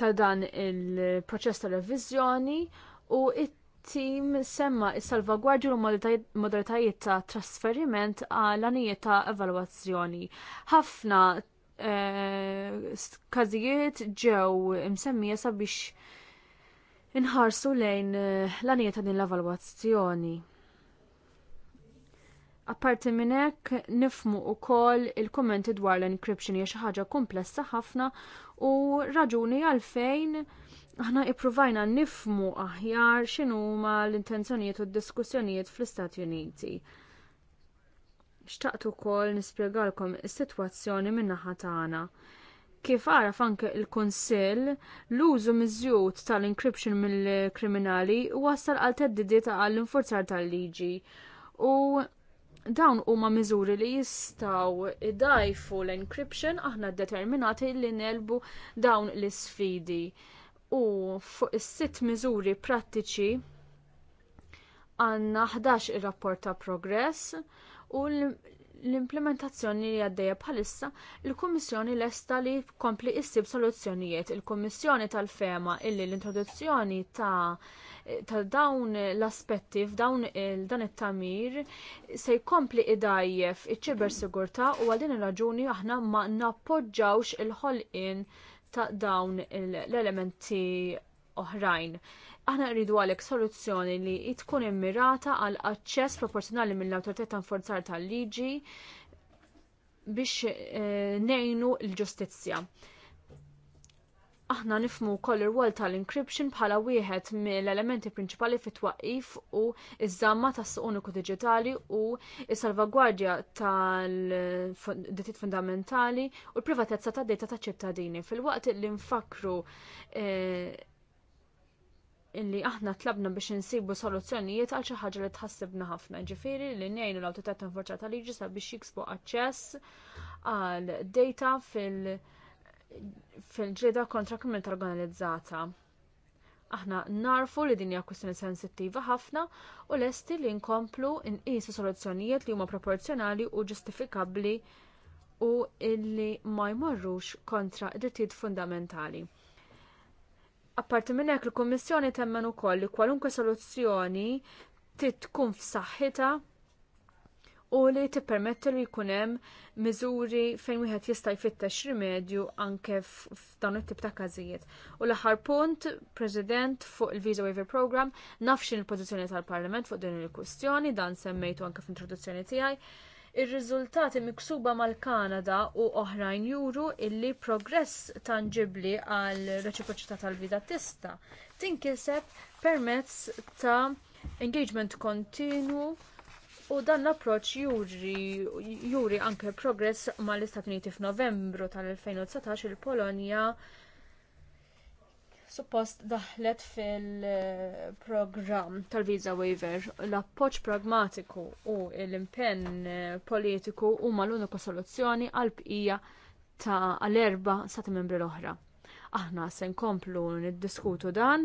ta' dan il-proċess ta' revizjoni u it-tim semma il salvagwardju u modalitajiet ta' trasferiment għal anijiet ta' evalwazzjoni. Ħafna eh, każijiet ġew imsemmija sabiex inħarsu lejn eh, l-anijiet ta' din l-evalwazzjoni. Apparti minn hekk nifmu wkoll il-kummenti dwar l-encryption hija xi ħaġa komplessa ħafna u raġuni għalfejn aħna ippruvajna nifmu aħjar x'inhuma l-intenzjonijiet u d-diskussjonijiet fl-Istati Uniti. Xtaqt ukoll nispjegalkom is-sitwazzjoni min-naħa tagħna. Kif għara anke il kunsill l-użu miżjud tal-encryption mill-kriminali wasal għal teddidiet għall-infurzar tal-liġi u dawn huma miżuri li jistgħu idajfu l-encryption aħna determinati li nelbu dawn l isfidi U fuq is-sitt miżuri prattiċi għandna 11 ir-rapport ta' progress u l-implementazzjoni li għaddejja bħalissa, il-Kummissjoni lesta li tkompli issib soluzzjonijiet. Il-Kummissjoni tal-fema illi l-introduzzjoni ta', ta dawn l-aspetti f'dawn dan it-tamir se jkompli idajjef iċ-ċiber sigurtà u għal din ir-raġuni aħna ma nappoġġawx il-ħolqien ta' dawn l-elementi oħrajn. Aħna rridu għalek soluzzjoni li tkun immirata għal aċċess proporzjonali mill-awtorità ta' forzar tal-liġi biex eh, nejnu l-ġustizzja. Aħna nifmu koll ir-wol tal-encryption bħala wieħed mill-elementi prinċipali fit twaqif u iż-żamma tas-suq uniku diġitali u s-salvagwardja tal-dittit fundamentali u l-privatezza tad-data taċ ċittadini. Fil-waqt li nfakru eh, illi aħna tlabna biex insibu soluzzjonijiet għal xi ħaġa li tħassibna ħafna, ġifieri li ngħinu l-awtorità tinforza ta' liġi sabiex jiksbu aċċess għal data fil- fil-ġrieda kontra kriminalità organizzata. Aħna narfu li din hija kwistjoni sensittiva ħafna u lesti li nkomplu nqisu soluzzjonijiet li huma proporzjonali u ġustifikabbli u illi ma jmorrux kontra drittijiet fundamentali. Apparti minn hekk il-Kummissjoni temmen ukoll li kwalunkwe soluzzjoni trid tkun f'saħħitha u li tippermetti li jkun hemm miżuri fejn wieħed jista' jfittex rimedju anke f'dawn it-tip ta' każijiet. U l-aħħar punt, President, fuq il-Visa Waiver Program, nafx il-pożizzjoni tal-Parlament fuq din il-kwistjoni, dan semmejtu anke f'introduzzjoni tiegħi Ir-riżultati miksuba mal-Kanada u oħrajn juru illi progress tangibbli għal reċiproċità tal-vida tista tinkiseb permezz ta' engagement kontinwu U dan l-approċ juri, juri anke progress mal-Istat Uniti f'Novembru tal-2019 il-Polonja suppost daħlet fil-programm tal-Visa Waiver l-appoġġ pragmatiku u l-impenn eh, politiku huma l-unika soluzzjoni għal bqija ta' għal-erba stati membri l-oħra. Aħna se nkomplu niddiskutu dan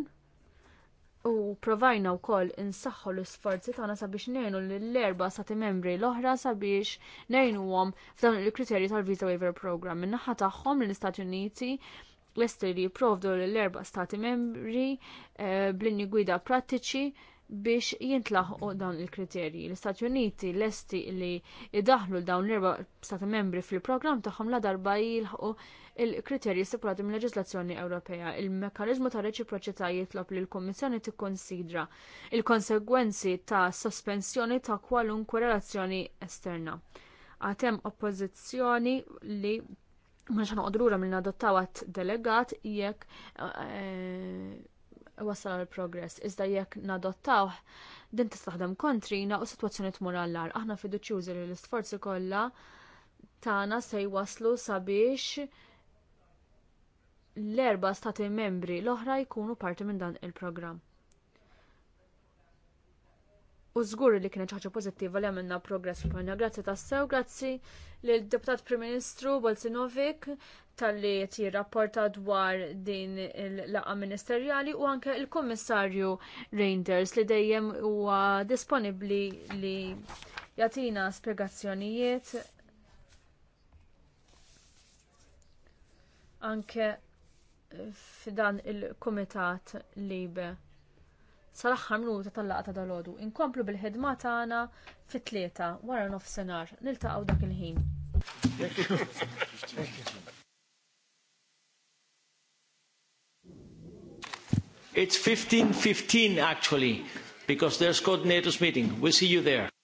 u provajna wkoll insaħħu l-isforzi tagħna sabiex ngħinu lill-erba' Sati membri l-oħra sabiex ngħinuhom f'dawn il-kriterji tal-Visa Waiver Program. Min-naħa tagħhom l-Istati Uniti lester li jipprovdu l-erba stati membri eh, bl-inni gwida prattiċi biex jintlaħqu dawn il-kriterji. L-Istati Uniti lesti li idaħlu dawn l-erba stati membri fil-programm tagħhom la darba jilħqu il-kriterji stipulati mill leġislazzjoni Ewropea. Il-mekkaniżmu ta' reċiproċità jitlob li l-Kummissjoni tikkonsidra il-konsegwenzi ta' sospensjoni ta' kwalunkwe relazzjoni esterna. Għatem oppożizzjoni li Mux ħana għodrura minna nadottaw delegat jekk eh, wasal għal progress. Iżda jekk nadottaw din tistaħdem kontrina u situazzjoni tmur għallar. Aħna fiduċjużi li l-isforzi kollha tagħna se jwaslu sabiex l-erba stati membri l-oħra jkunu parti minn dan il-programm. U żgur li kienet ħaġa pożittiva li għamilna progress fil-Polonja. Grazzi tassew, grazzi lill deputat Prim Ministru Bolsinovic tal-li jirrapporta dwar din il laqgħa ministerjali u anke il kummissarju Reinders li dejjem huwa disponibbli li jagħtina spjegazzjonijiet anke f'dan il kumitat Libe sal-aħħar minuta tal-laqgħa ta' dalodu. Inkomplu bil-ħidma tagħna fit-tlieta wara nofsinhar. Niltaqgħu dak il-ħin. It's 15:15 actually because there's coordinators meeting. We'll see you there.